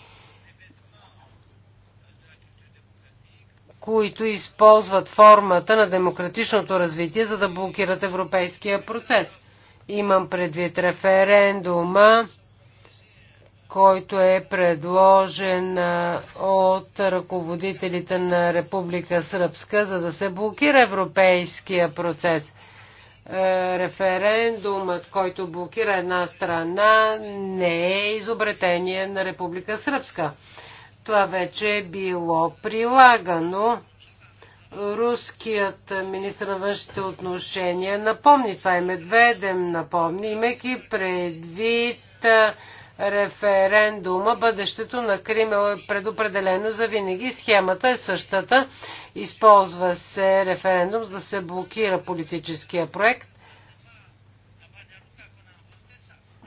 които използват формата на демократичното развитие, за да блокират европейския процес. Имам предвид референдума, който е предложен от ръководителите на Република Сръбска, за да се блокира европейския процес. Е, референдумът, който блокира една страна, не е изобретение на Република Сръбска. Това вече е било прилагано. Руският министр на външните отношения напомни това е Медведем напомни, имайки предвид референдума, бъдещето на Крим е предопределено за винаги. Схемата е същата. Използва се референдум, за да се блокира политическия проект.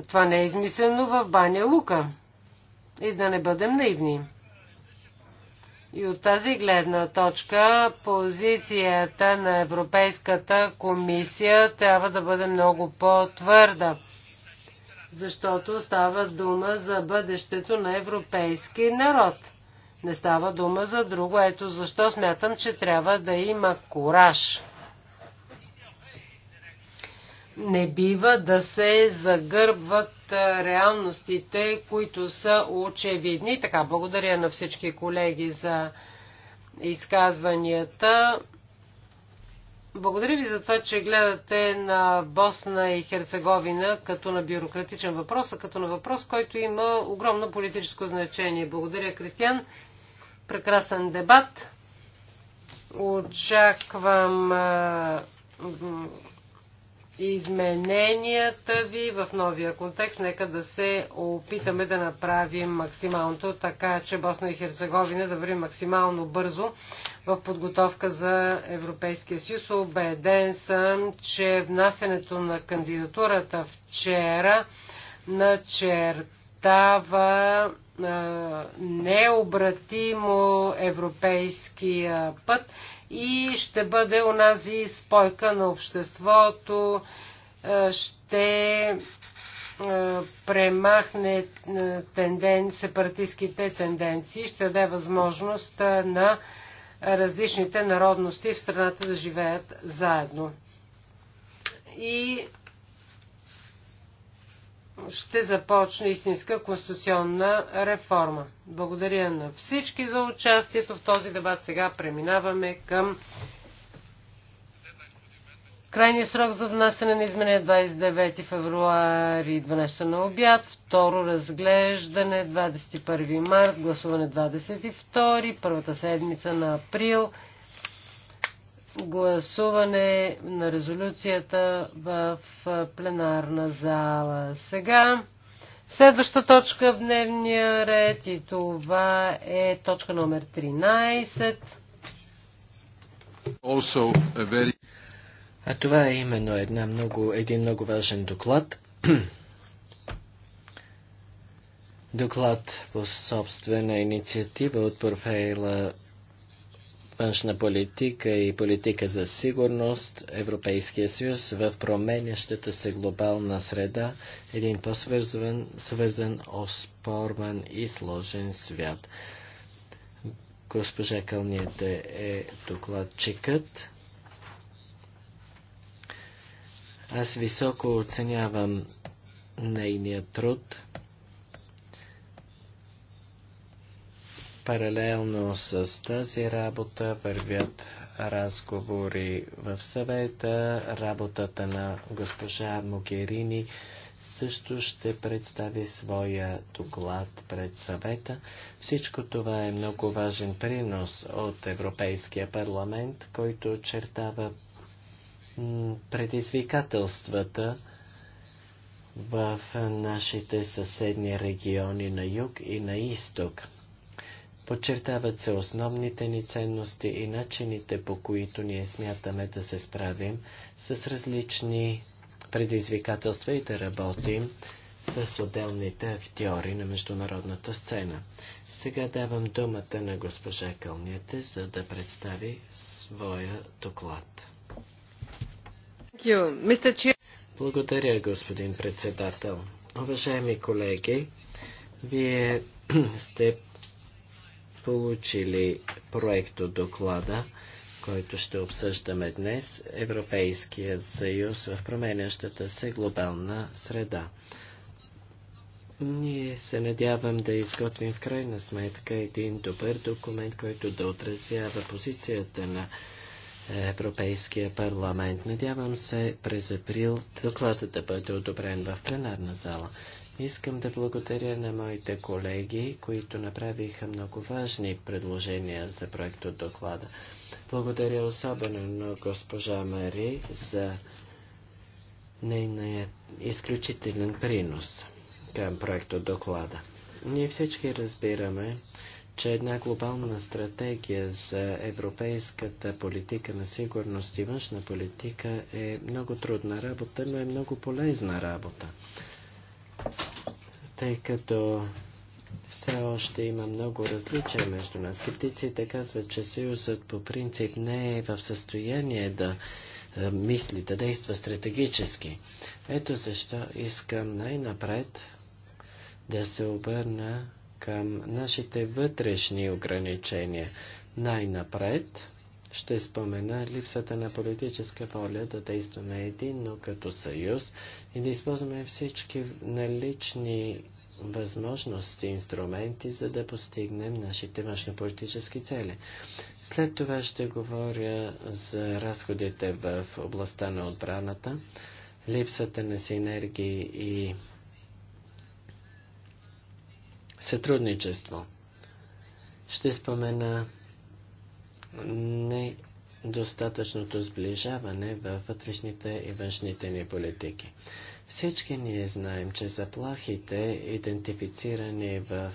Това не е измислено в Баня Лука. И да не бъдем наивни. И от тази гледна точка позицията на Европейската комисия трябва да бъде много по-твърда защото става дума за бъдещето на европейски народ. Не става дума за друго. Ето защо смятам, че трябва да има кураж. Не бива да се загърбват реалностите, които са очевидни. Така, благодаря на всички колеги за изказванията. Благодаря ви за това, че гледате на Босна и Херцеговина като на бюрократичен въпрос, а като на въпрос, който има огромно политическо значение. Благодаря, Кристиан. Прекрасен дебат. Очаквам измененията ви в новия контекст. Нека да се опитаме да направим максималното, така че Босна и Херцеговина да върви максимално бързо в подготовка за Европейския съюз. Обеден съм, че внасенето на кандидатурата вчера начертава необратимо европейския път и ще бъде онази спойка на обществото, е, ще е, премахне е, тенден, сепаратистските тенденции, ще даде възможност на различните народности в страната да живеят заедно. И ще започне истинска конституционна реформа. Благодаря на всички за участието в този дебат. Сега преминаваме към крайния срок за внасяне на изменение 29 февруари 12 на обяд, второ разглеждане 21 март, гласуване 22, първата седмица на април гласуване на резолюцията в пленарна зала. Сега следваща точка в дневния ред и това е точка номер 13. Very... А това е именно една много, един много важен доклад. доклад по собствена инициатива от профейла външна политика и политика за сигурност, Европейския съюз в променящата се глобална среда, един по-свързан, свързан, оспорван и сложен свят. Госпожа Кълнията е докладчикът. Аз високо оценявам нейния труд – Паралелно с тази работа вървят разговори в съвета. Работата на госпожа Могерини също ще представи своя доклад пред съвета. Всичко това е много важен принос от Европейския парламент, който очертава предизвикателствата в нашите съседни региони на юг и на изток. Подчертават се основните ни ценности и начините по които ние смятаме да се справим с различни предизвикателства и да работим с отделните актьори на международната сцена. Сега давам думата на госпожа Кълнете, за да представи своя доклад. Благодаря, господин председател. Уважаеми колеги, вие (clears throat) сте получили проекто доклада, който ще обсъждаме днес, Европейският съюз в променящата се глобална среда. Ние се надявам да изготвим в крайна сметка един добър документ, който да отразява позицията на Европейския парламент. Надявам се през април докладът да бъде одобрен в пленарна зала. Искам да благодаря на моите колеги, които направиха много важни предложения за проект от доклада. Благодаря особено на госпожа Мари за нейния изключителен принос към проект от доклада. Ние всички разбираме, че една глобална стратегия за европейската политика на сигурност и външна политика е много трудна работа, но е много полезна работа тъй като все още има много различия между нас. Скептиците казват, че Съюзът по принцип не е в състояние да е, мисли, да действа стратегически. Ето защо искам най-напред да се обърна към нашите вътрешни ограничения. Най-напред ще спомена липсата на политическа воля да действаме единно като съюз и да използваме всички налични възможности, инструменти, за да постигнем нашите външнополитически цели. След това ще говоря за разходите в областта на отбраната, липсата на синергии и сътрудничество. Ще спомена недостатъчното сближаване във вътрешните и външните ни политики. Всички ние знаем, че заплахите, идентифицирани в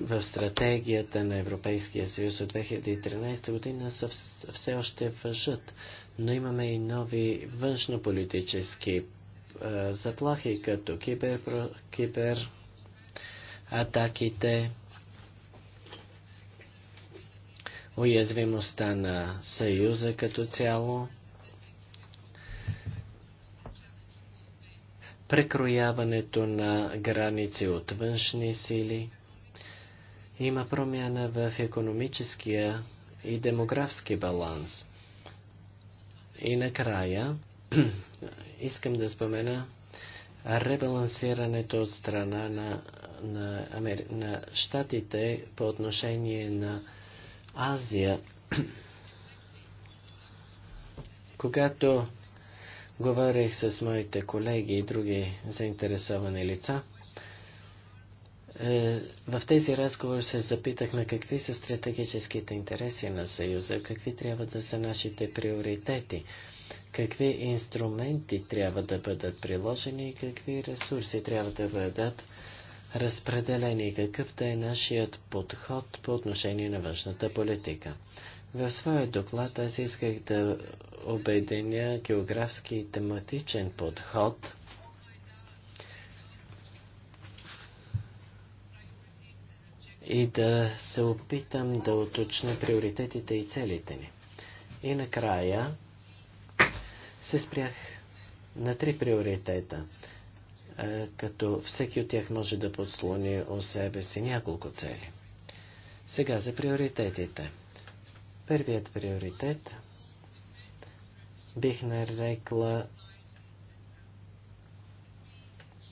в стратегията на Европейския съюз от 2013 година са все още въжат, но имаме и нови външнополитически е, заплахи, като кибер, кибер атаките, уязвимостта на Съюза като цяло, прекрояването на граници от външни сили. Има промяна в економическия и демографски баланс. И накрая (clears throat) искам да спомена ребалансирането от страна на, на, на щатите по отношение на Азия, (clears throat) когато говорих с моите колеги и други заинтересовани лица, е, в тези разговори се запитах на какви са стратегическите интереси на Съюза, какви трябва да са нашите приоритети, какви инструменти трябва да бъдат приложени и какви ресурси трябва да бъдат Разпределение какъв да е нашият подход по отношение на външната политика. В своя доклад аз исках да обединя географски и тематичен подход и да се опитам да уточня приоритетите и целите ни. И накрая се спрях на три приоритета – е, като всеки от тях може да подслони у себе си няколко цели. Сега за приоритетите. Първият приоритет бих нарекла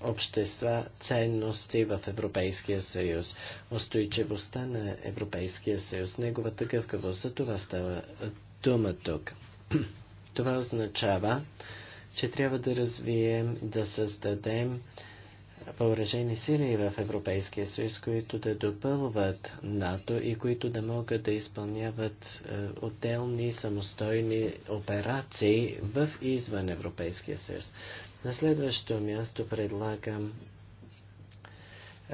общества ценности в Европейския съюз, устойчивостта на Европейския съюз, неговата гъвкавост. За това става дума тук. (clears throat) Това означава че трябва да развием, да създадем въоръжени сили в Европейския съюз, които да допълват НАТО и които да могат да изпълняват е, отделни самостойни операции в и извън Европейския съюз. На следващото място предлагам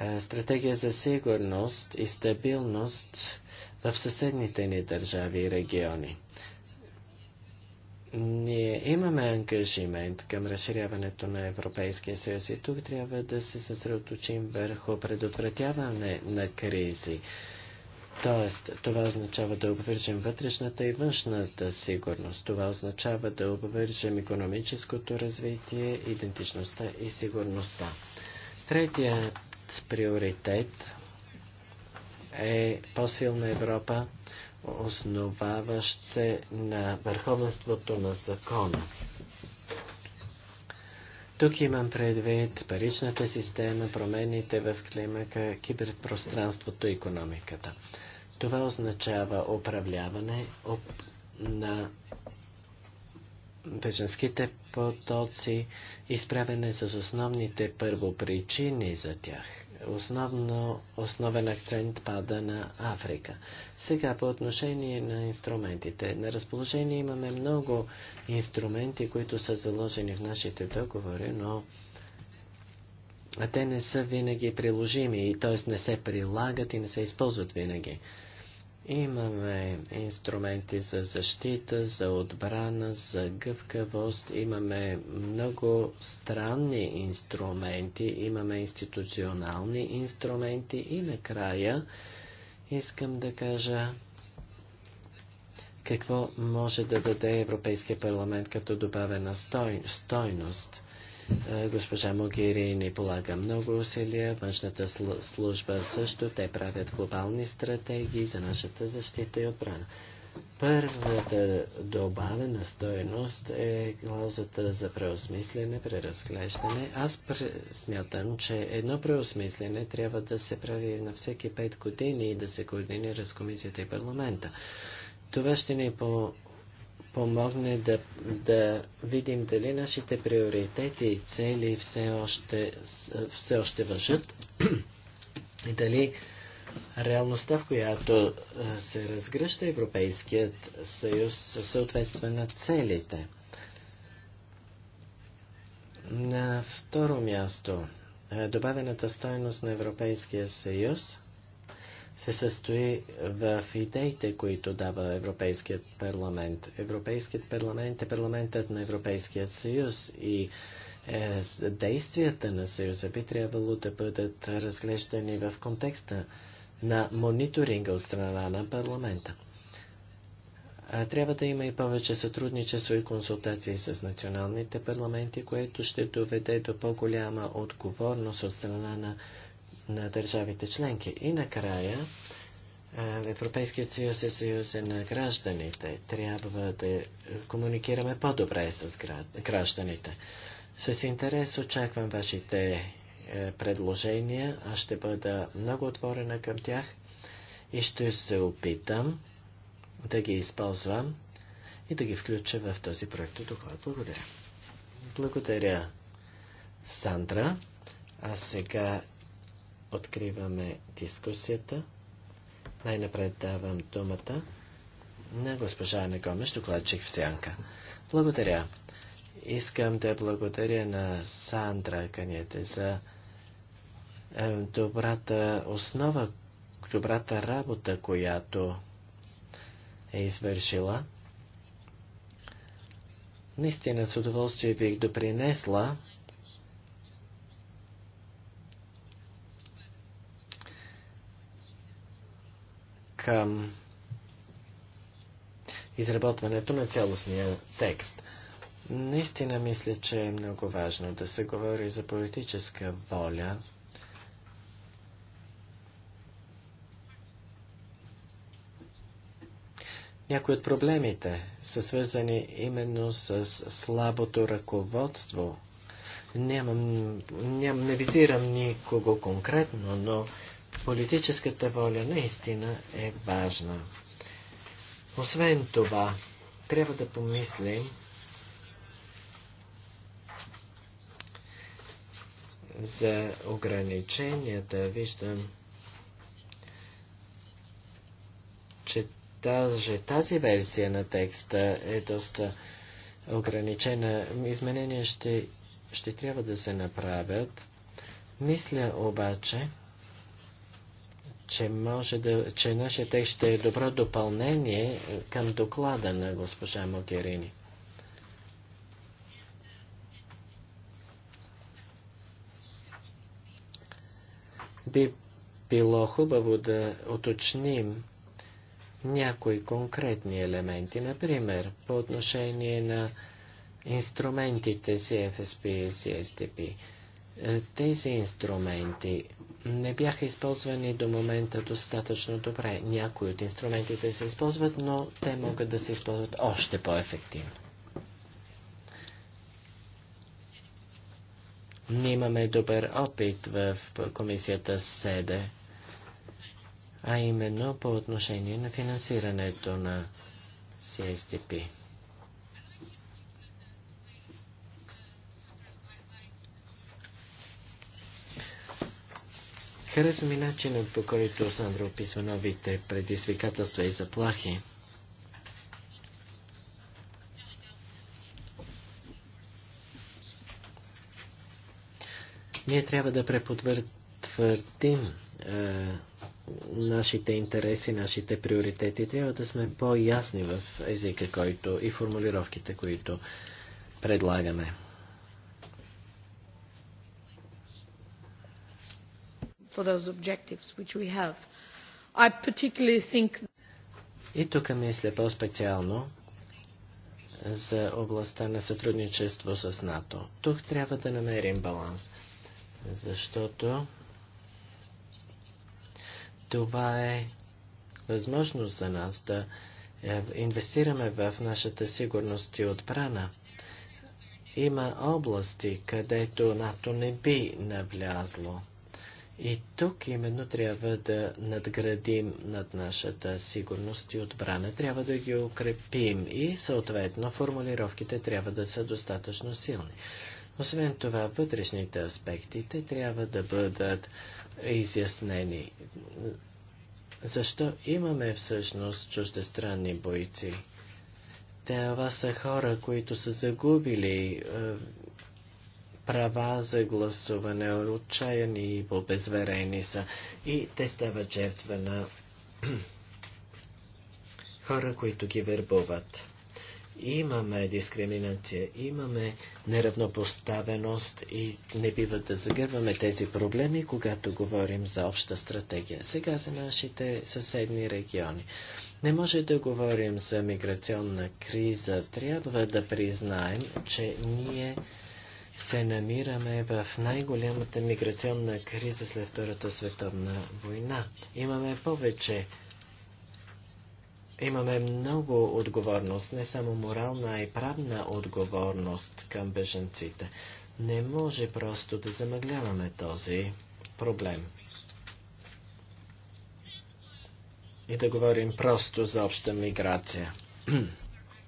е, стратегия за сигурност и стабилност в съседните ни държави и региони. Ние имаме ангажимент към разширяването на Европейския съюз и тук трябва да се съсредоточим върху предотвратяване на кризи. Тоест, това означава да обвържем вътрешната и външната сигурност. Това означава да обвържем економическото развитие, идентичността и сигурността. Третият приоритет е по-силна Европа основаващ се на върховенството на закона. Тук имам предвид паричната система, промените в климата, киберпространството и економиката. Това означава управляване на беженските потоци изправене с основните първопричини за тях. Основно, основен акцент пада на Африка. Сега по отношение на инструментите. На разположение имаме много инструменти, които са заложени в нашите договори, но те не са винаги приложими, т.е. не се прилагат и не се използват винаги. Имаме инструменти за защита, за отбрана, за гъвкавост, имаме много странни инструменти, имаме институционални инструменти и накрая искам да кажа какво може да даде Европейския парламент като добавена стой, стойност. Госпожа Могерини полага много усилия, външната служба също, те правят глобални стратегии за нашата защита и отбрана. Първата добавена стоеност е клаузата за преосмислене, преразглеждане. Аз пр... смятам, че едно преосмислене трябва да се прави на всеки пет години и да се координира с комисията и парламента. Това ще ни по помогне да, да видим дали нашите приоритети и цели все още, все още въжат и дали реалността, в която се разгръща Европейският съюз, съответства на целите. На второ място, добавената стойност на Европейския съюз – се състои в идеите, които дава Европейският парламент. Европейският парламент е парламентът на Европейският съюз и е, действията на съюза би трябвало да бъдат разглеждани в контекста на мониторинга от страна на парламента. Трябва да има и повече сътрудничество и консултации с националните парламенти, което ще доведе до по-голяма отговорност от страна на на държавите членки. И накрая, е, Европейският съюз е съюз е на гражданите. Трябва да комуникираме по-добре с гражданите. С интерес очаквам вашите е, предложения. Аз ще бъда много отворена към тях и ще се опитам да ги използвам и да ги включа в този проект доклад. Благодаря. Благодаря, Сандра. А сега Откриваме дискусията. Най-напред давам думата на госпожа Негомеш, докладчик в Сянка. Благодаря. Искам да благодаря на Сандра Канете за е, добрата основа, добрата работа, която е извършила. Наистина с удоволствие бих допринесла към изработването на цялостния текст. Наистина мисля, че е много важно да се говори за политическа воля. Някои от проблемите са свързани именно с слабото ръководство. Нямам, ням, не визирам никого конкретно, но политическата воля наистина е важна. Освен това, трябва да помислим за ограниченията. Виждам, че даже тази версия на текста е доста ограничена. Изменения ще, ще трябва да се направят. Мисля обаче, че, може да, че нашия текст ще е добро допълнение е, към доклада на госпожа Могерини. Би било хубаво да уточним някои конкретни елементи, например, по отношение на инструментите CFSP и CSTP. Е, тези инструменти не бяха използвани до момента достатъчно добре. Някои от инструментите се използват, но те могат да се използват още по-ефективно. Ние имаме добър опит в комисията СЕДЕ, а именно по отношение на финансирането на CSDP. Харесва ми начинът, по който Сандра описва новите предизвикателства и заплахи. Ние трябва да препотвърдим е, нашите интереси, нашите приоритети. Трябва да сме по-ясни в езика който, и формулировките, които предлагаме. for those objectives which we have. I particularly think и тук мисля по-специално за областта на сътрудничество с НАТО. Тук трябва да намерим баланс, защото това е възможност за нас да е, инвестираме в нашата сигурност и отбрана. Има области, където НАТО не би навлязло. И тук именно трябва да надградим над нашата сигурност и отбрана. Трябва да ги укрепим и съответно формулировките трябва да са достатъчно силни. Освен това, вътрешните аспекти те трябва да бъдат изяснени. Защо имаме всъщност чуждестранни бойци? Това са хора, които са загубили е, права за гласуване, отчаяни и обезверени са. И те стават жертва на (clears throat) хора, които ги вербуват. Имаме дискриминация, имаме неравнопоставеност и не бива да загърваме тези проблеми, когато говорим за обща стратегия. Сега за нашите съседни региони. Не може да говорим за миграционна криза. Трябва да признаем, че ние се намираме в най-голямата миграционна криза след Втората световна война. Имаме повече. Имаме много отговорност, не само морална, а и правна отговорност към беженците. Не може просто да замъгляваме този проблем. И да говорим просто за обща миграция.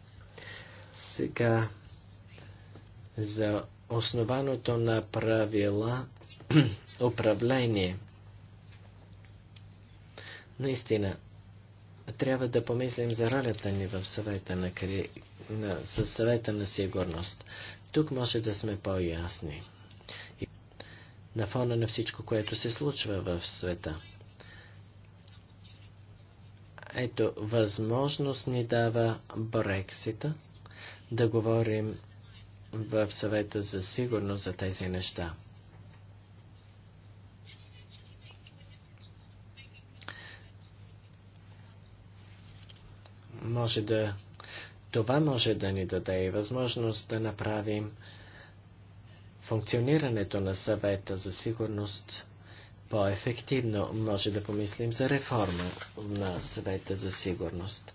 (clears throat) Сега за основаното на правила (clears throat) управление. Наистина, трябва да помислим за ролята ни в съвета на, на, Със съвета на сигурност. Тук може да сме по-ясни. На фона на всичко, което се случва в света. Ето, възможност ни дава Брексита да говорим в съвета за сигурност за тези неща. Може да, това може да ни даде и възможност да направим функционирането на съвета за сигурност по-ефективно. Може да помислим за реформа на съвета за сигурност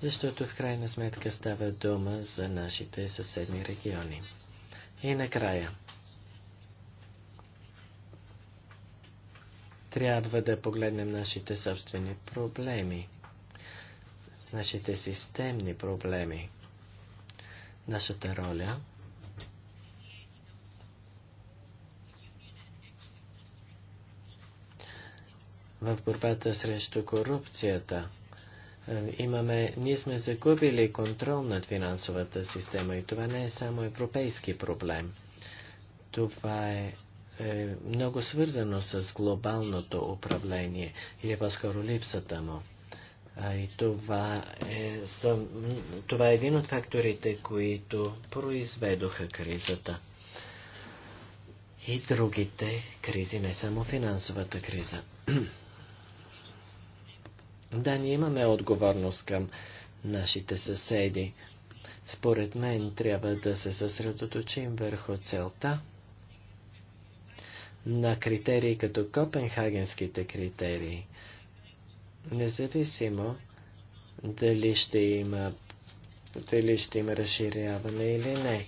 защото в крайна сметка става дума за нашите съседни региони. И накрая. Трябва да погледнем нашите собствени проблеми, нашите системни проблеми, нашата роля в борбата срещу корупцията. Е, имаме, ние сме загубили контрол над финансовата система и това не е само европейски проблем. Това е, е много свързано с глобалното управление или по-скоро липсата му. А, и това е, това е един от факторите, които произведоха кризата. И другите кризи, не само финансовата криза. Да, ние имаме отговорност към нашите съседи. Според мен трябва да се съсредоточим върху целта на критерии като копенхагенските критерии. Независимо дали ще има, дали ще има разширяване или не.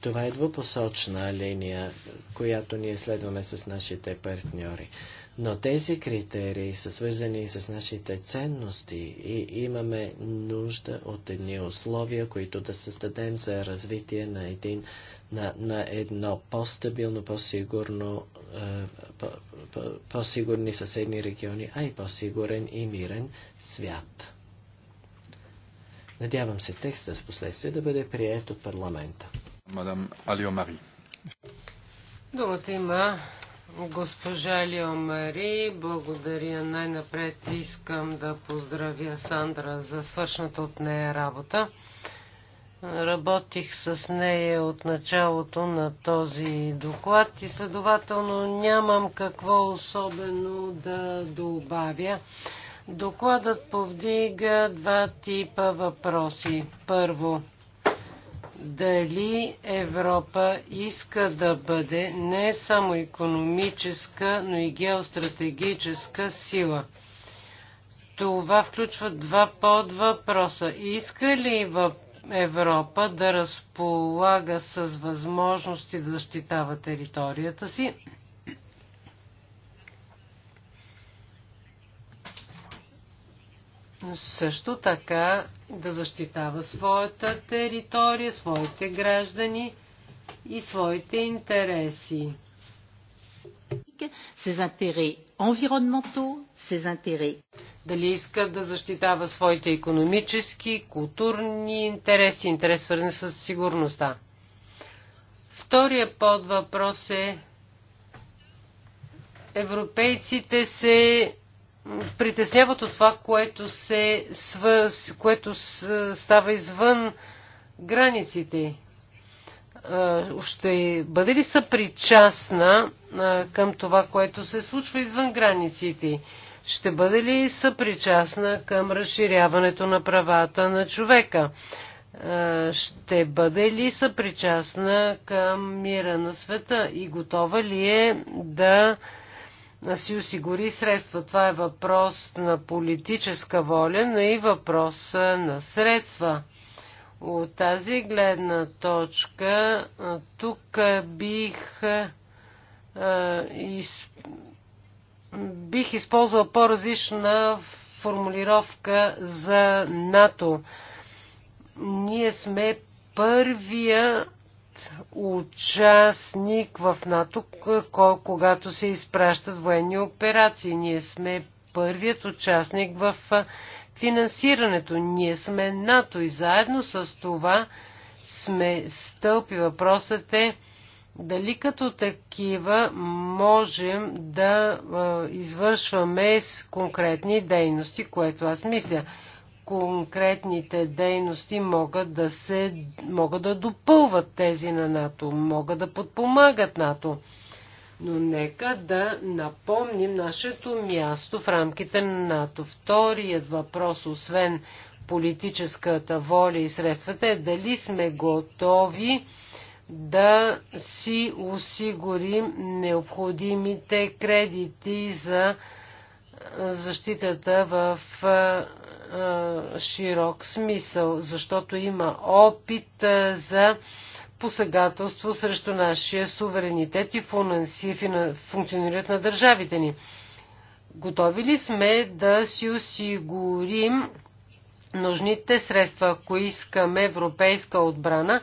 Това е двупосочна линия, която ние следваме с нашите партньори. Но тези критерии са свързани с нашите ценности и имаме нужда от едни условия, които да създадем за развитие на, един, на, на едно по-стабилно, по-сигурно, е, по-сигурни съседни региони, а и по-сигурен и мирен свят. Надявам се текстът в последствие да бъде прият от парламента. Мадам Алио Мари. Думата има Госпожа Лио Мари, благодаря. Най-напред искам да поздравя Сандра за свършната от нея работа. Работих с нея от началото на този доклад и следователно нямам какво особено да добавя. Докладът повдига два типа въпроси. Първо, дали Европа иска да бъде не само економическа, но и геостратегическа сила. Това включва два подвъпроса. Иска ли в Европа да разполага с възможности да защитава територията си? Също така да защитава своята територия, своите граждани и своите интереси. Ses intérêts environnementaux, ses intérêts. Дали иска да защитава своите економически, културни интереси, интерес свързан с сигурността. Втория подвъпрос е европейците се притесняват от това, което, се, свъз, което става извън границите. Ще бъде ли съпричастна към това, което се случва извън границите? Ще бъде ли съпричастна към разширяването на правата на човека? Ще бъде ли съпричастна към мира на света и готова ли е да си осигури средства. Това е въпрос на политическа воля, но и въпрос на средства. От тази гледна точка, тук бих, бих използвал по-различна формулировка за НАТО. Ние сме първия участник в НАТО, когато се изпращат военни операции. Ние сме първият участник в финансирането. Ние сме НАТО и заедно с това сме стълпи. Въпросът е дали като такива можем да извършваме с конкретни дейности, което аз мисля конкретните дейности могат да, се, могат да допълват тези на НАТО, могат да подпомагат НАТО. Но нека да напомним нашето място в рамките на НАТО. Вторият въпрос, освен политическата воля и средствата, е дали сме готови да си осигурим необходимите кредити за защитата в е, широк смисъл, защото има опит е, за посегателство срещу нашия суверенитет и функционирането на държавите ни. Готови ли сме да си осигурим нужните средства, ако искаме европейска отбрана?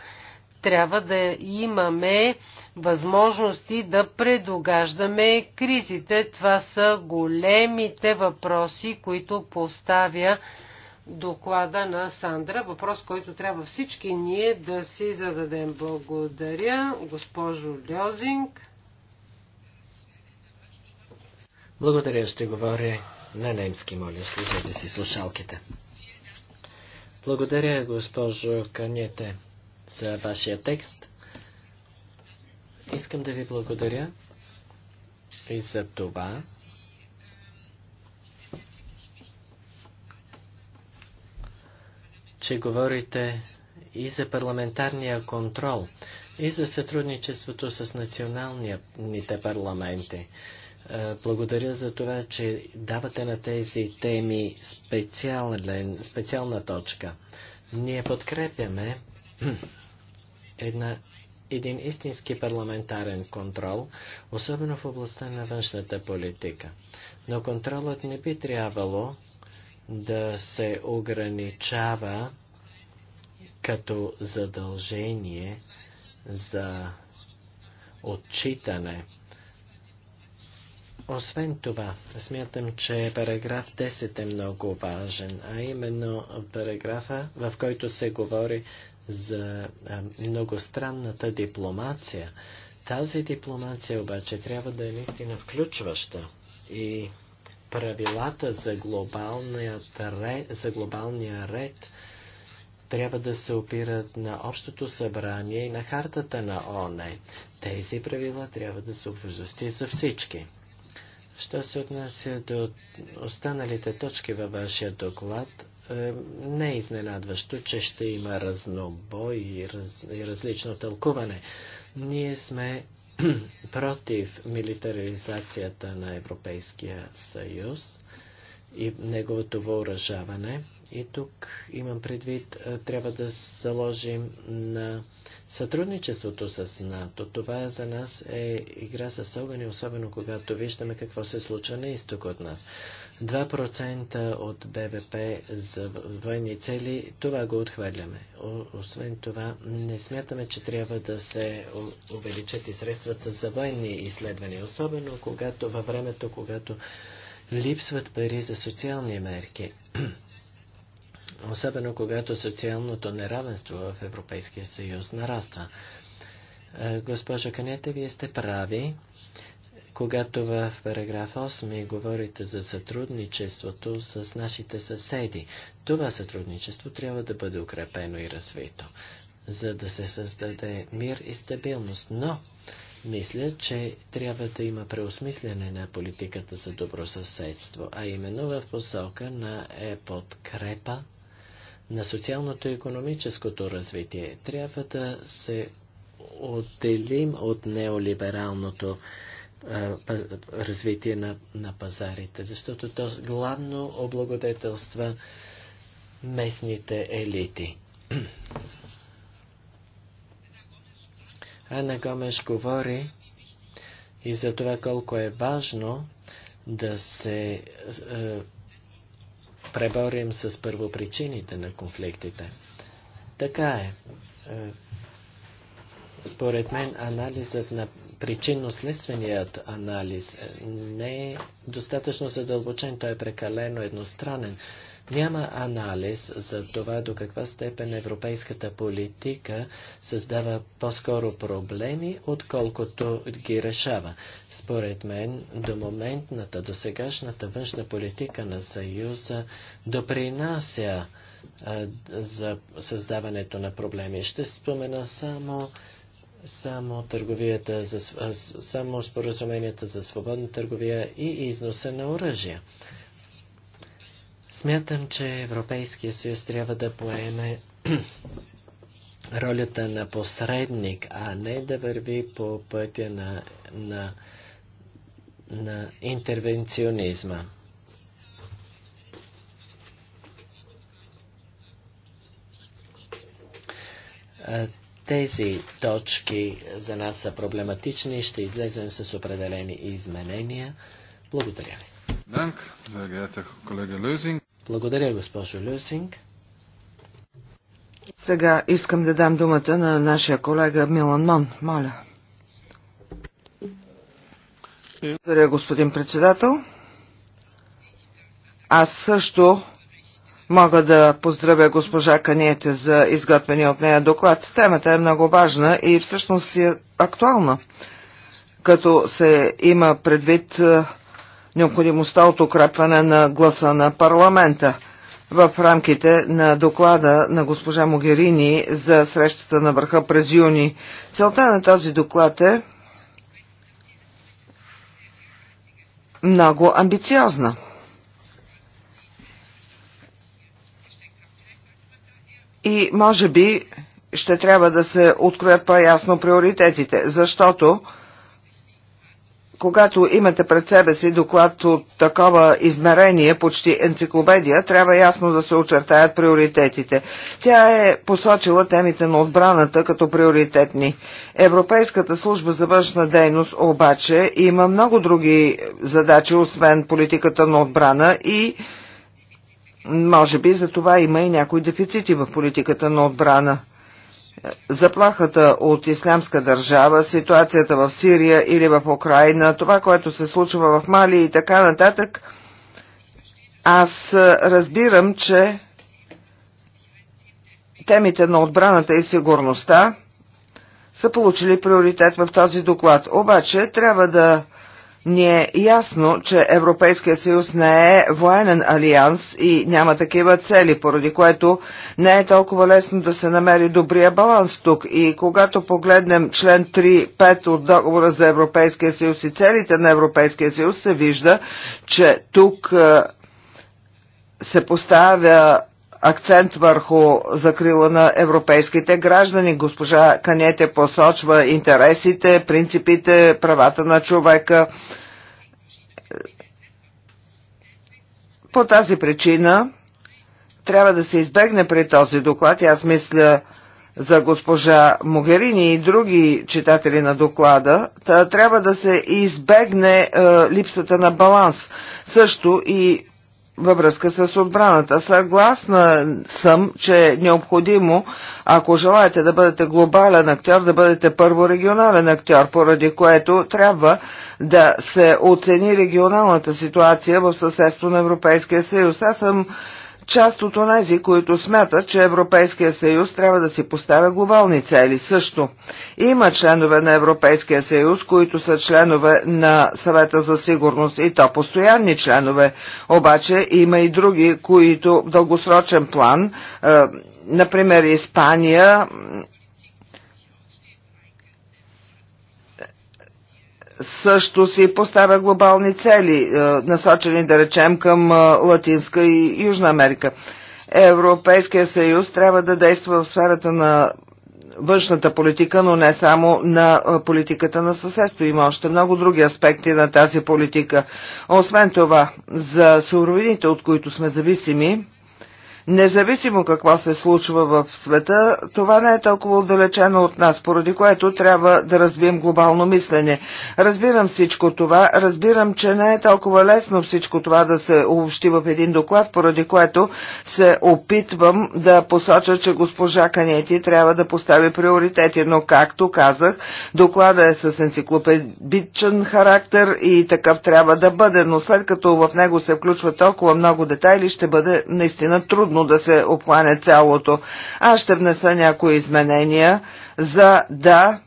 трябва да имаме възможности да предогаждаме кризите. Това са големите въпроси, които поставя доклада на Сандра. Въпрос, който трябва всички ние да си зададем. Благодаря, госпожо Льозинг. Благодаря, ще говоря на немски, моля, служете си слушалките. Благодаря, госпожо Канете за вашия текст. Искам да ви благодаря и за това, че говорите и за парламентарния контрол, и за сътрудничеството с националните парламенти. Е, благодаря за това, че давате на тези теми специална точка. Ние подкрепяме една, един истински парламентарен контрол, особено в областта на външната политика. Но контролът не би трябвало да се ограничава като задължение за отчитане. Освен това, смятам, че параграф 10 е много важен, а именно параграфа, в който се говори за многостранната дипломация. Тази дипломация обаче трябва да е наистина включваща и правилата за, за глобалния ред трябва да се опират на Общото събрание и на хартата на ОНЕ. Тези правила трябва да се обвързващи за всички. Що се отнася до останалите точки във вашия доклад, е, не е изненадващо, че ще има разнобой и, раз, и различно тълкуване. Ние сме (clears throat) против милитаризацията на Европейския съюз и неговото въоръжаване. И тук имам предвид, е, трябва да заложим на сътрудничеството с НАТО. Това за нас е игра с огън и особено когато виждаме какво се случва на изток от нас. 2% от БВП за военни цели, това го отхвърляме. Освен това, не смятаме, че трябва да се увеличат и средствата за военни изследвания, особено когато, във времето, когато липсват пари за социални мерки. (clears throat) Особено когато социалното неравенство в Европейския съюз нараства. Е, Госпожа Канете, вие сте прави когато в параграф 8 говорите за сътрудничеството с нашите съседи. Това сътрудничество трябва да бъде укрепено и развито, за да се създаде мир и стабилност. Но, мисля, че трябва да има преосмислене на политиката за добро съседство, а именно в посока на е подкрепа на социалното и економическото развитие. Трябва да се отделим от неолибералното развитие на, на пазарите, защото то главно облагодетелства местните елити. (clears throat) Ана Гомеш говори и за това колко е важно да се е, преборим с първопричините на конфликтите. Така е. е според мен анализът на причинно-следственият анализ не е достатъчно задълбочен, той е прекалено едностранен. Няма анализ за това до каква степен европейската политика създава по-скоро проблеми, отколкото ги решава. Според мен, до моментната, до сегашната външна политика на Съюза допринася а, за създаването на проблеми. Ще спомена само само търговията за, само споразуменията за свободна търговия и износа на оръжия. Смятам, че Европейския съюз трябва да поеме (clears throat) ролята на посредник, а не да върви по пътя на, на, на интервенционизма. Тези точки за нас са проблематични. и Ще излезем с определени изменения. Благодаря ви. Благодаря, госпожо Люсинг. Сега искам да дам думата на нашия колега Милан Мон. Моля. Благодаря, господин председател. Аз също Мога да поздравя госпожа Каниете за изготвения от нея доклад. Темата е много важна и всъщност е актуална, като се има предвид е, необходимостта от укрепване на гласа на парламента в рамките на доклада на госпожа Могерини за срещата на върха през юни. Целта на този доклад е много амбициозна. и може би ще трябва да се откроят по-ясно приоритетите, защото когато имате пред себе си доклад от такова измерение, почти енциклопедия, трябва ясно да се очертаят приоритетите. Тя е посочила темите на отбраната като приоритетни. Европейската служба за външна дейност обаче има много други задачи, освен политиката на отбрана и може би за това има и някои дефицити в политиката на отбрана. Заплахата от ислямска държава, ситуацията в Сирия или в Украина, това, което се случва в Мали и така нататък, аз разбирам, че темите на отбраната и сигурността са получили приоритет в този доклад. Обаче трябва да ни е ясно, че Европейския съюз не е военен алианс и няма такива цели, поради което не е толкова лесно да се намери добрия баланс тук. И когато погледнем член 3.5 от договора за Европейския съюз и целите на Европейския съюз, се вижда, че тук е, се поставя акцент върху закрила на европейските граждани. Госпожа Канете посочва интересите, принципите, правата на човека. По тази причина трябва да се избегне при този доклад. аз мисля за госпожа Могерини и други читатели на доклада, трябва да се избегне е, липсата на баланс. Също и във връзка с отбраната. Съгласна съм, че е необходимо, ако желаете да бъдете глобален актьор, да бъдете първо регионален актьор, поради което трябва да се оцени регионалната ситуация в съседство на Европейския съюз. Аз съм част от онези, които смятат, че Европейския съюз трябва да си поставя глобални цели също. Има членове на Европейския съюз, които са членове на съвета за сигурност и то постоянни членове. Обаче има и други, които в дългосрочен план, е, например Испания, също си поставя глобални цели, е, насочени да речем към е, Латинска и Южна Америка. Европейския съюз трябва да действа в сферата на външната политика, но не само на е, политиката на съседство. Има още много други аспекти на тази политика. Освен това, за суровините, от които сме зависими, Независимо какво се случва в света, това не е толкова отдалечено от нас, поради което трябва да развием глобално мислене. Разбирам всичко това, разбирам, че не е толкова лесно всичко това да се общи в един доклад, поради което се опитвам да посоча, че госпожа Канети трябва да постави приоритети, но както казах, доклада е с енциклопедичен характер и такъв трябва да бъде, но след като в него се включва толкова много детайли, ще бъде наистина трудно трудно да се обхване цялото. Аз ще внеса някои изменения, за да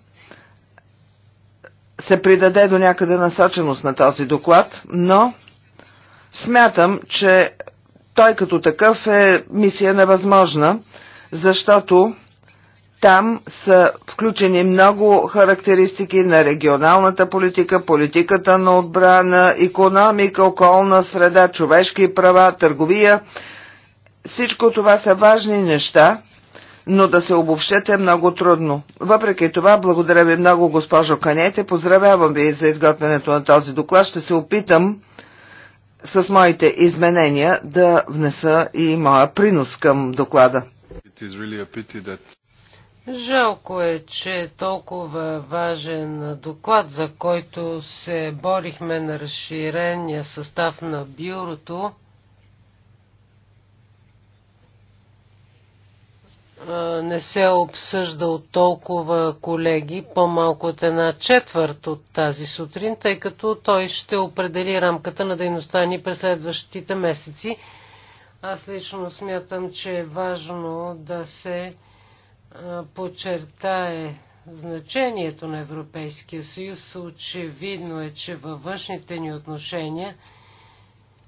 се придаде до някъде насоченост на този доклад, но смятам, че той като такъв е мисия невъзможна, защото там са включени много характеристики на регионалната политика, политиката на отбрана, економика, околна среда, човешки права, търговия всичко това са важни неща, но да се обобщете е много трудно. Въпреки това, благодаря ви много, госпожо Канете. Поздравявам ви за изготвянето на този доклад. Ще се опитам с моите изменения да внеса и моя принос към доклада. Жалко е, че толкова важен доклад, за който се борихме на разширения състав на бюрото, не се обсъжда от толкова колеги, по-малко от една четвърт от тази сутрин, тъй като той ще определи рамката на дейността ни през следващите месеци. Аз лично смятам, че е важно да се подчертае значението на Европейския съюз. Очевидно е, че във външните ни отношения –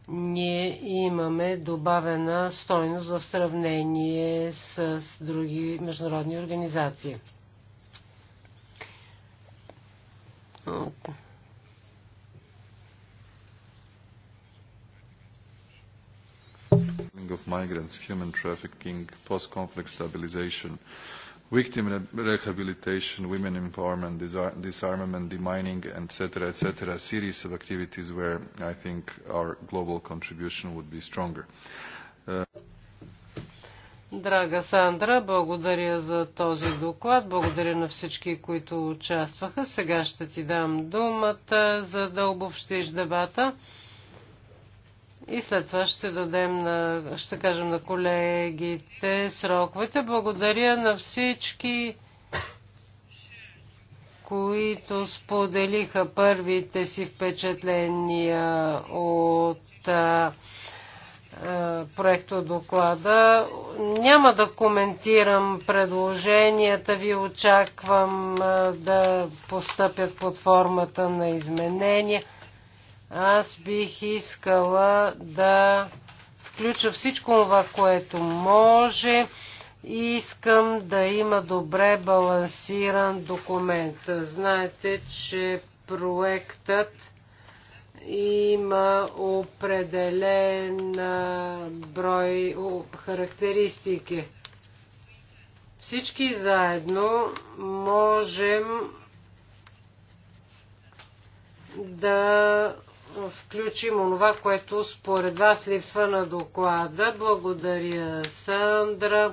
ние имаме добавена стойност в сравнение с други международни организации. of migrants, human trafficking, post-conflict stabilization. Uh, victim rehabilitation, women empowerment, disarmament, demining, etc., etc., series of activities where I think our global contribution would be stronger. Драга Сандра, благодаря за този доклад. Благодаря на всички, които участваха. Сега ще ти дам думата, за да обобщиш дебата. И след това ще дадем на, ще кажем на колегите сроковете. Благодаря на всички, които споделиха първите си впечатления от а, проекто доклада. Няма да коментирам предложенията ви, очаквам да постъпят под формата на изменения. Аз бих искала да включа всичко това, което може и искам да има добре балансиран документ. Знаете, че проектът има определен брой характеристики. Всички заедно можем да включим онова, което според вас липсва на доклада. Благодаря, Сандра.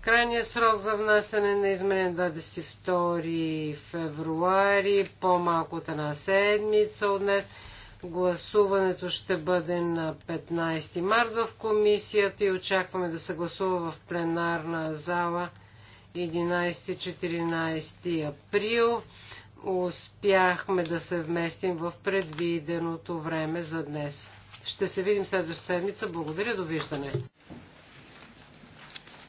Крайният срок за внасяне на изменен 22 е февруари, по-малко от една седмица от днес. Гласуването ще бъде на 15 март в комисията и очакваме да се гласува в пленарна зала 11-14 април успяхме да се вместим в предвиденото време за днес. Ще се видим следващата седмица. Благодаря, довиждане.